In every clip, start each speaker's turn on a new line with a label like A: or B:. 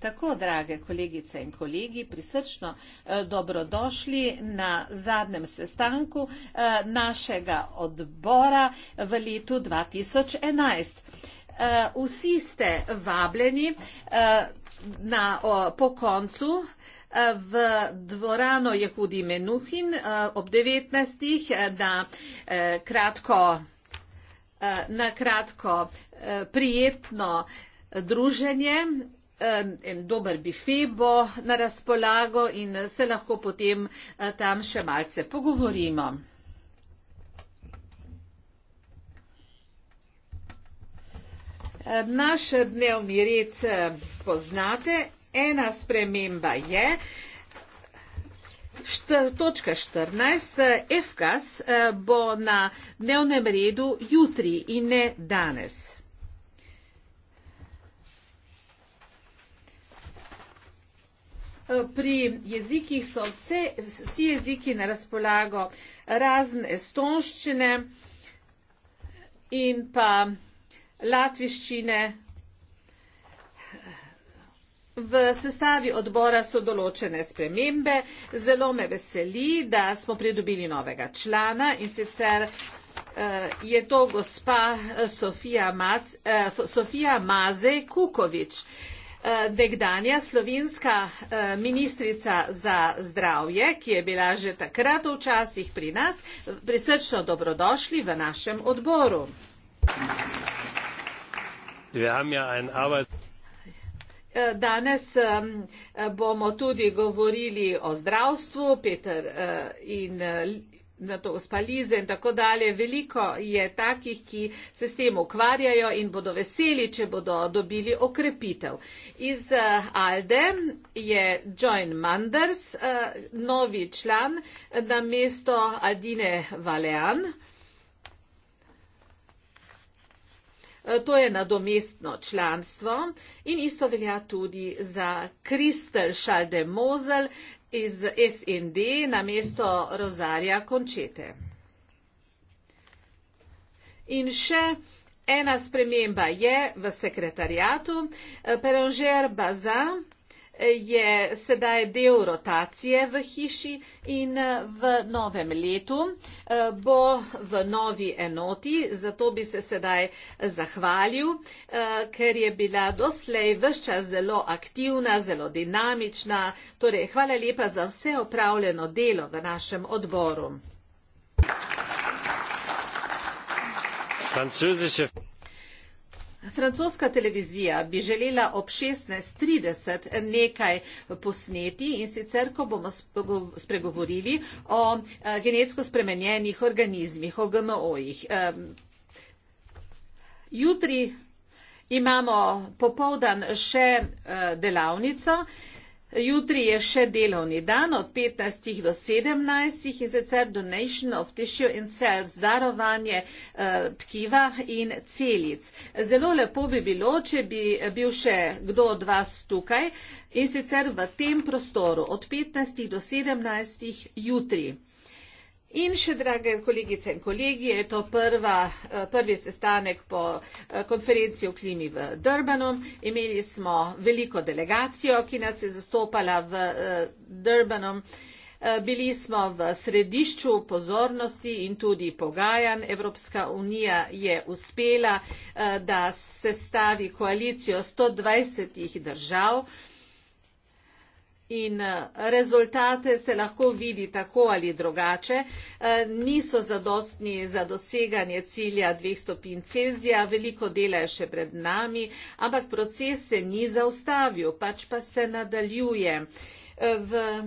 A: Tako, drage kolegice in kolegi, prisrčno e, dobrodošli na zadnjem sestanku e, našega odbora v letu 2011. E, vsi ste vabljeni na, po koncu v dvorano Jehudi Menuhin ob 19. na kratko, na kratko prijetno druženje. Eh, en dober bife bo na razpolago in se lahko potem eh, tam še malce pogovorimo. Eh, naš dnevni red poznate. Ena sprememba je. Štr, točka 14. EFKAS bo na dnevnem redu jutri in ne danes. Pri jezikih so vse, vsi jeziki na razpolago, razen estonščine in pa latviščine. V sestavi odbora so določene spremembe. Zelo me veseli, da smo pridobili novega člana in sicer eh, je to gospa eh, Sofija, Mac, eh, Sofija Mazej Kukovič. Eh, nekdanja eh, slovenska eh, ministrica za zdravje, ki je bila že takrat včasih pri nas, prisrčno dobrodošli v našem odboru. Ja eh, Danes bomo tudi govorili o zdravstvu, Peter in na to uspalize in tako dalje. Veliko je takih, ki se s tem ukvarjajo in bodo veseli, če bodo dobili okrepitev. Iz eh, Alde je Join Manders, eh, novi član na mesto Aldine Valean. Eh, to je nadomestno članstvo in isto velja tudi za Kristel Šalde Mozel, iz SND na mesto Rozarja Končete. In še ena sprememba je v sekretarijatu. Peranžer Bazan je sedaj del rotacije v hiši in eh, v novem letu eh, bo v novi enoti, zato bi se sedaj eh, zahvalil, ker je bila doslej vse čas zelo aktivna, zelo dinamična. Torej, hvala lepa za vse opravljeno delo v našem odboru.
B: Francuzische.
A: Francoska televizija bi želela ob 16.30 nekaj posneti in sicer, ko bomo spregovorili o eh, genetsko spremenjenih organizmih, o GMO-jih. Jutri imamo popovdan še eh, delavnico. Jutri je še delovni dan od 15 do 17 in sicer donation of tissue and cells, darovanje eh, tkiva in celic. Zelo lepo bi bilo, če bi bil še kdo od vas tukaj in sicer v tem prostoru od 15 do 17 jutri. In še, drage kolegice in kolegi, je to prva, eh, prvi sestanek po eh, konferenci o klimi v Durbanu. Imeli smo veliko delegacijo, ki nas je zastopala v eh, Durbanu. Bili smo v središču pozornosti in tudi pogajan. Evropska unija je uspela, da sestavi koalicijo 120 držav in eh, rezultate se lahko vidi tako ali drugače. Eh, niso zadostni za doseganje cilja 200 stopinj Celzija, veliko dela je še pred nami, ampak proces se ni zaustavil, pač pa se nadaljuje. Eh, v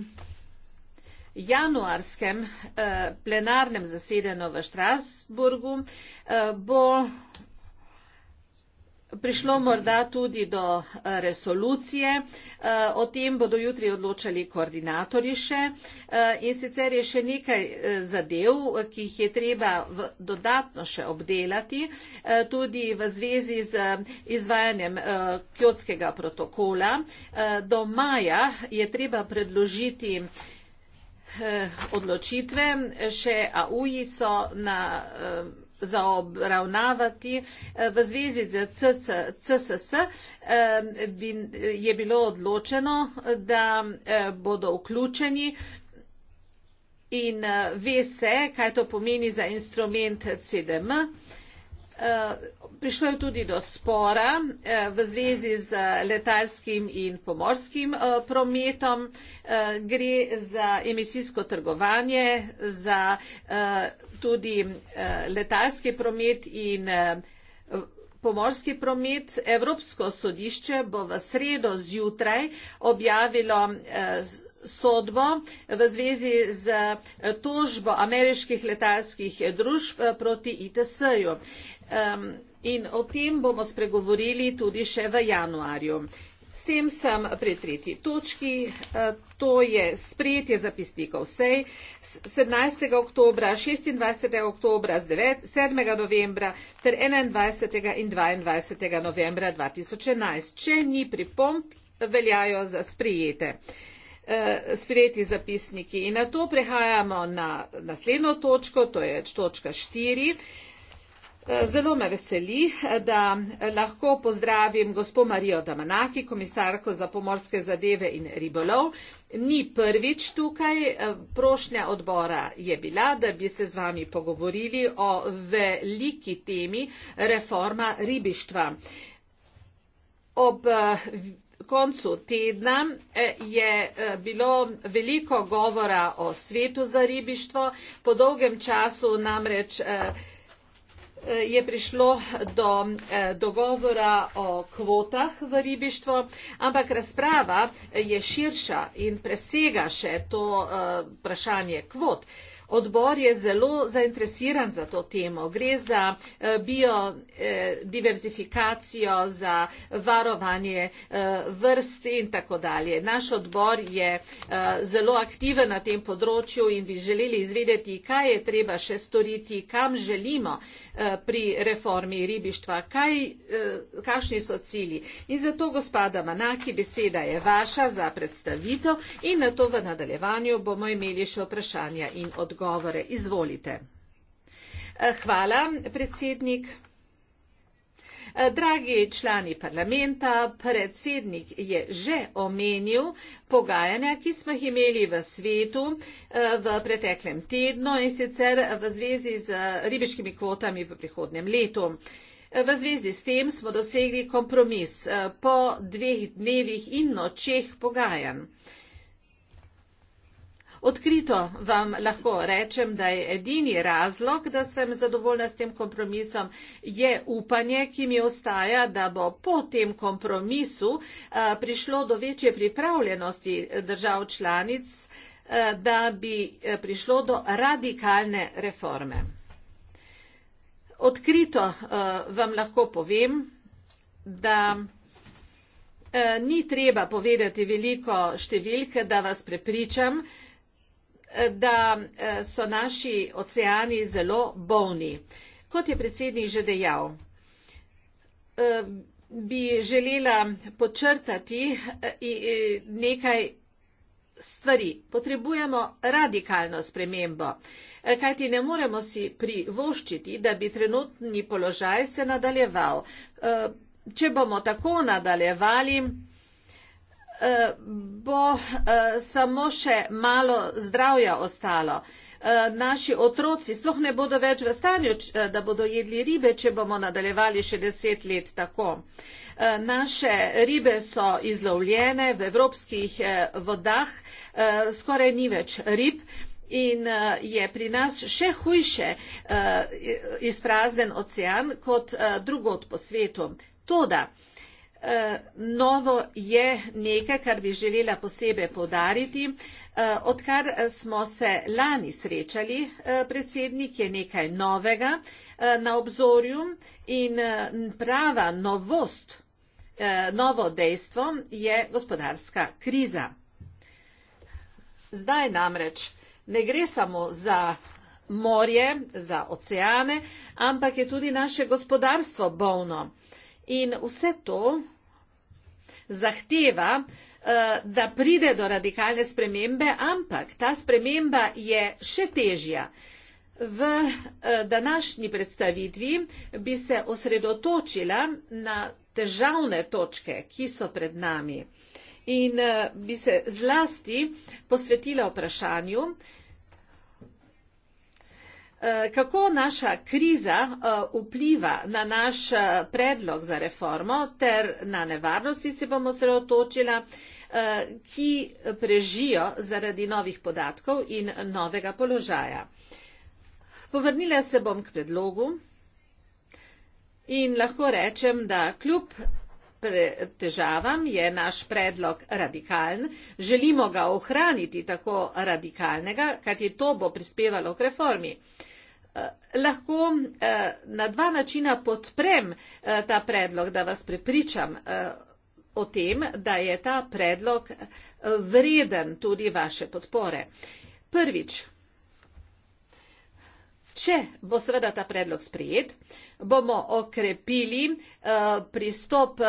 A: januarskem plenarnem zasedenju v Štrasburgu bo prišlo morda tudi do eh, resolucije. Eh, o tem bodo jutri odločali koordinatori še. Eh, in sicer je še nekaj zadev, ki jih je treba dodatno še obdelati, tudi v zvezi z izvajanjem kjotskega protokola. Do maja je treba predložiti odločitve. Še AUJI so na za obravnavati. Eh, v zvezi z CSS eh, je bilo odločeno, da eh, bodo vključeni in ve se, kaj to pomeni za instrument CDM. Prišlo je tudi do spora v zvezi z letalskim in pomorskim prometom. Gre za emisijsko trgovanje, za tudi eh, letalski promet in eh, pomorski promet. Evropsko sodišče bo v sredo zjutraj objavilo eh, sodbo v zvezi z tožbo ameriških letalskih družb proti ITS-ju. In o tem bomo spregovorili tudi še v januarju tem sem pri tretji točki, e, to je sprejetje zapisnikov sej 17. oktobra, 26. oktobra, 7. novembra ter 21. in 22. novembra 2011. Če ni pripomp, veljajo za sprejete e, sprejeti zapisniki. In na to prehajamo na naslednjo točko, to je točka 4. Zelo me veseli, da lahko pozdravim gospo Marijo Damanaki, komisarko za pomorske zadeve in ribolov. Ni prvič tukaj, prošnja odbora je bila, da bi se z vami pogovorili o veliki temi reforma ribištva. Ob koncu tedna eh, je eh, bilo veliko govora o svetu za ribištvo, po dolgem času namreč eh, Eh, je prišlo eh, do eh, dogovora o kvotah v ribištvo, ampak razprava je širša in presega še to vprašanje kvot. Odbor je zelo zainteresiran za to temo. Gre za eh, biodiverzifikacijo, eh, za varovanje eh, vrst in tako dalje. Naš odbor je zelo aktiven na tem področju in bi želeli izvedeti, kaj je treba še storiti, kam želimo pri reformi ribištva, kaj, kakšni so cilji. In zato, gospoda Manaki, beseda je vaša za predstavitev in na to v nadaljevanju bomo imeli še vprašanja in odgovore odgovore. Izvolite. Eh, hvala, predsednik. Eh, dragi člani parlamenta, predsednik je že omenil pogajanja, ki smo jih imeli v svetu eh, v preteklem tednu in sicer v zvezi z ribiškimi kvotami v prihodnem letu. V zvezi s tem smo dosegli kompromis po dveh dnevih in nočeh pogajanj. Odkrito vam lahko rečem, da je edini razlog, da sem zadovoljna s tem kompromisom, je upanje, ki mi ostaja, da bo po tem kompromisu eh, prišlo do večje pripravljenosti držav članic, eh, da bi eh, prišlo do radikalne reforme. Odkrito vam lahko povem, da ni treba povedati veliko številke, da vas prepričam, da eh, so naši oceani zelo bolni. Kot je predsednik že dejal, eh, bi želela počrtati eh, nekaj stvari. Potrebujemo radikalno spremembo, kajti ne moremo si privoščiti, da bi trenutni položaj se nadaljeval. Če bomo tako nadaljevali, Eh, bo eh, samo še malo zdravja ostalo. Eh, naši otroci sploh ne bodo več v stanju, da bodo jedli ribe, če bomo nadaljevali še deset let tako. Naše ribe so izlovljene v evropskih vodah, skoraj ni več rib in je pri nas še hujše izprazden ocean kot drugod po svetu. Toda, Eh, novo je nekaj, kar bi želela posebej povdariti. Eh, odkar smo se lani srečali, eh, predsednik je nekaj novega na obzorju in prava novost, novo dejstvo je gospodarska kriza. Zdaj namreč ne gre samo za morje, za oceane, ampak je tudi naše gospodarstvo bolno. In vse to zahteva, eh, da pride do radikalne spremembe, ampak ta sprememba je še težja. V eh, današnji predstavitvi bi se osredotočila na težavne točke, ki so pred nami in eh, bi se zlasti posvetila vprašanju, Eh, kako naša kriza eh, vpliva na naš eh, predlog za reformo ter na nevarnosti se bomo sreotočila, ki prežijo zaradi novih podatkov in novega položaja. Povrnila se bom k predlogu in lahko rečem, da kljub težavam je naš predlog radikaln. Želimo ga ohraniti tako radikalnega, kajti to bo prispevalo k reformi. Eh, lahko eh, na dva načina podprem eh, ta predlog, da vas prepričam o tem, da je ta predlog vreden tudi vaše podpore. Prvič, če bo seveda ta predlog sprejet, bomo okrepili pristop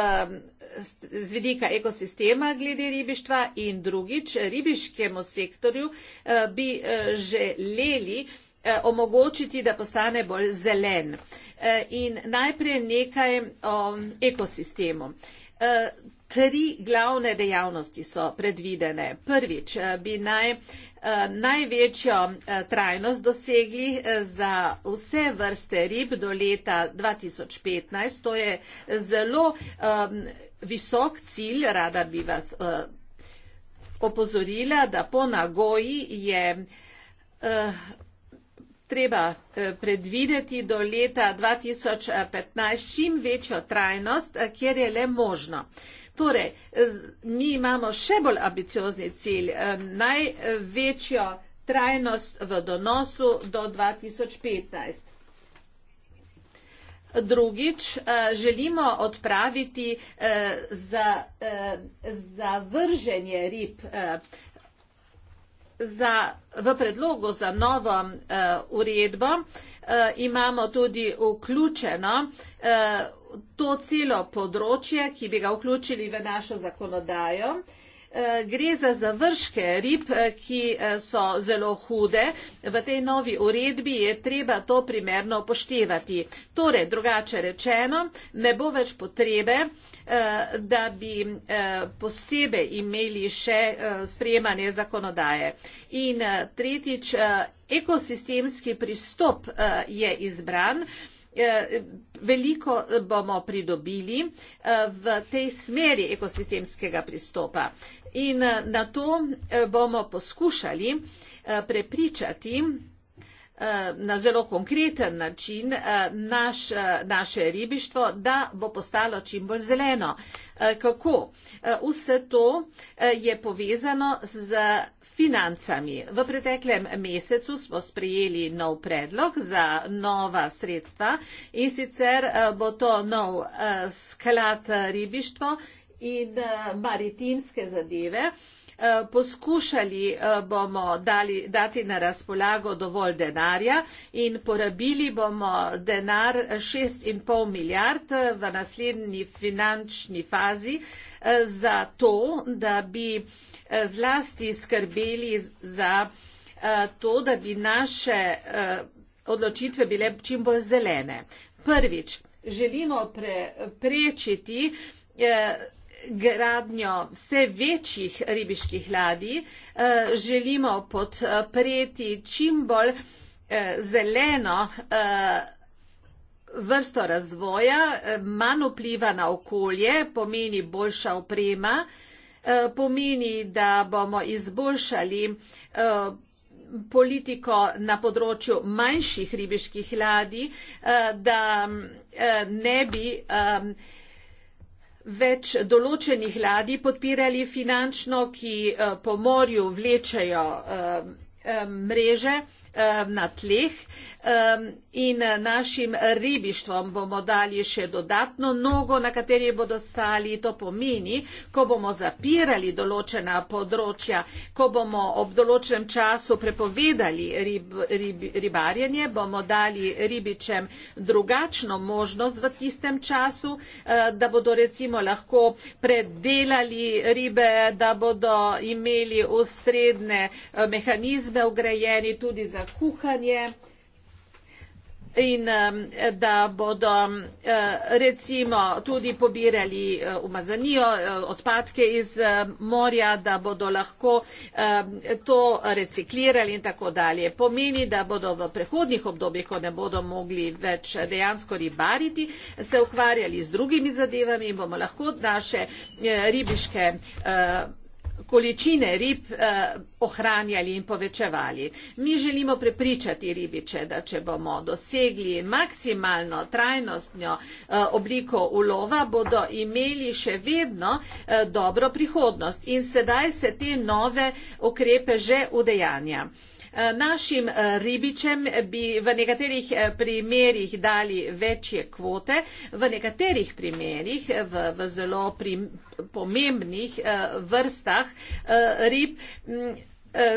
A: z vidika ekosistema glede ribištva in drugič ribiškemu sektorju bi želeli Eh, omogočiti, da postane bolj zelen. Eh, in najprej nekaj o ekosistemu. Eh, tri glavne dejavnosti so predvidene. Prvič bi naj največjo trajnost dosegli za vse vrste rib do leta 2015. To je zelo visok cilj, rada bi vas opozorila, da po Nagoji je treba eh, predvideti do leta 2015 čim večjo trajnost, eh, kjer je le možno. Torej, mi imamo še bolj ambiciozni cilj, eh, največjo trajnost v donosu do 2015. Drugič, želimo odpraviti za, za vrženje rib za, v predlogu za novo uh, uredbo uh, imamo tudi vključeno uh, to celo področje, ki bi ga vključili v našo zakonodajo. Uh, Eh, gre za završke rib, eh, ki eh, so zelo hude. V tej novi uredbi je treba to primerno upoštevati. Torej, drugače rečeno, ne bo več potrebe, da bi posebej imeli še sprejemanje zakonodaje. In tretjič, ekosistemski pristop je izbran. Eh, veliko bomo pridobili eh, v tej smeri ekosistemskega pristopa. In eh, na to bomo poskušali prepričati Eh, na zelo konkreten način eh, naš, eh, naše ribištvo, da bo postalo čim bolj zeleno. Kako? Vse to je povezano z financami. V preteklem mesecu smo sprejeli nov predlog za nova sredstva in sicer bo to nov sklad ribištvo in maritimske zadeve. Eh, poskušali eh, bomo dali, dati na razpolago dovolj denarja in porabili bomo denar 6,5 milijard eh, v naslednji finančni fazi za to, da bi zlasti skrbeli za to, da bi naše odločitve bile čim bolj zelene. Prvič, želimo preprečiti gradnjo vse večjih ribiških ladij, eh, želimo podpreti čim bolj eh, zeleno eh, vrsto razvoja, manj vpliva na okolje, pomeni boljša oprema, pomeni, da bomo izboljšali politiko na področju manjših ribiških ladij, da ne bi več določenih ladij podpirali finančno, ki eh, po morju vlečejo eh, eh, mreže. Eh, na tleh eh, in našim ribištvom bomo dali še dodatno nogo, na kateri bodo stali. To pomeni, ko bomo zapirali določena področja, ko bomo ob določenem času prepovedali rib, rib, ribarjenje, bomo dali ribičem drugačno možnost v tistem času, eh, da bodo recimo lahko predelali ribe, da bodo imeli ustredne mehanizme ugrajeni tudi za kuhanje in da bodo recimo tudi pobirali eh, umazanijo, eh, odpadke iz eh, morja, da bodo lahko to reciklirali in tako dalje. Pomeni, da bodo v prehodnih obdobjih, ko ne bodo mogli več dejansko ribariti, se ukvarjali z drugimi zadevami in bomo lahko naše ribiške količine rib eh, ohranjali in povečevali. Mi želimo prepričati ribiče, da če bomo dosegli maksimalno trajnostno eh, obliko ulova, bodo imeli še vedno eh, dobro prihodnost in sedaj se te nove ukrepe že udejanja. Eh, našim eh, ribičem bi v nekaterih eh, primerjih dali večje kvote, v nekaterih primerjih, v, v zelo prim, pomembnih vrstah rib mm,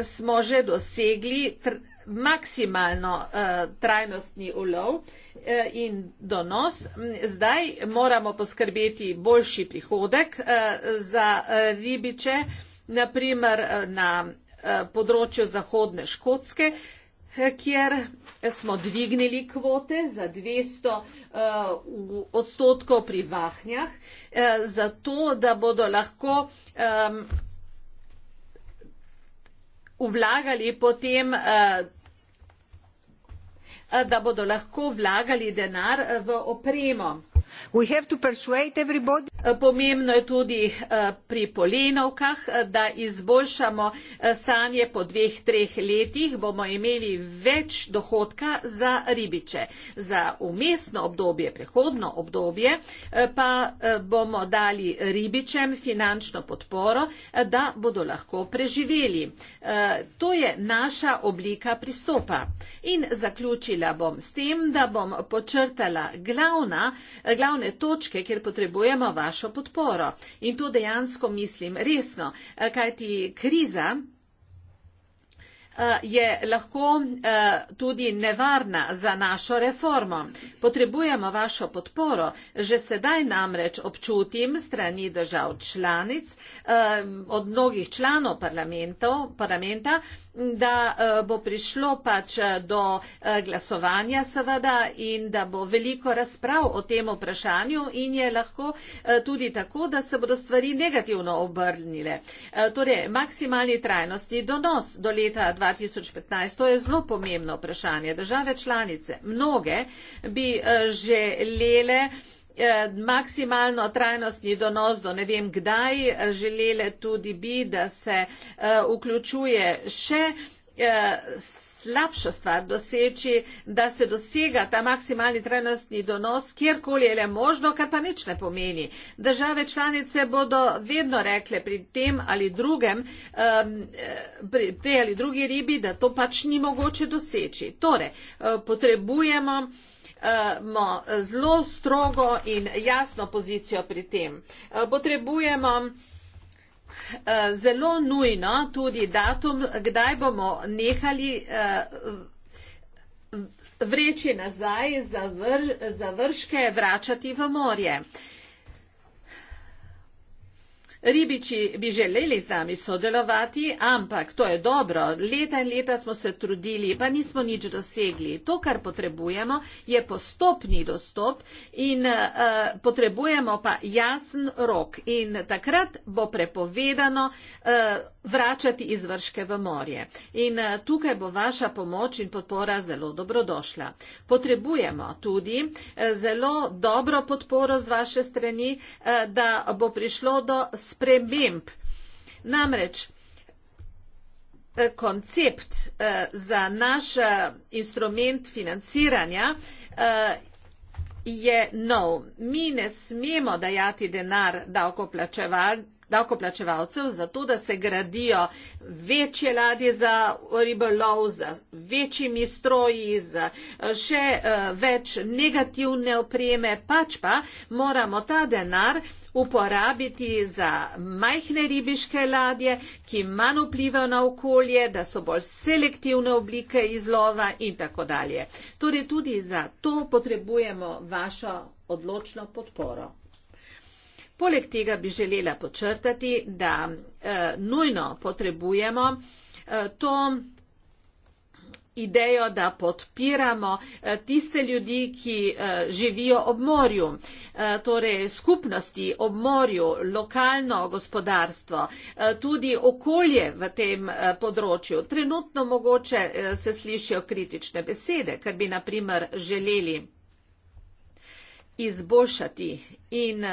A: smo že dosegli tr, maksimalno trajnostni ulov in donos. Mm, zdaj moramo poskrbeti boljši prihodek za ribiče, naprimer na Eh, področju Zahodne Škotske, eh, kjer smo dvignili kvote za 200 eh, odstotkov pri vahnjah, zato da bodo lahko vlagali potem da bodo lahko vlagali denar v opremo. Eh, pomembno je tudi eh, pri polenovkah eh, da izboljšamo stanje po dveh treh letih bomo imeli več dohodka za ribiče za umestno obdobje prehodno obdobje pa bomo dali ribičem finančno podporo da bodo lahko preživeli to je naša oblika pristopa in zaključila bom s tem da bom počrtala glavna glavne točke, kjer potrebujemo vašo podporo. In to dejansko mislim resno, eh, kajti kriza eh, je lahko eh, tudi nevarna za našo reformo. Potrebujemo vašo podporo. Že sedaj namreč občutim strani držav članic, od mnogih članov parlamentov, parlamenta, da eh, bo prišlo pač eh, do eh, glasovanja seveda in da bo veliko razprav o tem vprašanju in je lahko tudi tako, da se bodo stvari negativno obrnile. Torej, maksimalni trajnostni donos do leta 2015, to je zelo pomembno vprašanje. Države članice, mnoge bi želele Eh, maksimalno trajnostni donos do ne vem kdaj. Želele tudi bi, da se eh, vključuje še eh, slabšo stvar doseči, da se dosega ta maksimalni trajnostni donos, kjerkoli je le možno, kar pa nič ne pomeni. Države članice bodo vedno rekle pri tem ali drugem, pri tej ali drugi ribi, da to pač ni mogoče doseči. Torej, potrebujemo imamo zelo strogo in jasno pozicijo pri tem. Eh, potrebujemo eh, zelo nujno tudi datum, kdaj bomo nehali eh, vreči nazaj, završke vračati v morje. Ribiči bi želeli z nami sodelovati, ampak to je dobro. Leta in leta smo se trudili, pa nismo nič dosegli. To, kar potrebujemo, je postopni dostop in uh, potrebujemo pa jasen rok. In takrat bo prepovedano uh, vračati izvrške v morje. In uh, tukaj bo vaša pomoč in podpora zelo dobrodošla. Potrebujemo tudi uh, zelo dobro podporo z vaše strani, uh, da bo prišlo do sprememb. Namreč eh, koncept eh, za naš eh, instrument financiranja je nov. Mi ne smemo dajati denar davkoplačevalcev za to, da se gradijo večje ladje za ribolov, za večjimi stroji, za še več negativne opreme, pač pa moramo ta denar vsega, uporabiti za majhne ribiške ladje, ki manj vplivajo na okolje, da so bolj selektivne oblike izlova in tako dalje. Torej tudi za to potrebujemo vašo odločno podporo. Poleg tega bi želela počrtati, da e, nujno potrebujemo e, to idejo, da podpiramo eh, tiste ljudi, ki eh, živijo ob morju, eh, torej skupnosti ob morju, lokalno gospodarstvo, tudi okolje v tem področju. Trenutno mogoče se slišijo kritične besede, ker bi naprimer želeli izboljšati in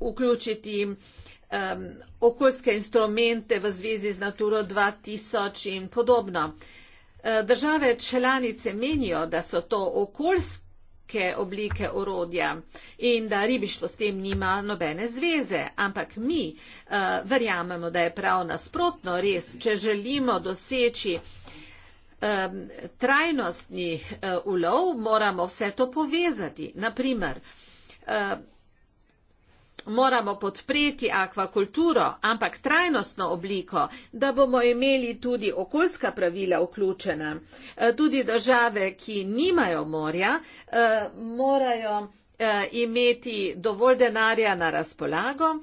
A: vključiti okoljske instrumente v zvezi z Naturo 2000 in podobno. Eh, države članice menijo, da so to okoljske oblike orodja in da ribištvo s tem nima nobene zveze, ampak mi uh, verjamemo, da je prav nasprotno res, če želimo doseči um, trajnostni uh, ulov, moramo vse to povezati. Naprimer, uh, moramo podpreti akvakulturo, ampak trajnostno obliko, da bomo imeli tudi okoljska pravila vključena. E, tudi države, ki nimajo morja, e, morajo e, imeti dovolj denarja na razpolago,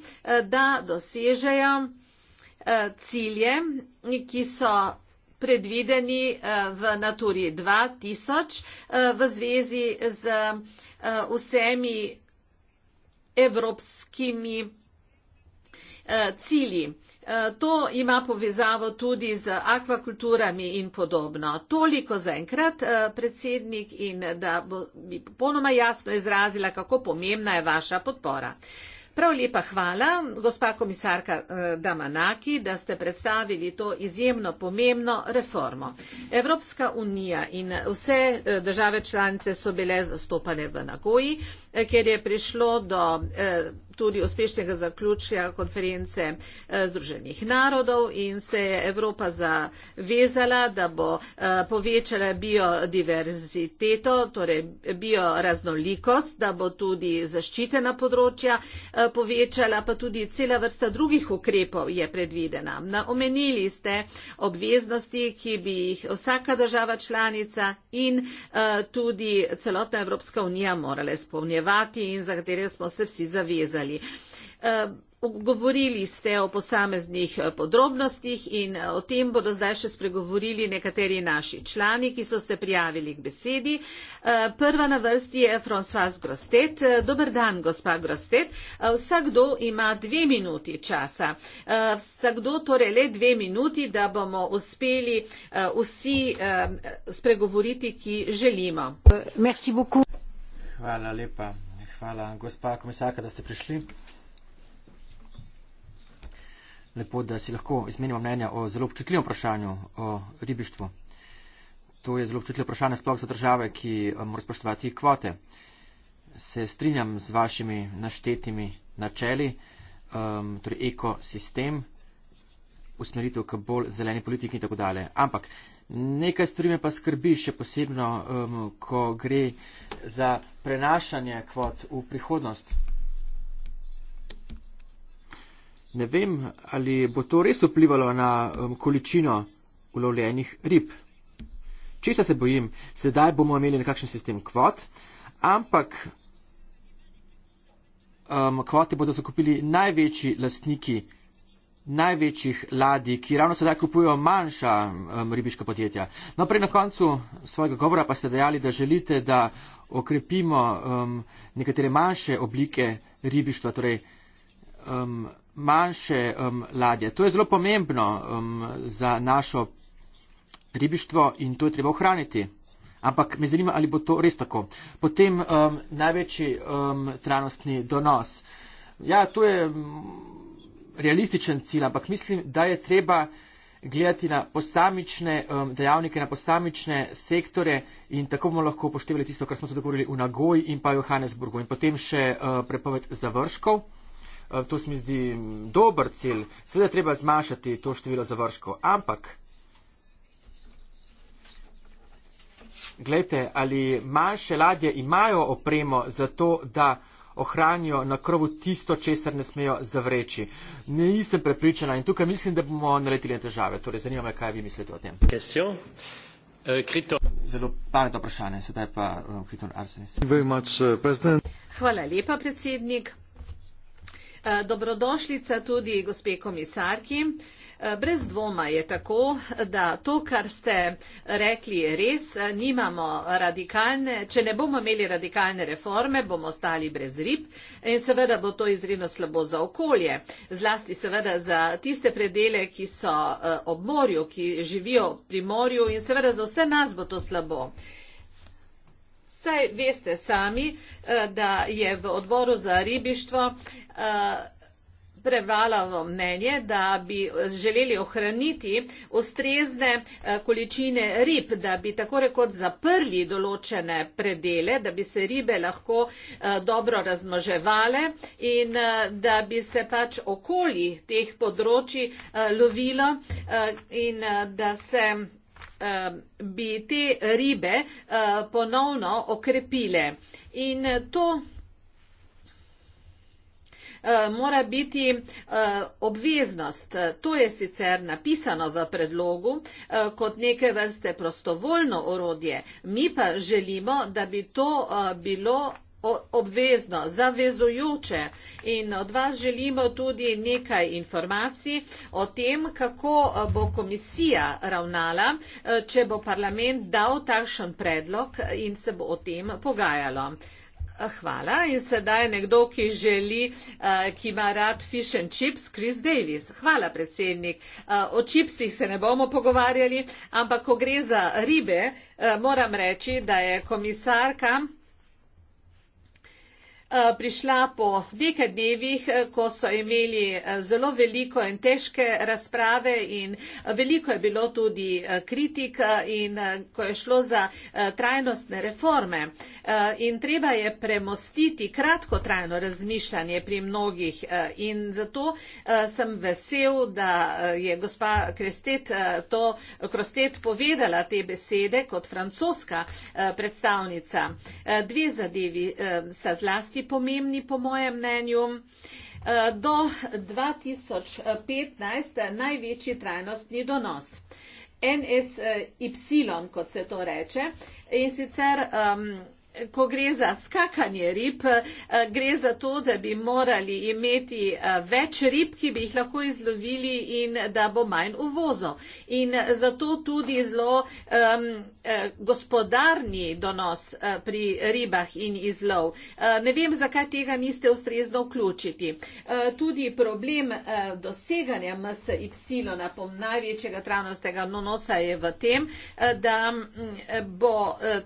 A: da dosežejo cilje, ki so predvideni v Naturi 2000 v zvezi z vsemi evropskimi eh, cilji. Eh, to ima povezavo tudi z akvakulturami in podobno. Toliko zaenkrat, eh, predsednik, in da bi popolnoma jasno izrazila, kako pomembna je vaša podpora. Prav lepa hvala, gospa komisarka eh, Damanaki, da ste predstavili to izjemno pomembno reformo. Evropska unija in vse eh, države članice so bile zastopane v Nagoji, eh, kjer je prišlo do tudi uspešnega zaključja konference eh, Združenih narodov in se je Evropa zavezala, da bo eh, povečala biodiverziteto, torej bioraznolikost, da bo tudi zaščitena področja eh, povečala, pa tudi cela vrsta drugih ukrepov je predvidena. Na omenili ste obveznosti, ki bi jih vsaka država članica in tudi celotna Evropska unija morale spomnjevati in za katere smo se vsi zavezali povedali. Eh, govorili ste o posameznih eh, podrobnostih in eh, o tem bodo zdaj še spregovorili nekateri naši člani, ki so se prijavili k besedi. Prva na vrsti je François Grostet. Dobr dan, gospa Grostet. Vsakdo ima dve minuti časa. Vsakdo torej le dve minuti, da bomo uspeli vsi spregovoriti, ki želimo.
B: Hvala lepa hvala, gospa komisarka, da ste prišli. Lepo, da si lahko izmenimo mnenja o zelo občutljivem vprašanju o ribištvu. To je zelo občutljivo vprašanje sploh za države, ki eh, morajo spoštovati kvote. Se strinjam z vašimi naštetimi načeli, um, torej ekosistem, usmeritev k bolj zeleni politiki in tako dalje. Ampak Nekaj stvari me pa skrbi, še posebno, um, ko gre za prenašanje kvot v prihodnost. Ne vem, ali bo to res vplivalo na um, količino ulovljenih rib. Česa se bojim? Sedaj bomo imeli nekakšen sistem kvot, ampak um, kvote bodo zakupili največji lastniki največjih ladij, ki ravno sedaj kupujejo manjša um, ribiška podjetja. No, prej na koncu svojega govora pa ste dejali, da želite, da okrepimo um, nekatere manjše oblike ribištva, torej um, manjše um, ladje. To je zelo pomembno um, za našo ribištvo in to je treba ohraniti. Ampak me zanima, ali bo to res tako. Potem um, največji um, trajnostni donos. Ja, tu je realističen cilj, ampak mislim, da je treba gledati na posamične um, dejavnike, na posamične sektore in tako bomo lahko upoštevali tisto, kar smo se dogovorili v Nagoji in pa v Johannesburgu in potem še uh, prepoved završkov. Uh, to se mi zdi mm, dober cilj. Seveda treba zmanjšati to število završkov, ampak gledajte, ali manjše ladje imajo opremo za to, da ohranijo na krovu tisto, česar ne smejo zavreči. Nisem prepričana in tukaj mislim, da bomo naletili na težave. Torej, zanima me, kaj vi mislite o tem. Eh, Zelo pametno vprašanje. Sedaj pa, eh, Kriton Arsenis. Eh,
A: Hvala lepa, predsednik. Eh, dobrodošlica tudi gospe komisarki. Eh, brez dvoma je tako, da to, kar ste rekli, je res. Eh, nimamo radikalne, če ne bomo imeli radikalne reforme, bomo ostali brez rib in seveda bo to izredno slabo za okolje. Zlasti seveda za tiste predele, ki so ob morju, ki živijo pri morju in seveda za vse nas bo to slabo. Saj veste sami, eh, da je v odboru za ribištvo eh, prevalalo mnenje, da bi želeli ohraniti ustrezne eh, količine rib, da bi tako rekoč zaprli določene predele, da bi se ribe lahko dobro razmoževale in da bi se pač okoli teh področji lovilo in da se. Eh, bi te ribe eh, ponovno okrepile. In to eh, mora biti obveznost. To je sicer napisano v predlogu kot neke vrste prostovoljno orodje. Mi pa želimo, da bi to bilo obvezno, zavezujoče in od vas želimo tudi nekaj informacij o tem, kako eh, bo komisija ravnala, eh, če bo parlament dal takšen predlog in se bo o tem pogajalo. Eh, hvala in sedaj nekdo, ki želi, ki ima rad fish and chips, Chris Davis. Hvala, predsednik. O čipsih se ne bomo pogovarjali, ampak ko gre za ribe, moram reči, da je komisarka Eh, prišla po nekaj dnevih, eh, ko so imeli eh, zelo veliko in težke razprave in veliko je bilo tudi kritik in ko je šlo za trajnostne reforme. In treba je premostiti kratkotrajno razmišljanje pri mnogih in zato sem vesel, da je gospa Krestet to Krostet povedala te besede kot francoska predstavnica. Dve zadevi sta zlasti zlasti pomembni, po mojem mnenju. Eh, do 2015 največji trajnostni donos. NSY, kot se to reče. In sicer um, ko gre za skakanje rib, eh, gre za to, da bi morali imeti eh, več rib, ki bi jih lahko izlovili in da bo manj uvozov. In zato tudi zelo um, gospodarni donos pri ribah in izlov. Ne vem, zakaj tega niste ustrezno vključiti. Tudi problem doseganja MSY napom največjega travnostega nonosa je v tem, da mm, bo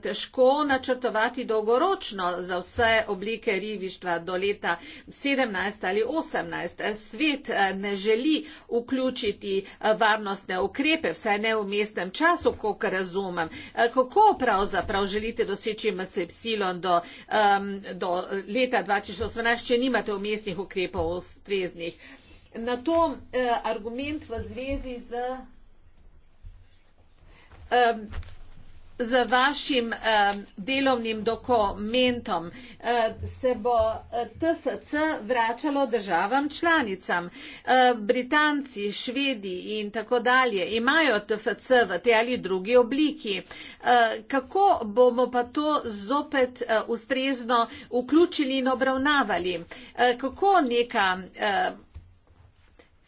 A: težko načrtovati pričakovati dolgoročno za vse oblike ribištva do leta 17 ali 18. Svet eh, ne želi vključiti eh, varnostne ukrepe, vsaj ne v mestnem času, koliko razumem. Eh, kako pravzaprav želite doseči Masepsilon do, um, do leta 2018, če nimate v mestnih ukrepov ustreznih? Na to eh, argument v zvezi z z vašim eh, delovnim dokumentom eh, se bo eh, TFC vračalo državam članicam. Eh, Britanci, Švedi in tako dalje imajo TFC v te ali drugi obliki. Eh, kako bomo pa to zopet eh, ustrezno vključili in obravnavali? Eh, kako neka eh,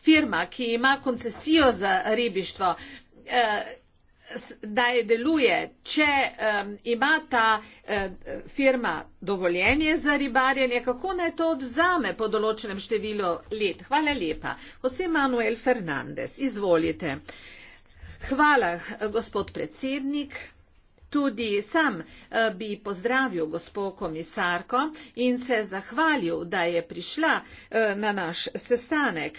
A: firma, ki ima koncesijo za ribištvo, eh, da je deluje, če um, ima ta uh, firma dovoljenje za ribarjenje, kako naj to odzame po določenem številu let. Hvala lepa. Jose Manuel Fernandez, izvolite. Hvala, gospod predsednik. Tudi sam e, bi pozdravil gospod komisarko in se zahvalil, da je prišla e, na naš sestanek.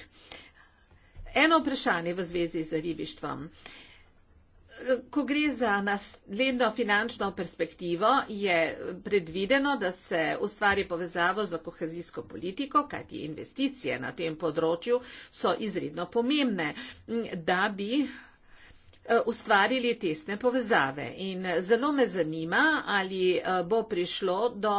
A: Eno vprašanje v zvezi z ribištvom. Ko gre za naslednjo finančno perspektivo, je predvideno, da se ustvari povezavo za kohezijsko politiko, kajti investicije na tem področju so izredno pomembne, da bi Eh, ustvarili tesne povezave. In eh, zelo me zanima, ali eh, bo prišlo do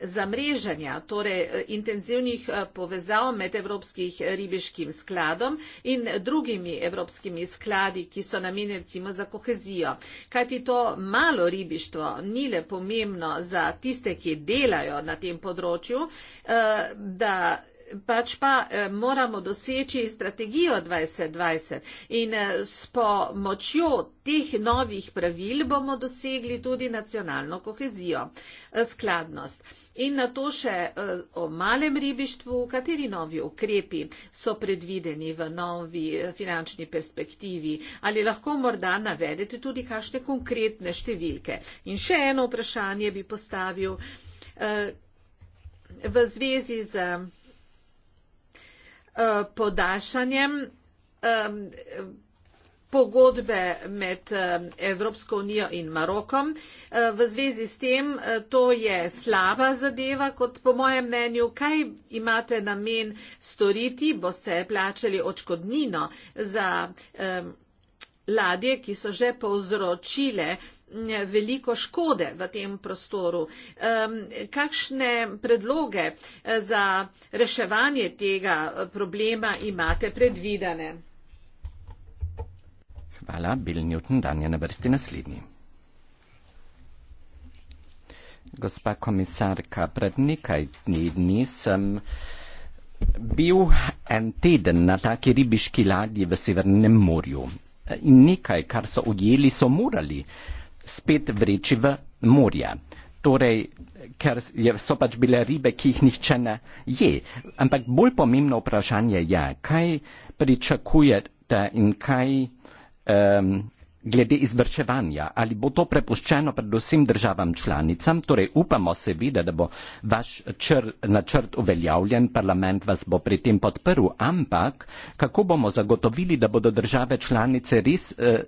A: zamrežanja, torej intenzivnih povezav med Evropskim ribiškim skladom in drugimi evropskimi skladi, ki so namenjeni recimo za kohezijo. Kajti to malo ribištvo ni le pomembno za tiste, ki delajo na tem področju, da pač pa eh, moramo doseči strategijo 2020 in eh, s pomočjo teh novih pravil bomo dosegli tudi nacionalno kohezijo, eh, skladnost. In na to še o malem ribištvu, kateri novi ukrepi so predvideni v novi finančni perspektivi. Ali lahko morda navedete tudi kakšne konkretne številke. In še eno vprašanje bi postavil v zvezi z Eh, podaljšanjem eh, pogodbe med eh, Evropsko unijo in Marokom. V zvezi s tem to je slaba zadeva, kot po mojem mnenju. Kaj imate namen storiti? Boste plačali očkodnino za ladje, ki so že povzročile veliko škode v tem prostoru. Kakšne predloge eh, za reševanje tega eh, problema imate predvidene?
C: Hvala. Bill Newton, dan je na vrsti naslednji. Gospa komisarka, pred nekaj dni sem bil en teden na taki ribiški ladji v Severnem morju. In nekaj, kar so ujeli, so morali uh, spet vreči v morje. Torej, ker so pač bile ribe, ki jih nihče ne je. Ampak bolj pomembno vprašanje je, kaj pričakujete in kaj um, glede izvrševanja. Ali bo to prepuščeno predvsem državam članicam? Torej, upamo seveda, da bo vaš čr, načrt uveljavljen, parlament vas bo pri tem podprl, ampak kako bomo zagotovili, da bodo države članice res. Uh,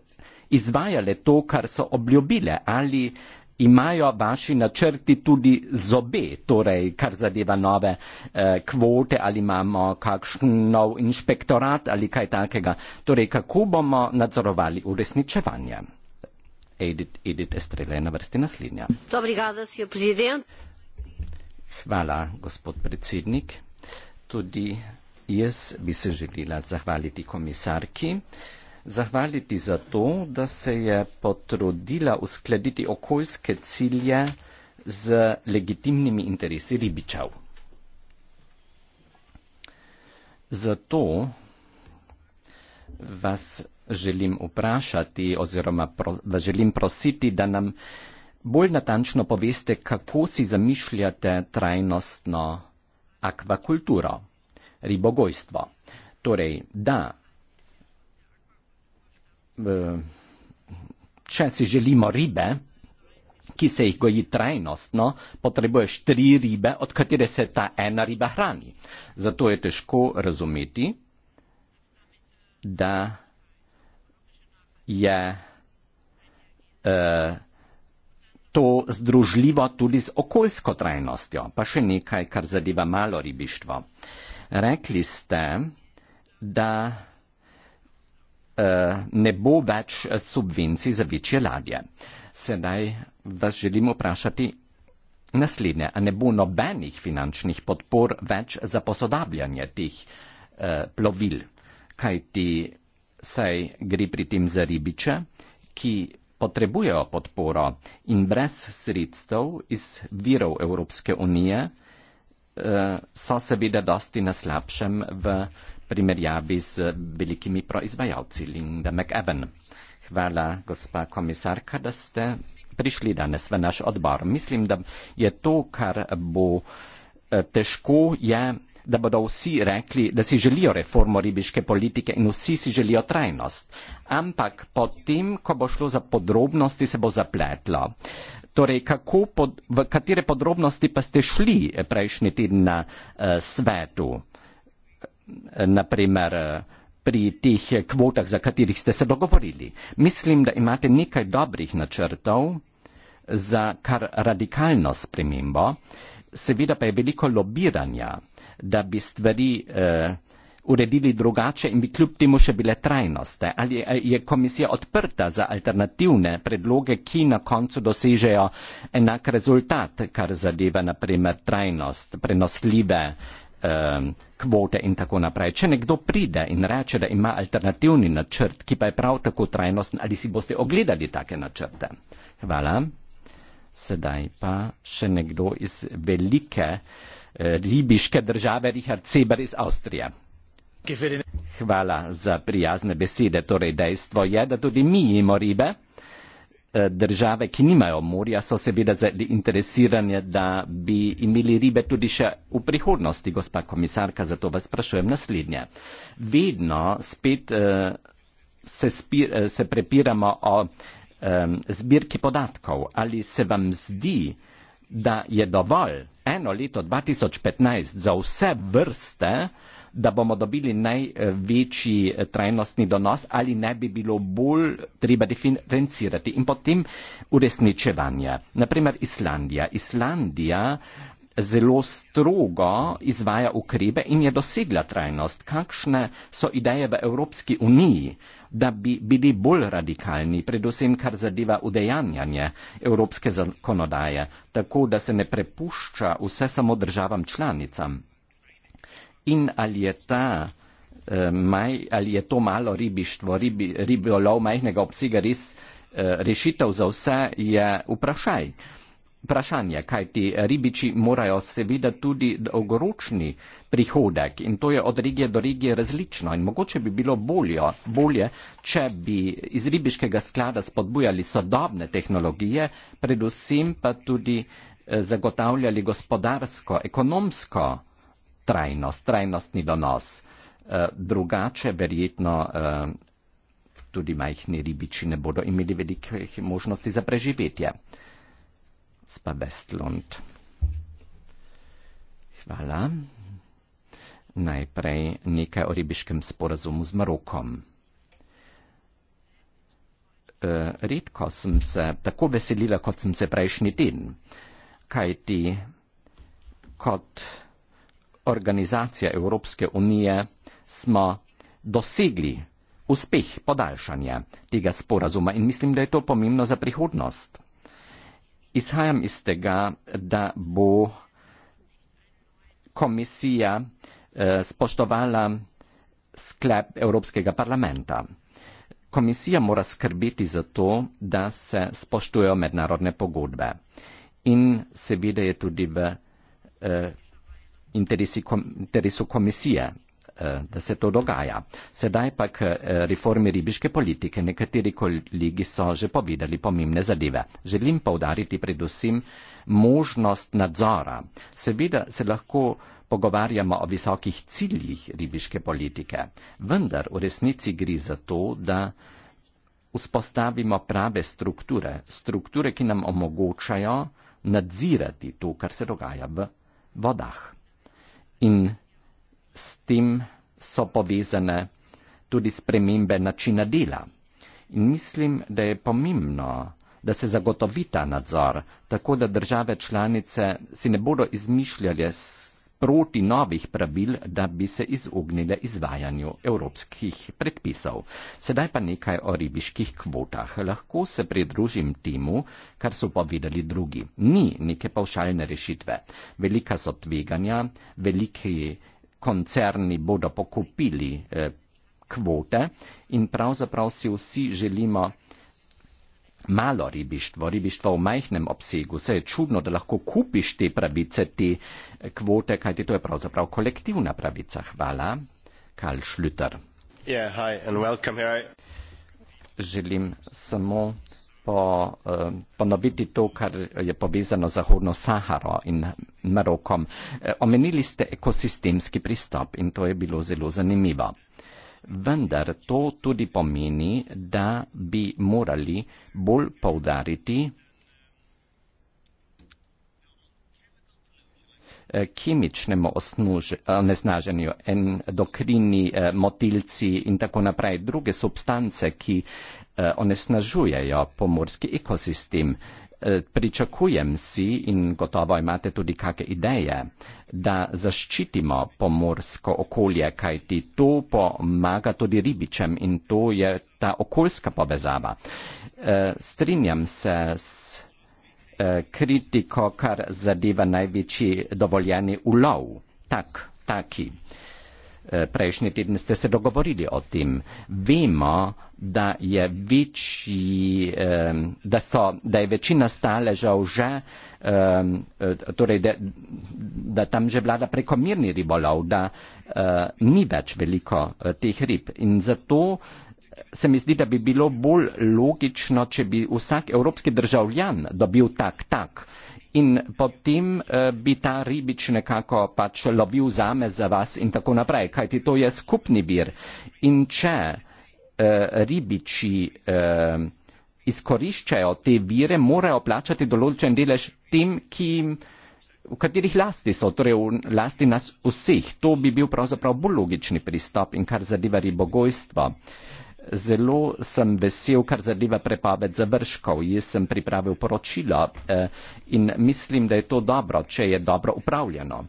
C: izvajale to, kar so obljubile, ali imajo vaši načrti tudi zobe, torej kar zadeva nove eh, kvote, ali imamo kakšen nov inšpektorat ali kaj takega. Torej, kako bomo nadzorovali uresničevanje? Edith, Edith Estrela je na vrsti naslednja. Obrigada, Hvala, gospod predsednik. Tudi jaz bi se želila zahvaliti komisarki. Eh, zahvaliti za to, da se je potrudila uskladiti okoljske cilje z legitimnimi interesi ribičev. Zato vas želim vprašati oziroma vas želim prositi, da nam bolj natančno poveste, kako si zamišljate trajnostno akvakulturo, ribogojstvo. Torej, da Eh, če si želimo ribe, ki se jih goji trajnostno, potrebuješ tri ribe, od katere se ta ena riba hrani. Zato je težko razumeti, da je eh, to združljivo tudi z okoljsko trajnostjo. Pa še nekaj, kar zadeva malo ribištvo. Rekli ste, da Eh, ne bo več subvencij za večje ladje. Sedaj vas želim vprašati naslednje, a ne bo nobenih finančnih podpor več za posodabljanje teh eh, plovil, kaj ti saj gre pri tem za ribiče, ki potrebujejo podporo in brez sredstev iz virov Evropske unije eh, so seveda dosti na slabšem v primerjavi z velikimi proizvajalci Linda McEwen. Hvala, gospa komisarka, da ste prišli danes v naš odbor. Mislim, da je to, kar bo eh, težko, je, da bodo vsi rekli, da si želijo reformo ribiške politike in vsi si želijo trajnost. Ampak potem, ko bo šlo za podrobnosti, se bo zapletlo. Torej, pod, v katere podrobnosti pa ste šli prejšnji teden na eh, svetu? na primer eh, pri teh kvotah, za katerih ste se dogovorili. Mislim, da imate nekaj dobrih načrtov za kar radikalno spremembo, seveda pa je veliko lobiranja, da bi stvari uh, uredili drugače in bi kljub temu še bile trajnoste. Ali eh, je komisija odprta za alternativne predloge, ki na koncu dosežejo enak rezultat, kar zadeva naprimer trajnost, prenosljive uh, Um, kvote in tako naprej. Če nekdo pride in reče, da ima alternativni načrt, ki pa je prav tako trajnosten, ali si boste ogledali take načrte? Hvala. Sedaj pa še nekdo iz velike eh, ribiške države, Richard Seber iz Avstrije. Hvala za prijazne besede. Torej, dejstvo je, da tudi mi jemo ribe. Eh, države, ki nimajo morja, so seveda zainteresirane, da bi imeli ribe tudi še v prihodnosti, gospa komisarka, zato vas sprašujem naslednje. Vedno spet eh, se, spir, eh, se prepiramo o zbirki podatkov. Ali se vam zdi, da je dovolj eno leto 2015 za vse vrste, da bomo dobili največji eh, trajnostni donos ali ne bi bilo bolj treba diferencirati in potem uresničevanje. Naprimer Islandija. Islandija zelo strogo izvaja ukrebe in je dosegla trajnost. Kakšne so ideje v Evropski uniji, da bi bili bolj radikalni, predvsem kar zadeva udejanjanje evropske zakonodaje, tako da se ne prepušča vse samo državam članicam? in ali je ta eh, Maj, ali je to malo ribištvo, ribi, ribolov majhnega obsega res eh, rešitev za vse, je vprašaj. vprašanje, kaj ti ribiči morajo seveda tudi dolgoročni prihodek in to je od regije do regije različno in mogoče bi bilo bolje, bolje, če bi iz ribiškega sklada spodbujali sodobne tehnologije, predvsem pa tudi eh, zagotavljali gospodarsko, ekonomsko trajnost, trajnostni donos. Eh, drugače verjetno eh, tudi majhni ribiči ne bodo imeli velikih možnosti za preživetje. Spa Bestlund. Hvala. Najprej nekaj o ribiškem sporazumu z Marokom. Eh, redko sem se tako veselila, kot sem se prejšnji teden. Kaj ti kot organizacija Evropske unije, smo dosegli uspeh podaljšanja tega sporazuma in mislim, da je to pomembno za prihodnost. Izhajam iz tega, da bo komisija eh, spoštovala sklep Evropskega parlamenta. Komisija mora skrbeti za to, da se spoštujejo mednarodne pogodbe. In seveda je tudi v eh, interesi, kom, interesu komisije, eh, da se to dogaja. Sedaj pa k eh, reformi ribiške politike nekateri kolegi so že povedali pomembne zadeve. Želim povdariti predvsem možnost nadzora. Seveda se lahko pogovarjamo o visokih ciljih ribiške politike, vendar v resnici gre za to, da vzpostavimo prave strukture, strukture, ki nam omogočajo nadzirati to, kar se dogaja v vodah in s tem so povezane tudi spremembe načina dela. In mislim, da je pomembno, da se zagotovi ta nadzor, tako da države članice si ne bodo izmišljali proti novih pravil, da bi se izognile izvajanju evropskih predpisov. Sedaj pa nekaj o ribiških kvotah. Lahko se pridružim temu, kar so povedali drugi. Ni neke pavšalne rešitve. Velika so tveganja, veliki koncerni bodo pokupili eh, kvote in pravzaprav si vsi želimo malo ribištvo, ribištvo v majhnem obsegu. Se je čudno, da lahko kupiš te pravice, te kvote, kajti to je pravzaprav kolektivna pravica. Hvala, Karl Schlüter.
D: Yeah,
C: Želim samo po, eh, ponoviti to, kar je povezano z Zahodno Saharo in Marokom. Eh, omenili ste ekosistemski pristop in to je bilo zelo zanimivo vendar to tudi pomeni, da bi morali bolj povdariti eh, kemičnemu onesnaženju, endokrini, eh, motilci in tako naprej, druge substance, ki eh, onesnažujejo pomorski ekosistem. Eh, pričakujem si in gotovo imate tudi kakšne ideje, da zaščitimo pomorsko okolje, kajti to pomaga tudi ribičem in to je ta okoljska povezava. Eh, strinjam se s eh, kritiko, kar zadeva največji dovoljeni ulov. Tak, taki. Eh, prejšnji teden ste se dogovorili o tem. Vemo, da je, večji, da so, da je večina staležav že, eh, torej da, da tam že vlada prekomirni ribolov, da eh, ni več veliko teh rib. In zato se mi zdi, da bi bilo bolj logično, če bi vsak evropski državljan dobil tak, tak in potem uh, bi ta ribič nekako pač lovil zame za vas in tako naprej, kajti to je skupni vir. In če uh, ribiči uh, izkoriščajo te vire, morajo plačati določen delež tem, ki, v katerih lasti so, torej v lasti nas vseh. To bi bil pravzaprav bolj logični pristop in kar zadeva ribogojstvo. Uh, Zelo sem vesel, kar zadeva prepoved završkov. Jaz sem pripravil poročilo eh, in mislim, da je to dobro, če je dobro upravljeno.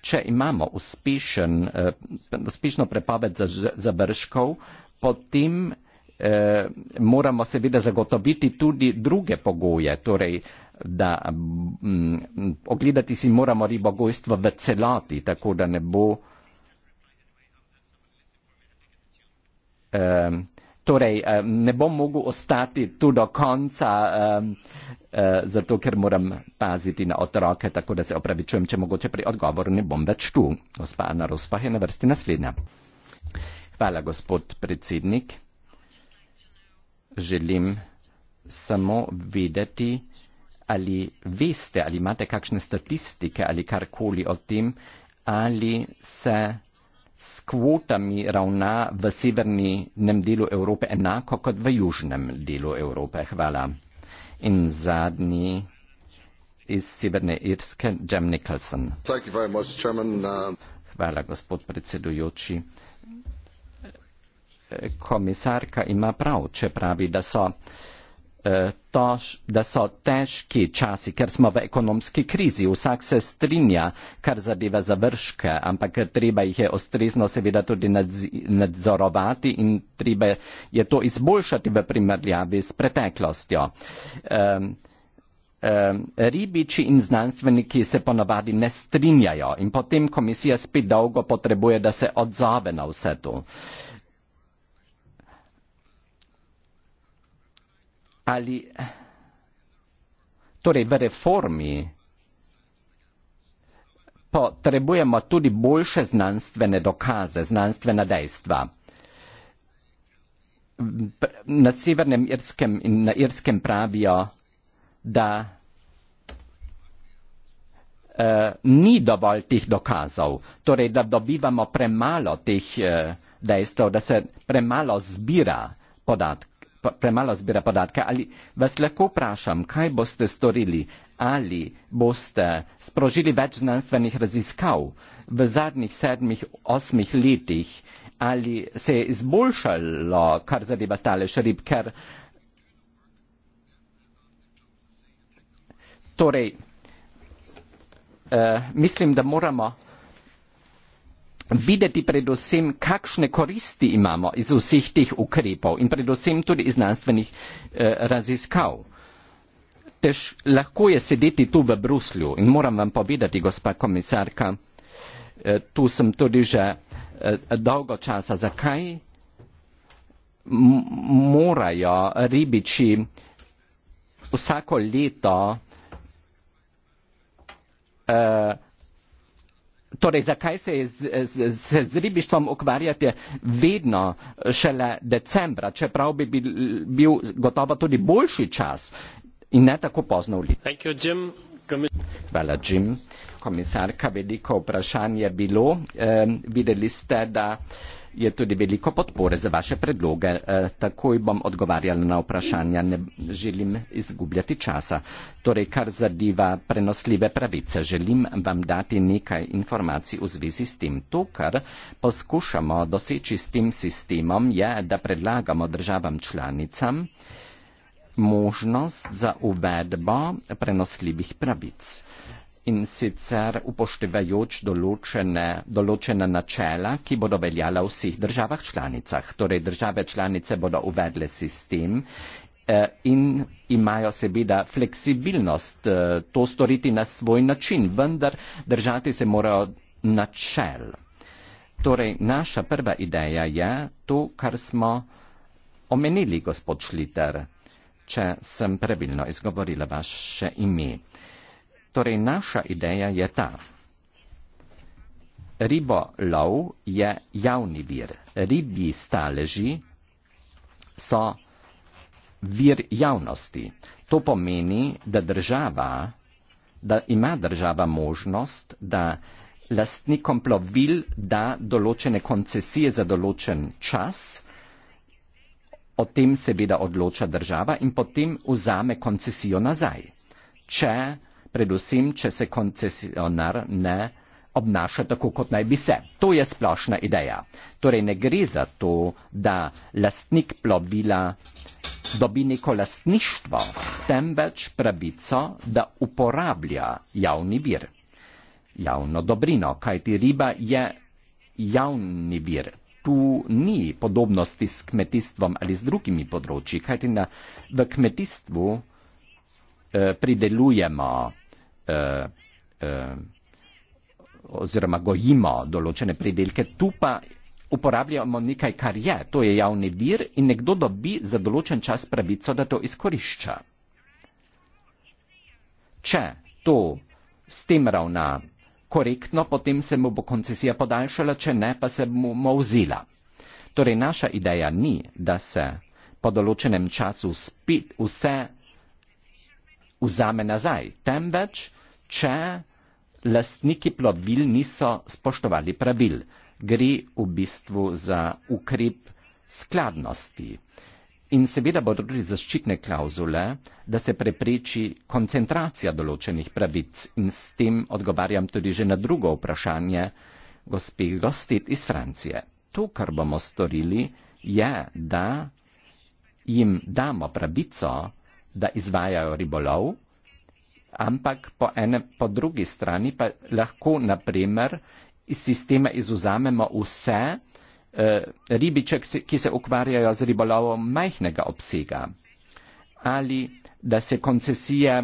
C: Če imamo uspešen, eh, uspešno prepoved završkov, potem eh, moramo seveda zagotoviti tudi druge pogoje. Torej, da m, mm, ogledati si moramo ribogojstvo v celoti, tako da ne bo torej eh, ne bom mogel ostati tu do konca, ehm, eh, zato ker moram paziti na otroke, tako da se opravičujem, če mogoče pri odgovoru ne bom več tu. Gospa Ana Rospah je na vrsti naslednja. Hvala, gospod predsednik. Želim samo vedeti, ali veste, ali imate kakšne statistike ali karkoli o tem, ali se s kvotami ravna v severnem delu Evrope enako kot v južnem delu Evrope. Hvala. In zadnji iz Severne Irske, Jem Nicholson. Much, uh, Hvala, gospod predsedujoči. Komisarka ima prav, če pravi, da so Eh, to, da so težki časi, ker smo v ekonomski krizi. Vsak se strinja, kar zadeva završke, ampak treba jih je ostrezno seveda tudi nadzorovati in treba je to izboljšati v primerjavi s preteklostjo. Um, Ribiči in znanstveniki se ponavadi ne strinjajo in potem komisija spet dolgo potrebuje, da se odzove na vse to. Uh, ali torej v reformi potrebujemo tudi boljše znanstvene dokaze, znanstvena dejstva. Na Severnem Irskem in na Irskem pravijo, da Uh, ni dovolj teh dokazov, torej da dobivamo premalo teh uh, dejstev, da se premalo zbira podatk, premalo zbira podatke. Ali vas lahko vprašam, kaj boste storili, ali boste sprožili več znanstvenih raziskav v zadnjih sedmih, osmih letih, ali se je izboljšalo, kar zadeva stalež rib, ker torej, uh, mislim, da moramo videti predvsem, kakšne koristi imamo iz vseh teh ukrepov in predvsem tudi iz znanstvenih eh, raziskav. Tež, lahko je sedeti tu v Bruslju in moram vam povedati, gospa komisarka, eh, tu sem tudi že eh, dolgo časa, zakaj morajo ribiči vsako leto eh, Torej, zakaj se, z, z, se z ribištvom ukvarjate vedno šele decembra, čeprav bi bil, bil gotovo tudi boljši čas in ne tako pozno v letu? Hvala, Jim. Komisarka, veliko vprašanje je bilo. Um, videli ste, da. Um, je tudi veliko podpore za vaše predloge. Eh, takoj bom odgovarjal na vprašanja, ne želim izgubljati časa. Torej, kar zadeva prenosljive pravice, želim vam dati nekaj informacij v zvezi s tem. To, kar poskušamo doseči s tem sistemom, je, da predlagamo državam članicam možnost za uvedbo prenosljivih pravic in sicer upoštevajoč določene, določena načela, ki bodo veljala v vseh državah članicah. Torej, države članice bodo uvedle sistem eh, in imajo seveda fleksibilnost eh, to storiti na svoj način, vendar držati se morajo načel. Torej, naša prva ideja je to, kar smo omenili, gospod Šliter, če sem pravilno izgovorila vaše ime. Torej, naša ideja je ta. Ribo lov je javni vir. Ribi staleži so vir javnosti. To pomeni, da država, da ima država možnost, da lastnikom plovil da določene koncesije za določen čas, o tem seveda odloča država in potem vzame koncesijo nazaj. Če predvsem, če se koncesionar ne obnaša tako, kot naj bi se. To je splošna ideja. Torej ne gre za to, da lastnik plovila dobi neko lastništvo, temveč pravico, da uporablja javni vir, javno dobrino, kajti riba je javni vir. Tu ni podobnosti s kmetijstvom ali z drugimi področji, kajti na, v kmetijstvu eh, pridelujemo Eh, eh, oziroma gojimo določene pridelke, tu pa uporabljamo nekaj, kar je, to je javni vir in nekdo dobi za določen čas pravico, da to izkorišča. Če to s tem ravna korektno, potem se mu bo koncesija podaljšala, če ne, pa se mu bo vzela. Torej, naša ideja ni, da se po določenem času spet vse vzame nazaj, temveč, če lastniki plovil niso spoštovali pravil. Gre v bistvu za ukrep skladnosti. In seveda bodo tudi zaščitne klauzule, da se prepreči koncentracija določenih pravic. In s tem odgovarjam tudi že na drugo vprašanje gospe Gostit iz Francije. To, kar bomo storili, je, da jim damo pravico, da izvajajo ribolov, ampak po, ene, po drugi strani pa lahko, naprimer, iz sistema izuzamemo vse eh, ribiče, ki se ukvarjajo z ribolovom majhnega obsega. Ali da se koncesije,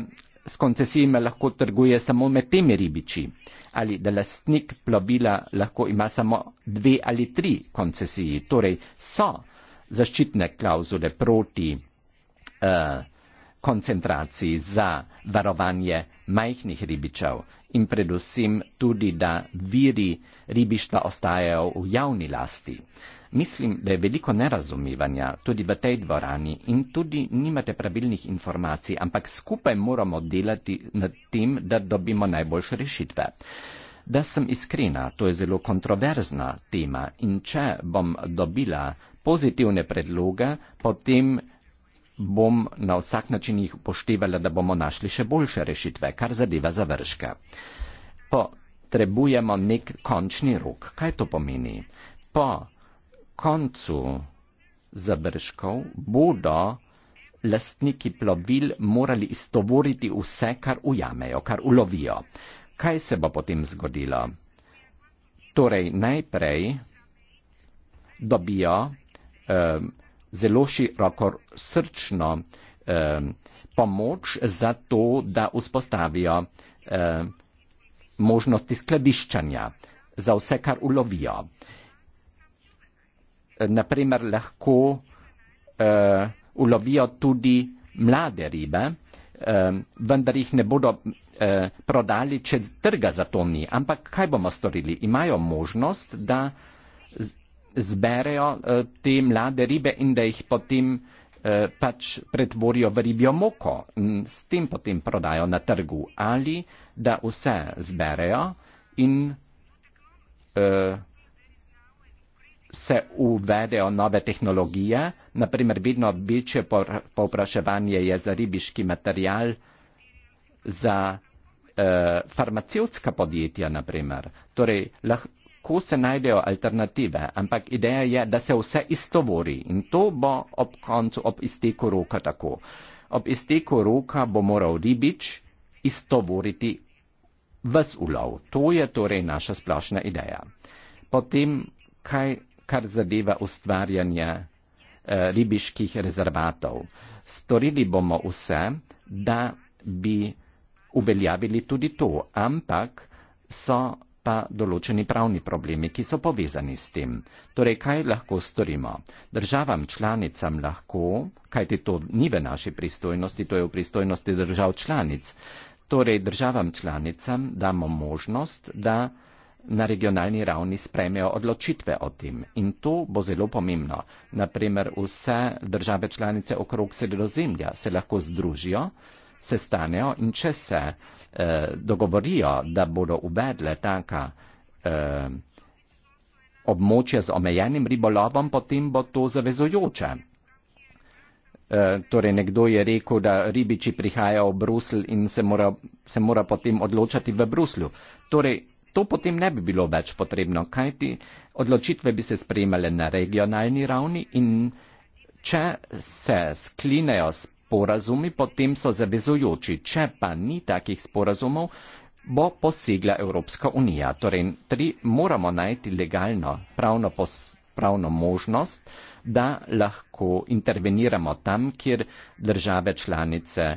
C: s koncesijami lahko trguje samo med temi ribiči. Ali da lastnik plovila lahko ima samo dve ali tri koncesiji. Torej so zaščitne klauzule proti. Eh, koncentraciji za varovanje majhnih ribičev in predvsem tudi, da viri ribištva ostajajo v javni lasti. Mislim, da je veliko nerazumivanja tudi v tej dvorani in tudi nimate pravilnih informacij, ampak skupaj moramo delati nad tem, da dobimo najboljše rešitve. Da sem iskrena, to je zelo kontroverzna tema in če bom dobila pozitivne predloge, potem bom na vsak način jih upoštevala, da bomo našli še boljše rešitve, kar zadeva završke. Potrebujemo nek končni rok. Kaj to pomeni? Po koncu završkov bodo lastniki plovil morali istovoriti vse, kar ujamejo, kar ulovijo. Kaj se bo potem zgodilo? Torej, najprej dobijo eh, zelo široko srčno eh, pomoč za to, da vzpostavijo eh, možnosti skladiščanja za vse, kar ulovijo. Naprimer, lahko eh, ulovijo tudi mlade ribe, eh, vendar jih ne bodo eh, prodali, če trga za to ni. Ampak kaj bomo storili? Imajo možnost, da zberejo eh, te mlade ribe in da jih potem eh, pač pretvorijo v ribjo moko in s tem potem prodajo na trgu ali da vse zberejo in uh, se uvedejo nove tehnologije. Naprimer, vedno večje povpraševanje je za ribiški material za uh, farmacevtska podjetja, naprimer. Torej, lahko kako se najdejo alternative, ampak ideja je, da se vse istovori in to bo ob koncu, ob izteku roka tako. Ob izteku roka bo moral ribič istovoriti ves ulov. To je torej naša splošna ideja. Potem, kaj, kar zadeva ustvarjanje eh, ribiških rezervatov. Storili bomo vse, da bi uveljavili tudi to, ampak so pa določeni pravni problemi, ki so povezani s tem. Torej, kaj lahko storimo? Državam članicam lahko, kajti to ni v naši pristojnosti, to je v pristojnosti držav članic, torej državam članicam damo možnost, da na regionalni ravni spremejo odločitve o tem. In to bo zelo pomembno. Naprimer, vse države članice okrog sredozemlja se lahko združijo, se stanejo in če se eh, dogovorijo, da bodo uvedle taka eh, območja z omejenim ribolovom, potem bo to zavezojoče. Eh, torej, nekdo je rekel, da ribiči prihajajo v Bruselj in se mora, se mora potem odločati v Bruslju. Torej, to potem ne bi bilo več potrebno, kajti odločitve bi se sprejemale na regionalni ravni in če se sklinejo s sporazumi, potem so zavezujoči. Če pa ni takih sporazumov, bo posegla Evropska unija. Torej, tri, moramo najti legalno pravno, pos, pravno možnost, da lahko interveniramo tam, kjer države članice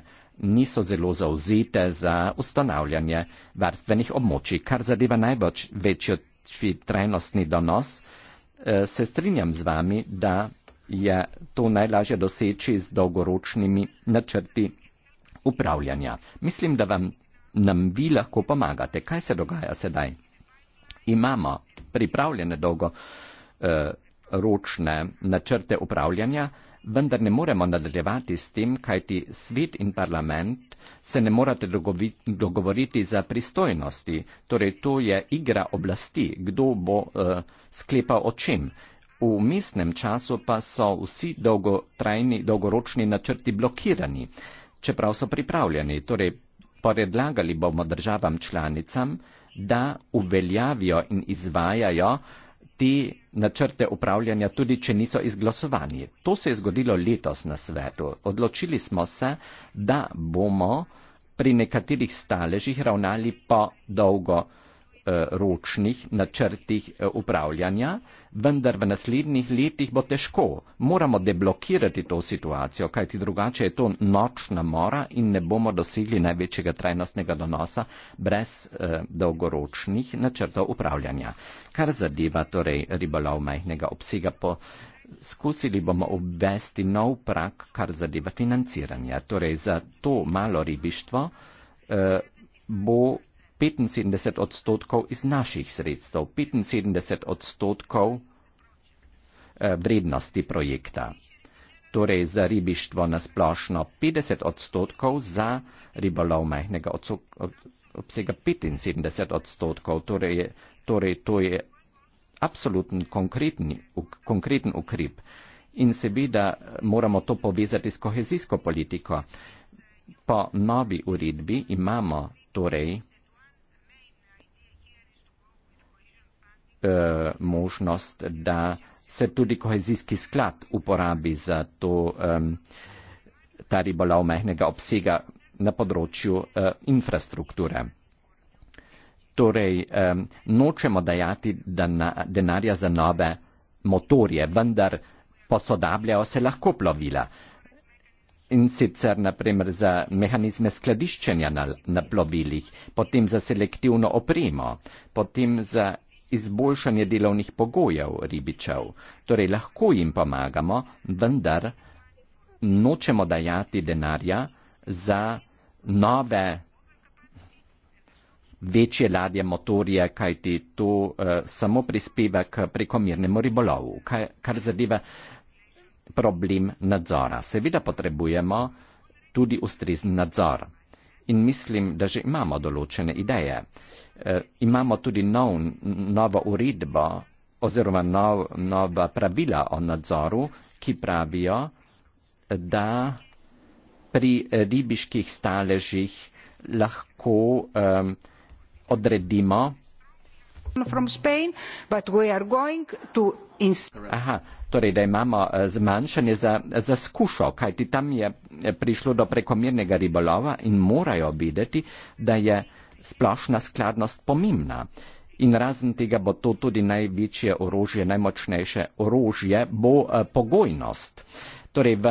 C: niso zelo zauzete za ustanavljanje varstvenih območij, kar zadeva največji trajnostni donos. Eh, se strinjam z vami, da je to najlažje doseči z dolgoročnimi načrti upravljanja. Mislim, da vam, nam vi lahko pomagate. Kaj se dogaja sedaj? Imamo pripravljene dolgoročne eh, načrte upravljanja, vendar ne moremo nadaljevati s tem, kajti svet in parlament se ne morate dogovoriti za pristojnosti. Torej, to je igra oblasti, kdo bo eh, sklepal o čem v mestnem času pa so vsi dolgotrajni, dolgoročni načrti blokirani, čeprav so pripravljeni. Torej, predlagali bomo državam članicam, da uveljavijo in izvajajo te načrte upravljanja, tudi če niso izglasovani. To se je zgodilo letos na svetu. Odločili smo se, da bomo pri nekaterih staležih ravnali po dolgo. Eh, ročnih načrtih eh, upravljanja, vendar v naslednjih letih bo težko. Moramo deblokirati to situacijo, kajti drugače je to nočna mora in ne bomo dosegli največjega trajnostnega donosa brez eh, dolgoročnih načrtov upravljanja. Kar zadeva torej ribolov majhnega obsega po. Skusili bomo obvesti nov prak, kar zadeva financiranje. Torej, za to malo ribištvo eh, bo 75 odstotkov iz naših sredstev, 75 odstotkov eh, vrednosti projekta. Torej za ribištvo nasplošno 50 odstotkov, za ribolov majhnega obsega 75 odstotkov. Torej, torej to je absolutno konkreten, konkreten ukrep. In seveda moramo to povezati s kohezijsko politiko. Po novi uredbi imamo torej eh, možnost, da se tudi kohezijski sklad uporabi za to, eh, ta ribolov mehnega obsega na področju eh, infrastrukture. Torej, eh, nočemo dajati dana, denarja za nove motorje, vendar posodabljajo se lahko plovila. In sicer naprimer za mehanizme skladiščenja na, na plovilih, potem za selektivno opremo, potem za izboljšanje delovnih pogojev ribičev. Torej, lahko jim pomagamo, vendar nočemo dajati denarja za nove, večje ladje, motorje, kajti to uh, samo prispeva k prekomernemu ribolovu, kaj, kar zadeva problem nadzora. Seveda potrebujemo tudi ustrezen nadzor. In mislim, da že imamo določene ideje. Uh, eh, imamo tudi nov, novo uredbo oziroma nov, nova pravila o nadzoru, ki pravijo, da pri eh, ribiških staležih lahko eh, odredimo. Spain, Aha, torej, da imamo eh, zmanjšanje za, za skušo, kajti tam je eh, prišlo do prekomirnega ribolova in morajo videti, da je splošna skladnost pomembna. In razen tega bo to tudi največje orožje, najmočnejše orožje, bo eh, pogojnost. Torej, v,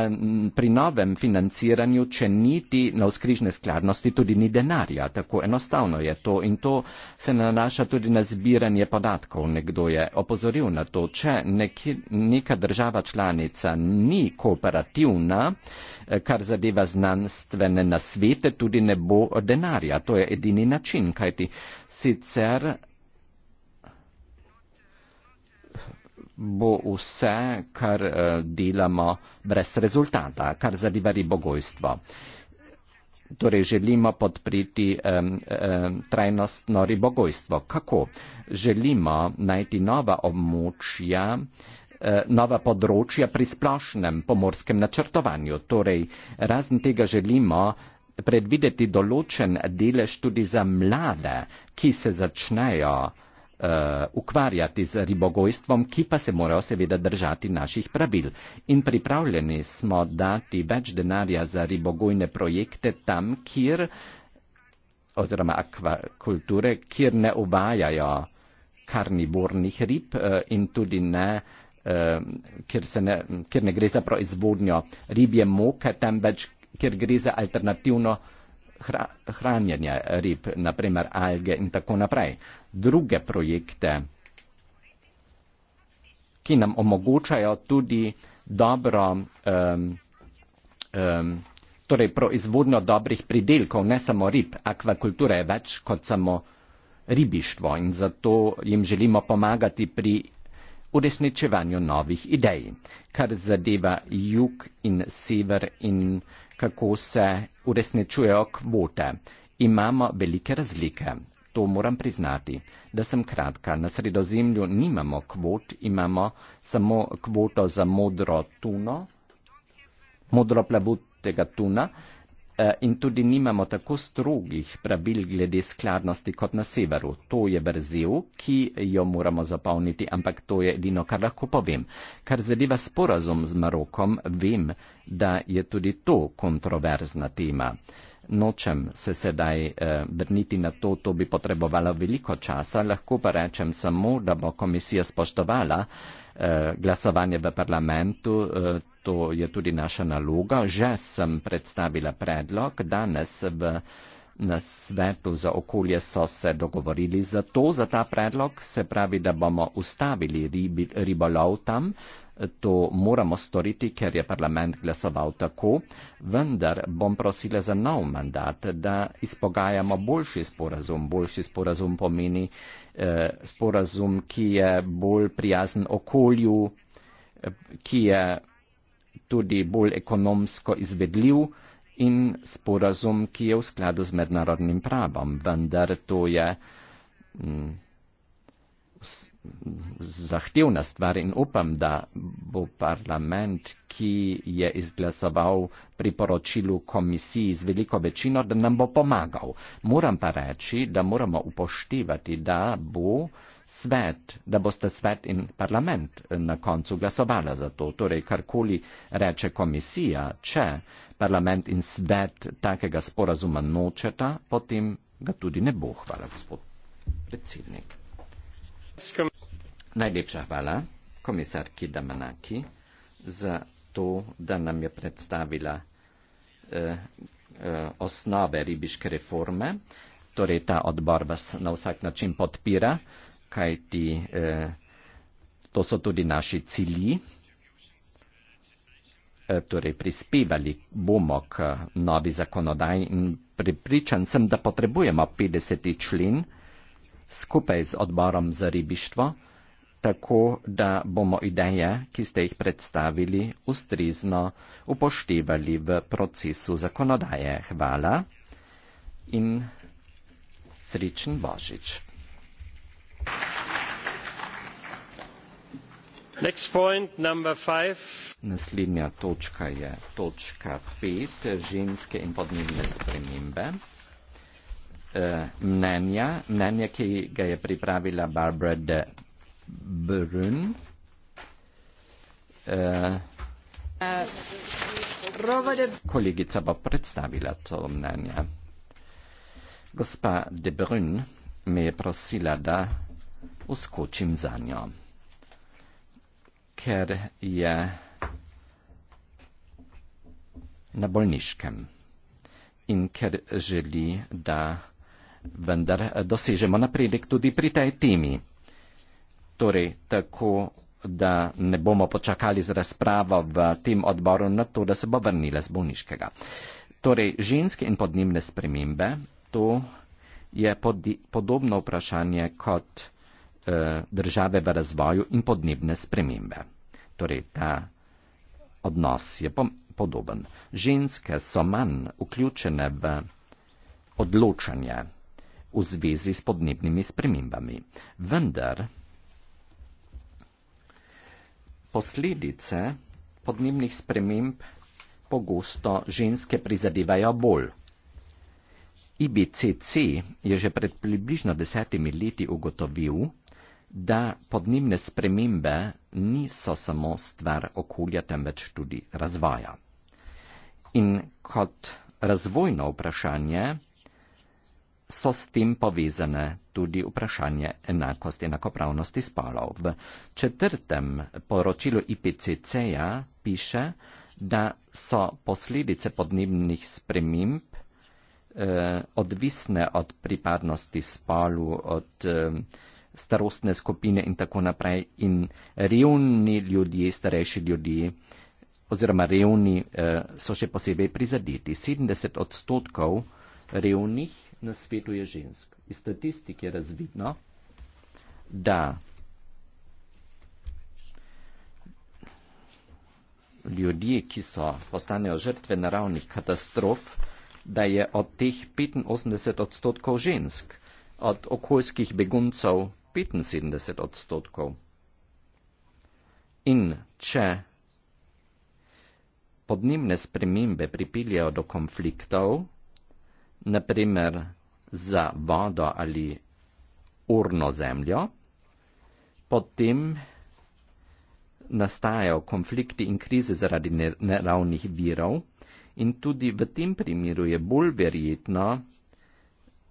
C: pri novem financiranju, če niti na vzkrižne skladnosti, tudi ni denarja, tako enostavno je to in to se nanaša tudi na zbiranje podatkov. Nekdo je opozoril na to, če neki, neka država članica ni kooperativna, eh, kar zadeva znanstvene nasvete, tudi ne bo denarja. To je edini način, kajti sicer bo vse, kar eh, delamo, brez rezultata, kar zadeva ribogojstvo. Torej želimo podpriti um, um, trajnostno ribogojstvo. Kako? Želimo najti nova območja, uh, nova področja pri splošnem pomorskem načrtovanju. Torej, razen tega želimo predvideti določen delež tudi za mlade, ki se začnejo uh, uh, ukvarjati z ribogojstvom, ki pa se morajo seveda držati naših pravil. In pripravljeni smo dati več denarja za ribogojne projekte tam, kjer oziroma akvakulture, kjer ne uvajajo karnivornih rib eh, in tudi ne, eh, kjer, ne, kjer ne gre za proizvodnjo ribje moke, temveč kjer gre za alternativno hra, hranjenje rib, naprimer alge in tako naprej druge projekte, ki nam omogočajo tudi dobro, um, um, torej proizvodnjo dobrih pridelkov, ne samo rib. Akvakultura je več kot samo ribištvo in zato jim želimo pomagati pri uresničevanju novih idej, kar zadeva jug in sever in kako se uresničujejo kvote. Imamo velike razlike. To moram priznati, da sem kratka. Na sredozemlju nimamo kvot, imamo samo kvoto za modro tuno, modro plavutega tuna eh, in tudi nimamo tako strogih pravil glede skladnosti kot na severu. To je brzel, ki jo moramo zapolniti, ampak to je edino, kar lahko povem. Kar zadeva sporazum z Marokom, vem, da je tudi to kontroverzna tema. Nočem se sedaj vrniti eh, na to, to bi potrebovalo veliko časa, lahko pa rečem samo, da bo komisija spoštovala eh, glasovanje v parlamentu, eh, to je tudi naša naloga. Že sem predstavila predlog, danes v, na svetu za okolje so se dogovorili za to, za ta predlog, se pravi, da bomo ustavili ribi, ribolov tam, eh, to moramo storiti, ker je parlament glasoval tako, vendar bom prosila za nov mandat, da izpogajamo boljši sporazum. Boljši sporazum pomeni eh, sporazum, ki je bolj prijazen okolju, eh, ki je tudi bolj ekonomsko izvedljiv in sporazum, ki je v skladu z mednarodnim pravom. Vendar to je. Hm, zahtevna stvar in upam, da bo parlament, ki je izglasoval priporočilu komisiji z veliko večino, da nam bo pomagal. Moram pa reči, da moramo upoštevati, da bo svet, da boste svet in parlament na koncu glasovala za to. Torej, karkoli reče komisija, če parlament in svet takega sporazuma nočeta, potem ga tudi ne bo. Hvala, gospod predsednik. Najlepša hvala komisarki Damanaki za to, da nam je predstavila eh, eh, osnove ribiške reforme. Torej, ta odbor vas na vsak način podpira, kajti eh, to so tudi naši cilji. Eh, torej, prispevali bomo k novi zakonodaji in pripričan sem, da potrebujemo 50. člen skupaj z odborom za ribištvo, tako da bomo ideje, ki ste jih predstavili, ustrizno upoštevali v procesu zakonodaje. Hvala in srečen Božič.
B: Next point, number five.
C: Naslednja točka je točka pet, ženske in podnebne spremembe. Eh, mnenja, mnenje, ki ga je pripravila Barbara de Brun. Uh, eh, uh, de... Kolegica bo predstavila to mnenje. Gospa de Brun me je prosila, da uskočim za njo, ker je na bolniškem in ker želi, da vendar dosežemo napredek tudi pri tej temi. Torej, tako, da ne bomo počakali z razpravo v tem odboru na to, da se bo vrnila z bolniškega. Torej, ženske in podnebne spremembe, to je podobno vprašanje kot eh, države v razvoju in podnebne spremembe. Torej, ta odnos je podoben. Ženske so manj vključene v odločanje v zvezi s podnebnimi spremembami. Vendar posledice podnebnih sprememb pogosto ženske prizadevajo bolj. IBCC je že pred približno desetimi leti ugotovil, da podnebne spremembe niso samo stvar okolja, temveč tudi razvoja. In kot razvojno vprašanje, so s tem povezane tudi vprašanje enakosti, enakopravnosti spolov. V četrtem poročilu IPCC-ja piše, da so posledice podnebnih sprememb eh, odvisne od pripadnosti spolu, od eh, starostne skupine in tako naprej in revni ljudje, starejši ljudje oziroma revni eh, so še posebej prizadeti. 70 odstotkov revnih na svetu je žensk. Iz statistik je razvidno, da ljudje, ki so postanejo žrtve naravnih katastrof, da je od teh 85 odstotkov žensk, od okoljskih beguncov 75 odstotkov. In če podnebne spremembe pripeljajo do konfliktov, naprimer za vodo ali urno zemljo, potem nastajajo konflikti in krize zaradi naravnih virov in tudi v tem primeru je bolj verjetno,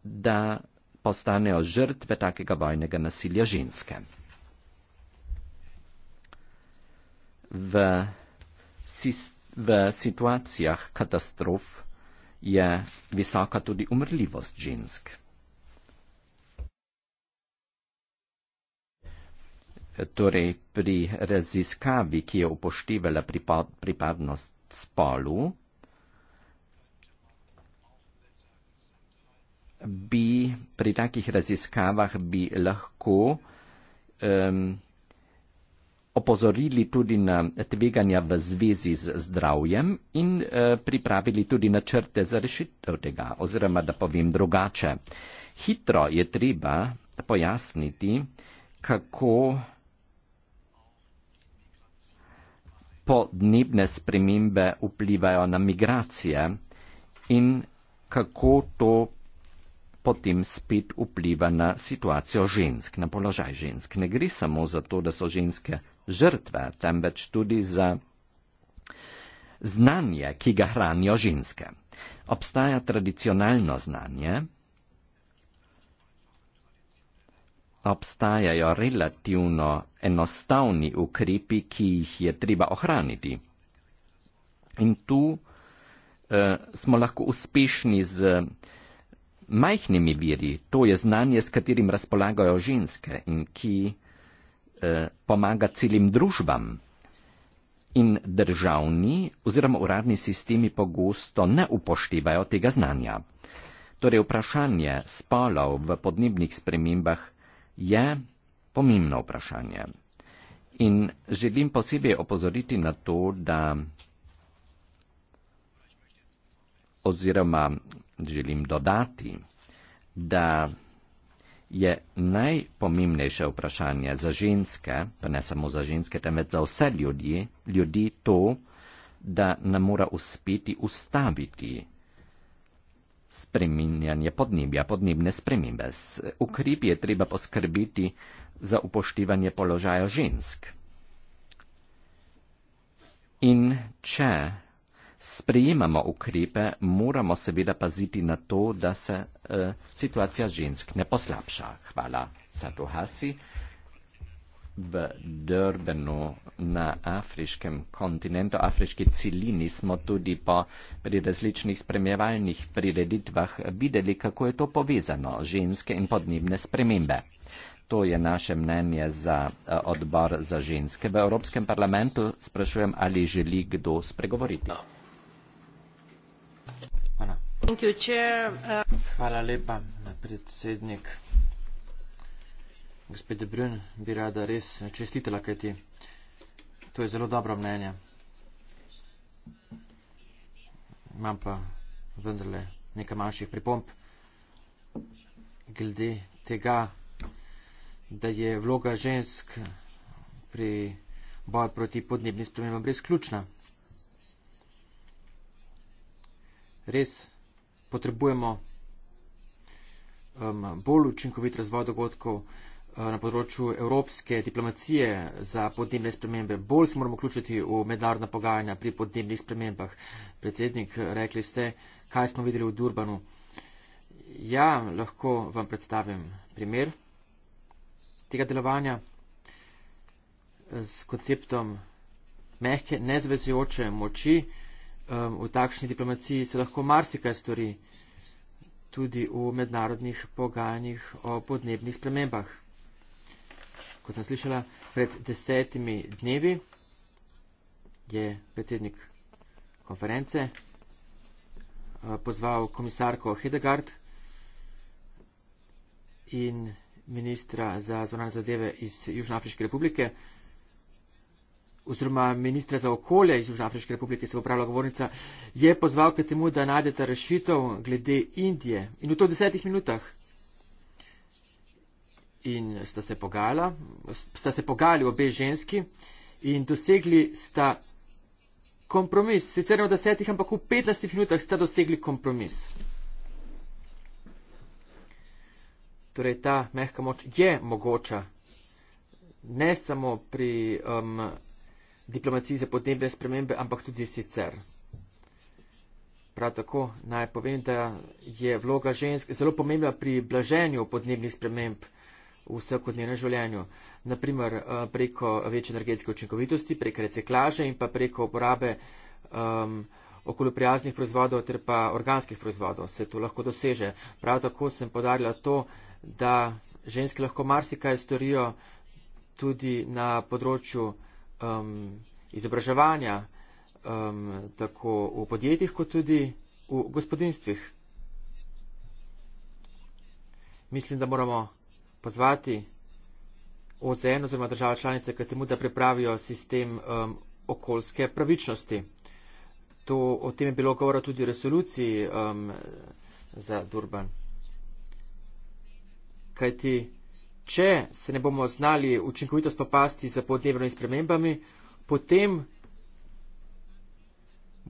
C: da postanejo žrtve takega vojnega nasilja ženske. V, sist, v situacijah katastrof je visoka tudi umrljivost žensk. Torej, pri raziskavi, ki je upoštevala pripadnost spolu, bi pri takih raziskavah bi lahko um, opozorili tudi na tveganja v zvezi z zdravjem in eh, pripravili tudi načrte za rešitev tega, oziroma da povem drugače. Hitro je treba pojasniti, kako podnebne spremembe vplivajo na migracije in kako to potem spet vpliva na situacijo žensk, na položaj žensk. Ne gre samo za to, da so ženske žrtve, temveč tudi za znanje, ki ga hranijo ženske. Obstaja tradicionalno znanje, obstajajo relativno enostavni ukrepi, ki jih je treba ohraniti. In tu eh, smo lahko uspešni z majhnimi viri, to je znanje, s katerim razpolagajo ženske in ki Eh, pomaga celim družbam. In državni oziroma uradni sistemi pogosto ne upoštevajo tega znanja. Torej vprašanje spolov v podnebnih spremembah je pomembno vprašanje. In želim posebej opozoriti na to, da oziroma želim dodati, da je najpomembnejše vprašanje za ženske, pa ne samo za ženske, temveč za vse ljudi, ljudi to, da nam mora uspeti ustaviti spreminjanje podnebja, podnebne spremembe. Ukrepi je treba poskrbiti za upoštevanje položaja žensk. In če sprejemamo ukrepe, moramo seveda paziti na to, da se eh, situacija žensk ne poslabša. Hvala, Sato Hasi. V Durbenu na afriškem kontinentu, afriški celini smo tudi po pri različnih spremljevalnih prireditvah videli, kako je to povezano ženske in podnebne spremembe. To je naše mnenje za eh, odbor za ženske. V Evropskem parlamentu sprašujem, ali želi kdo spregovoriti. No.
B: Uh, Hvala lepa, predsednik. Gospod De Bruyne, bi rada res čestitela, kaj ti. To je zelo dobro mnenje. Imam pa vendarle nekaj manjših pripomp glede tega, da je vloga žensk pri boju proti podnebnim spremembam res ključna. Res potrebujemo um, bolj učinkovit razvoj dogodkov uh, na področju evropske diplomacije za podnebne spremembe. Bolj se moramo vključiti v mednarodna pogajanja pri podnebnih spremembah. Predsednik, rekli ste, kaj smo videli v Durbanu. Ja, lahko vam predstavim primer tega delovanja z eh, konceptom mehke nezavezujoče moči um, v takšni diplomaciji se lahko marsikaj stori, tudi v mednarodnih pogajanjih o podnebnih spremembah. Kot sem slišala, pred desetimi dnevi je predsednik konference uh, pozval komisarko Hedegard in ministra za zvonane zadeve iz Južnoafriške republike, oziroma ministra za okolje iz Južnoafriške republike, se bo pravila govornica, je pozval k temu, da najdete rešitev glede Indije. In v to desetih minutah. In sta se pogajala, sta se pogajali obe ženski in dosegli sta kompromis. Sicer ne v desetih, ampak v petnastih minutah sta dosegli kompromis. Torej, ta mehka moč je mogoča. Ne samo pri um, diplomaciji za podnebne spremembe, ampak tudi sicer. Prav tako naj povem, da je vloga žensk zelo pomembna pri blaženju podnebnih sprememb v vsakodnevnem življenju. Naprimer eh, preko večje energetske učinkovitosti, preko reciklaže in pa preko uporabe um, ehm, okolju prijaznih proizvodov ter pa organskih proizvodov se to lahko doseže. Prav tako sem podarila to, da ženske lahko marsikaj storijo tudi na področju um, izobraževanja, um, tako v podjetjih, kot tudi v gospodinstvih. Mislim, da moramo pozvati OZN oziroma države članice k temu, da pripravijo sistem um, okoljske pravičnosti. To, o tem je bilo govora tudi v resoluciji um, za Durban. Kajti če se ne bomo znali učinkovito spopasti z podnebnimi spremembami, potem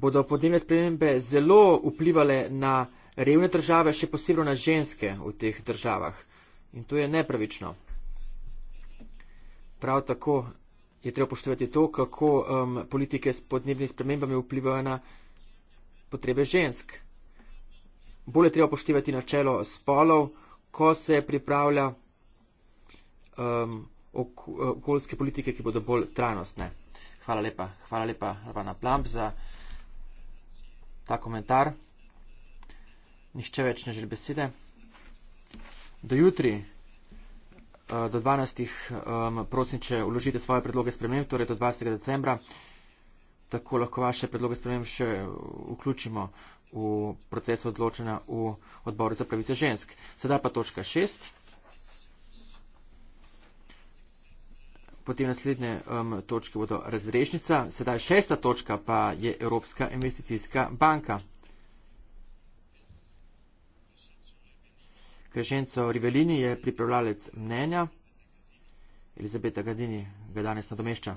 B: bodo podnebne spremembe zelo vplivale na revne države, še posebej na ženske v teh državah. In to je nepravično. Prav tako je treba poštevati to, kako um, politike s podnebnimi spremembami vplivajo na potrebe žensk. Bolje treba poštevati načelo spolov, ko se pripravlja um, uh, okoljske politike, ki bodo bolj trajnostne. Hvala lepa. Hvala lepa, Rana Plamp, za ta komentar. Nihče več ne želi besede. Do jutri, uh, do 12. Um, prosim, če uložite svoje predloge sprememb, torej do 20. decembra, tako lahko vaše predloge sprememb še vključimo v proces odločena v odboru za pravice žensk. Sedaj pa točka 6. potem naslednje um, točke bodo razrešnica, sedaj šesta točka pa je Evropska investicijska banka. Krešenco Rivelini je pripravljalec mnenja. Elizabeta Gadini ga danes nadomešča.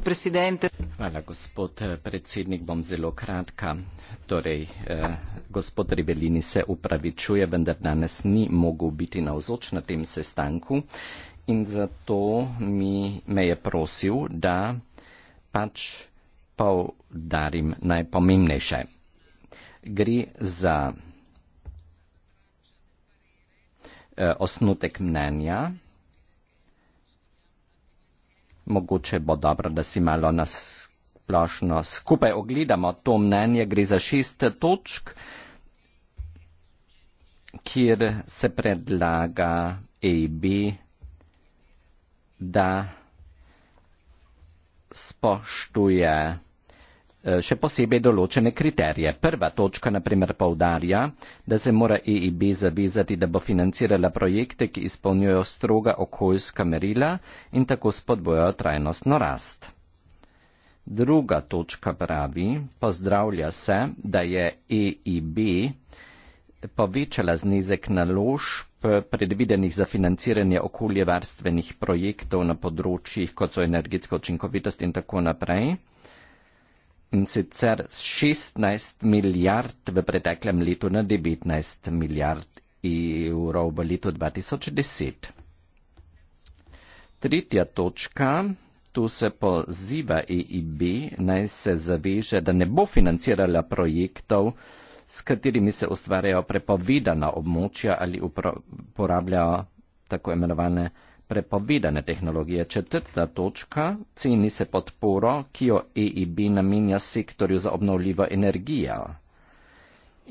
B: Presidente.
C: Hvala, gospod eh, predsednik, bom zelo kratka. Torej, eh, gospod Rivelini se upravičuje, vendar danes ni mogel biti na vzoč na tem sestanku. Eh, in zato mi, me je prosil, da pač povdarim najpomembnejše. Gre za eh, osnutek mnenja. Mogoče bo dobro, da si malo nasplošno skupaj ogledamo to mnenje. Gre za šest točk, kjer se predlaga AB da spoštuje eh, še posebej določene kriterije. Prva točka, na primer, povdarja, da se mora EIB zavezati, da bo financirala projekte, ki izpolnjujejo stroga okoljska merila in tako spodbojajo trajnostno rast. Druga točka pravi, pozdravlja se, da je EIB povečala znizek naložb predvidenih za financiranje okoljevarstvenih projektov na področjih, kot so energetska očinkovitost in tako naprej. In sicer z 16 milijard v preteklem letu na 19 milijard evrov v letu 2010. Tretja točka. Tu se poziva EIB naj se zaveže, da ne bo financirala projektov, s katerimi se ustvarjajo prepovedana območja ali uporabljajo tako imenovane prepovedane tehnologije. Četrta točka ceni se podporo, ki jo EIB namenja sektorju za obnovljivo energijo.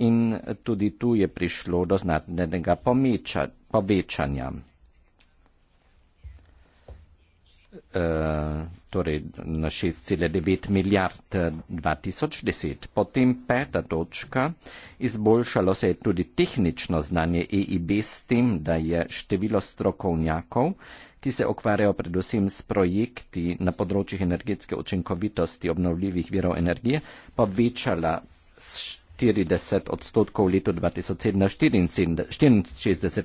C: In tudi tu je prišlo do znatnega povečanja. Eh, torej na 6,9 milijard 2010. Eh, Potem peta točka, izboljšalo se je tudi tehnično znanje EIB s tem, da je število strokovnjakov, ki se okvarjajo predvsem s projekti na področjih energetske učinkovitosti obnovljivih virov energije, povečala 40 odstotkov v letu 2064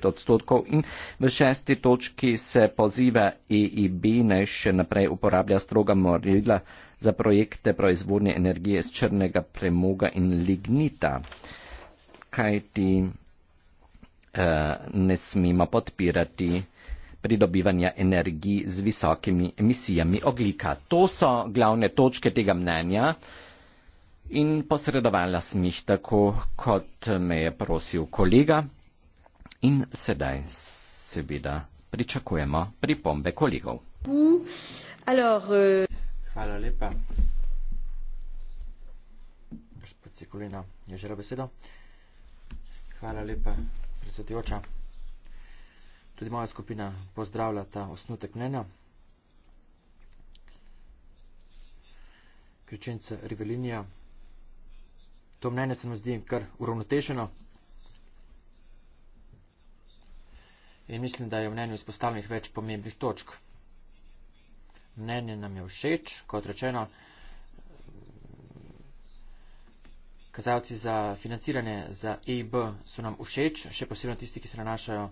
C: odstotkov in v šesti točki se poziva EIB naj še naprej uporablja stroga morila za projekte proizvodnje energije iz črnega premoga in lignita, kajti eh, ne smemo podpirati pridobivanja energij z visokimi emisijami oglika. To so glavne točke tega mnenja in posredovala sem jih tako, kot me je prosil kolega. In sedaj seveda pričakujemo pripombe kolegov.
B: Alors, euh... Hvala lepa. Gospod Cikulina, je želel besedo? Hvala lepa, predsedujoča. Tudi moja skupina pozdravlja ta osnutek mnenja. Kričenca Rivelinija. To mnenje se mi zdi kar uravnotešeno. In mislim, da je v mnenju izpostavljenih več pomembnih točk. Mnenje nam je všeč, kot rečeno, kazalci za financiranje za EIB so nam všeč, še posebno tisti, ki se nanašajo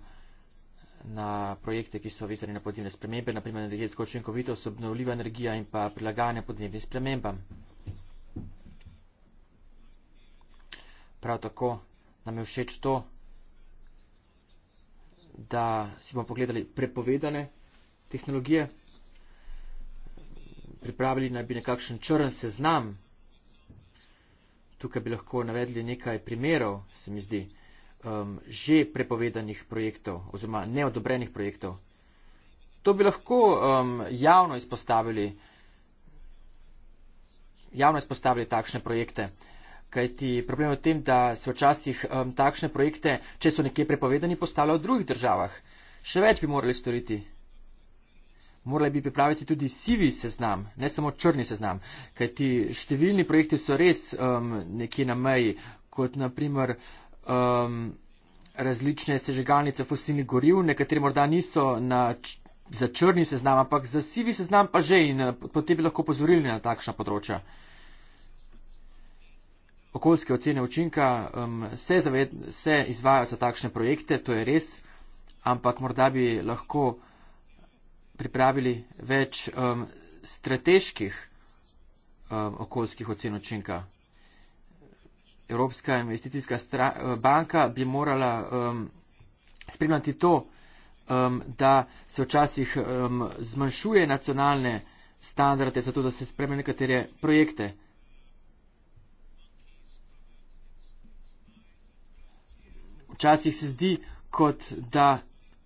B: na projekte, ki so vezani na podnebne spremembe, naprimer energetsko učinkovitost, obnovljiva energija in pa prilagajanje podnebnim spremembam. Prav tako nam je všeč to, da si bomo pogledali prepovedane tehnologije. Pripravili naj bi nekakšen črn seznam. Tukaj bi lahko navedli nekaj primerov, se mi zdi, um, že prepovedanih projektov oziroma neodobrenih projektov. To bi lahko um, javno izpostavili, javno izpostavili takšne projekte. Kajti problem je v tem, da se včasih um, takšne projekte, če so nekje prepovedani, postavljajo v drugih državah. Še več bi morali storiti. Morali bi pripraviti tudi sivi seznam, ne samo črni seznam. Kajti številni projekti so res um, nekje na meji, kot naprimer um, različne sežigalnice fosilnih goriv, nekateri morda niso na. Za črni seznam, ampak za sivi seznam pa že in eh, potem bi lahko pozorili na takšna področja okoljske ocene učinka, um, se, zaved, se izvajajo za takšne projekte, to je res, ampak morda bi lahko pripravili več um, strateških um, okoljskih ocen učinka. Evropska investicijska stra, banka bi morala um, spremljati to, um, da se včasih um, zmanjšuje nacionalne standarde, zato da se spremljajo nekatere projekte. včasih se zdi, kot da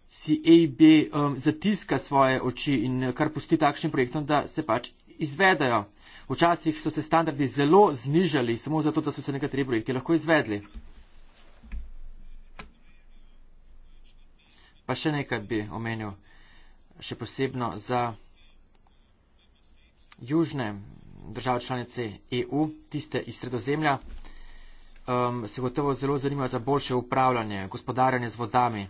B: si AB um, zatiska svoje oči in uh, kar pusti takšnim projektom, da se pač izvedajo. Včasih so se standardi zelo znižali, samo zato, da so se nekateri projekti lahko izvedli. Pa še nekaj bi omenil, še posebno za južne države članice EU, tiste iz sredozemlja um, se gotovo zelo zanimajo za boljše upravljanje, gospodarjanje z vodami.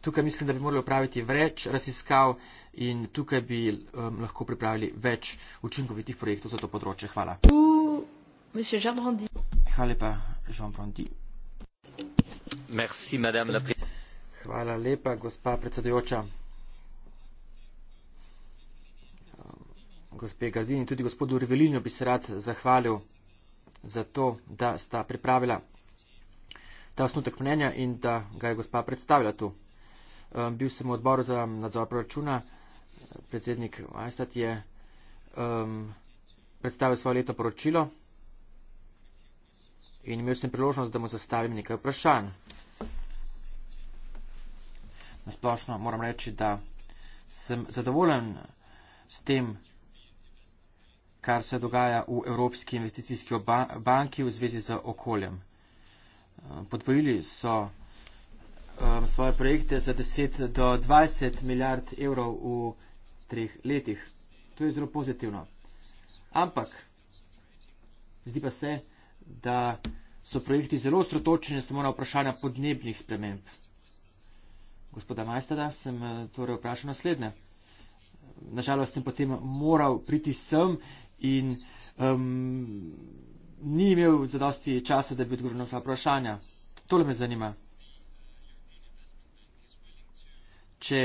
B: Tukaj mislim, da bi morali upraviti več raziskav in tukaj bi um, lahko pripravili več učinkovitih projektov za to področje. Hvala. Hvala lepa, Jean Brandi. Merci, madame la Hvala lepa, gospa predsedujoča. Gospe Gardini, tudi gospodu Revelinu bi se rad zahvalil za to, da sta pripravila ta osnutek mnenja in da ga je gospa predstavila tu. Um, bil sem v odboru za nadzor proračuna, predsednik Majstat je um, predstavil svoje leto poročilo in imel sem priložnost, da mu zastavim nekaj vprašanj. Nasplošno moram reči, da sem zadovoljen s tem, kar se dogaja v Evropski investicijski banki v zvezi z okoljem. Eh, podvojili so eh, svoje projekte za 10 do 20 milijard evrov v treh letih. To je zelo pozitivno. Ampak zdi pa se, da so projekti zelo strotočeni samo na vprašanja podnebnih sprememb. Gospoda Majstada sem eh, torej vprašal naslednje. Nažalost sem potem moral priti sem in um, ni imel zadosti časa, da bi odgovoril na vsa vprašanja. Tole me zanima. Če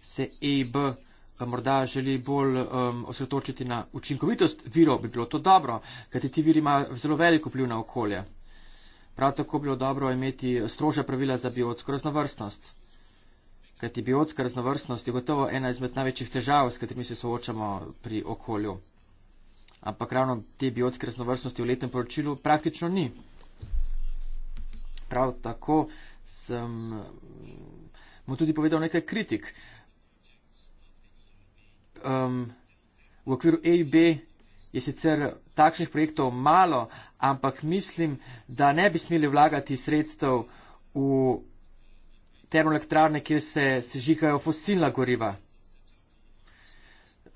B: se EIB eh, morda želi bolj um, osredotočiti na učinkovitost virov, bi bilo to dobro, kajti ti viri imajo zelo velik vpliv na okolje. Prav tako bi bilo dobro imeti strožja pravila za biotsko raznovrstnost kajti biotska raznovrstnost je gotovo ena izmed največjih težav, s katerimi se soočamo pri okolju. Ampak ravno te biotske raznovrstnosti v letnem poročilu praktično ni. Prav tako sem mu tudi povedal nekaj kritik. Um, v okviru AIB je sicer takšnih projektov malo, ampak mislim, da ne bi smeli vlagati sredstev v termoelektrarne, kjer se sežigajo fosilna goriva.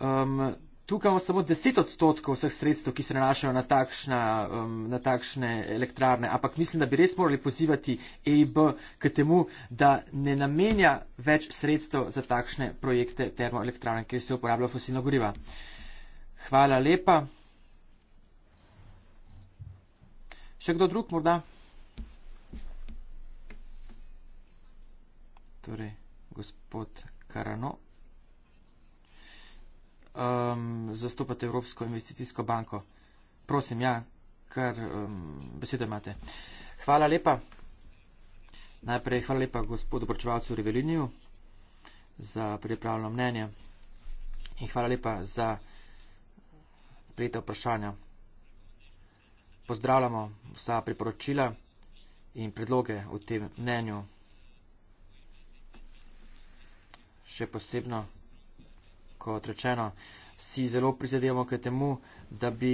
B: Um, tukaj imamo samo 10 odstotkov vseh sredstev, ki se nanašajo na, takšna, um, na takšne elektrarne, ampak mislim, da bi res morali pozivati EIB k temu, da ne namenja več sredstev za takšne projekte termoelektrarne, kjer se uporablja fosilna goriva. Hvala lepa. Še kdo drug morda? torej gospod Karano. Um, zastopate Evropsko investicijsko banko. Prosim, ja, kar um, besedo imate. Hvala lepa. Najprej hvala lepa gospodu Borčevalcu Revelinju za pripravljeno mnenje in hvala lepa za prijete vprašanja. Pozdravljamo vsa priporočila in predloge v tem mnenju. še posebno, kot rečeno, si zelo prizadevamo k temu, da bi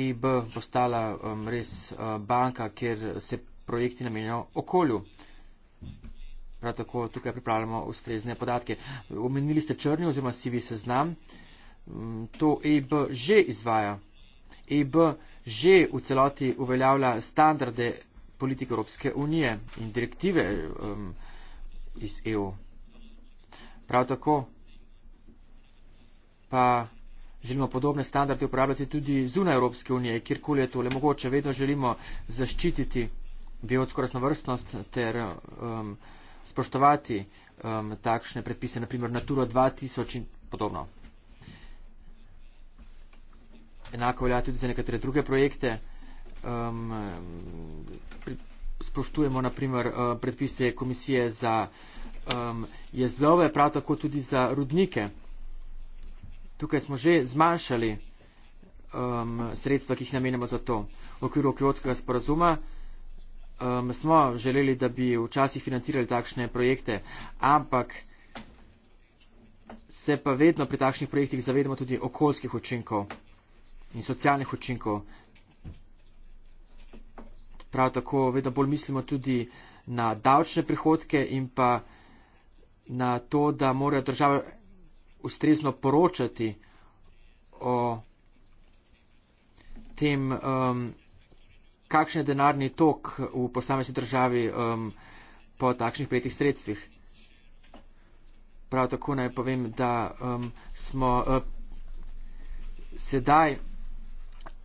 B: EIB postala um, res uh, banka, kjer se projekti namenjajo okolju. Prav tako tukaj pripravljamo ustrezne podatke. Omenili ste črni oziroma sivi seznam. Um, to EIB že izvaja. EIB že v celoti uveljavlja standarde politike Evropske unije in direktive um, iz EU. Prav tako pa želimo podobne standarde uporabljati tudi zunaj Evropske unije, kjerkoli je to le mogoče. Vedno želimo zaščititi biotsko raznovrstnost ter um, spoštovati um, takšne predpise, naprimer Natura 2000 in podobno. Enako velja tudi za nekatere druge projekte. Um, pri, spoštujemo naprimer uh, eh, predpise komisije za um, jezove, prav tako tudi za rudnike. Tukaj smo že zmanjšali um, sredstva, ki jih namenjamo za to. V okviru okvirovskega sporazuma um, smo želeli, da bi včasih financirali takšne projekte, ampak se pa vedno pri takšnih projektih zavedamo tudi okoljskih učinkov in socialnih učinkov prav tako vedno bolj mislimo tudi na davčne prihodke in pa na to, da morajo države ustrezno poročati o tem, um, kakšen je denarni tok v posamezni državi um, po takšnih prijetih sredstvih. Prav tako naj povem, da um, smo uh, sedaj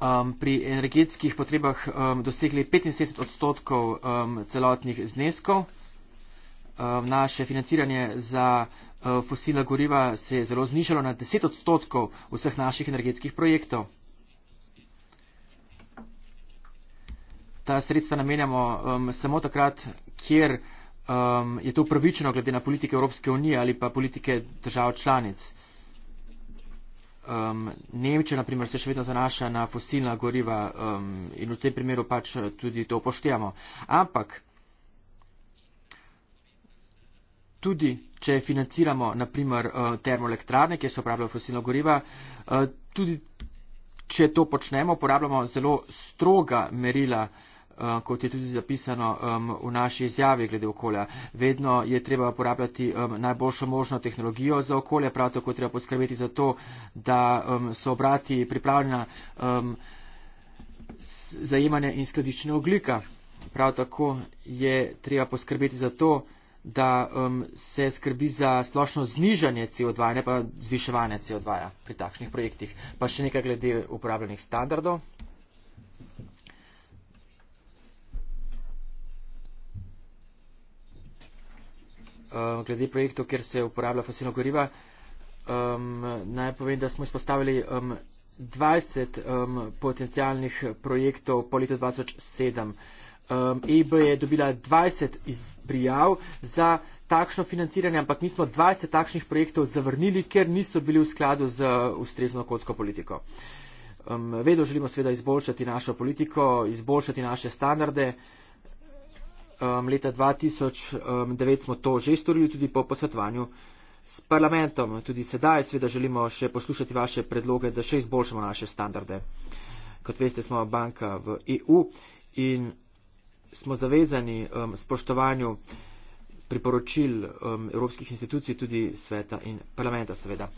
B: um, pri energetskih potrebah um, dosegli 75 odstotkov um, celotnih zneskov. Um, naše financiranje za uh, fosilna goriva se je zelo znižalo na 10 odstotkov vseh naših energetskih projektov. Ta sredstva namenjamo um, samo takrat, kjer um, je to upravičeno glede na politike Evropske unije ali pa politike držav članic. Um, Nemčija, na primer, se še vedno zanaša na fosilna goriva um, in v tem primeru pač eh, tudi to upoštevamo. Ampak tudi, če financiramo, na primer, uh, eh, termoelektrane, kjer se uporabljajo fosilna goriva, uh, tudi, če to počnemo, uporabljamo zelo stroga merila uh, Eh, kot je tudi zapisano um, v naši izjavi glede okolja. Vedno je treba uporabljati um, najboljšo možno tehnologijo za okolje, prav tako treba poskrbeti za to, da um, so obrati pripravljena um, zajemanje in skladiščenje oglika. Prav tako je treba poskrbeti za to, da um, se skrbi za splošno znižanje CO2, ne pa zviševanje CO2 pri takšnih projektih. Pa še nekaj glede uporabljenih standardov. Um, glede projektov, kjer se uporablja fosilno goriva. Um, naj povem, da smo izpostavili um, 20 um, potencijalnih projektov po letu 2007. Um, EIB je dobila 20 izprijav za takšno financiranje, ampak mi smo 20 takšnih projektov zavrnili, ker niso bili v skladu z ustrezno okoljsko politiko. Um, vedno želimo seveda izboljšati našo politiko, izboljšati naše standarde um, leta 2009 um, smo to že storili tudi po posvetovanju s parlamentom. Tudi sedaj seveda želimo še poslušati vaše predloge, da še izboljšamo naše standarde. Kot veste, smo banka v EU in smo zavezani um, spoštovanju priporočil um, evropskih institucij, tudi sveta in parlamenta seveda.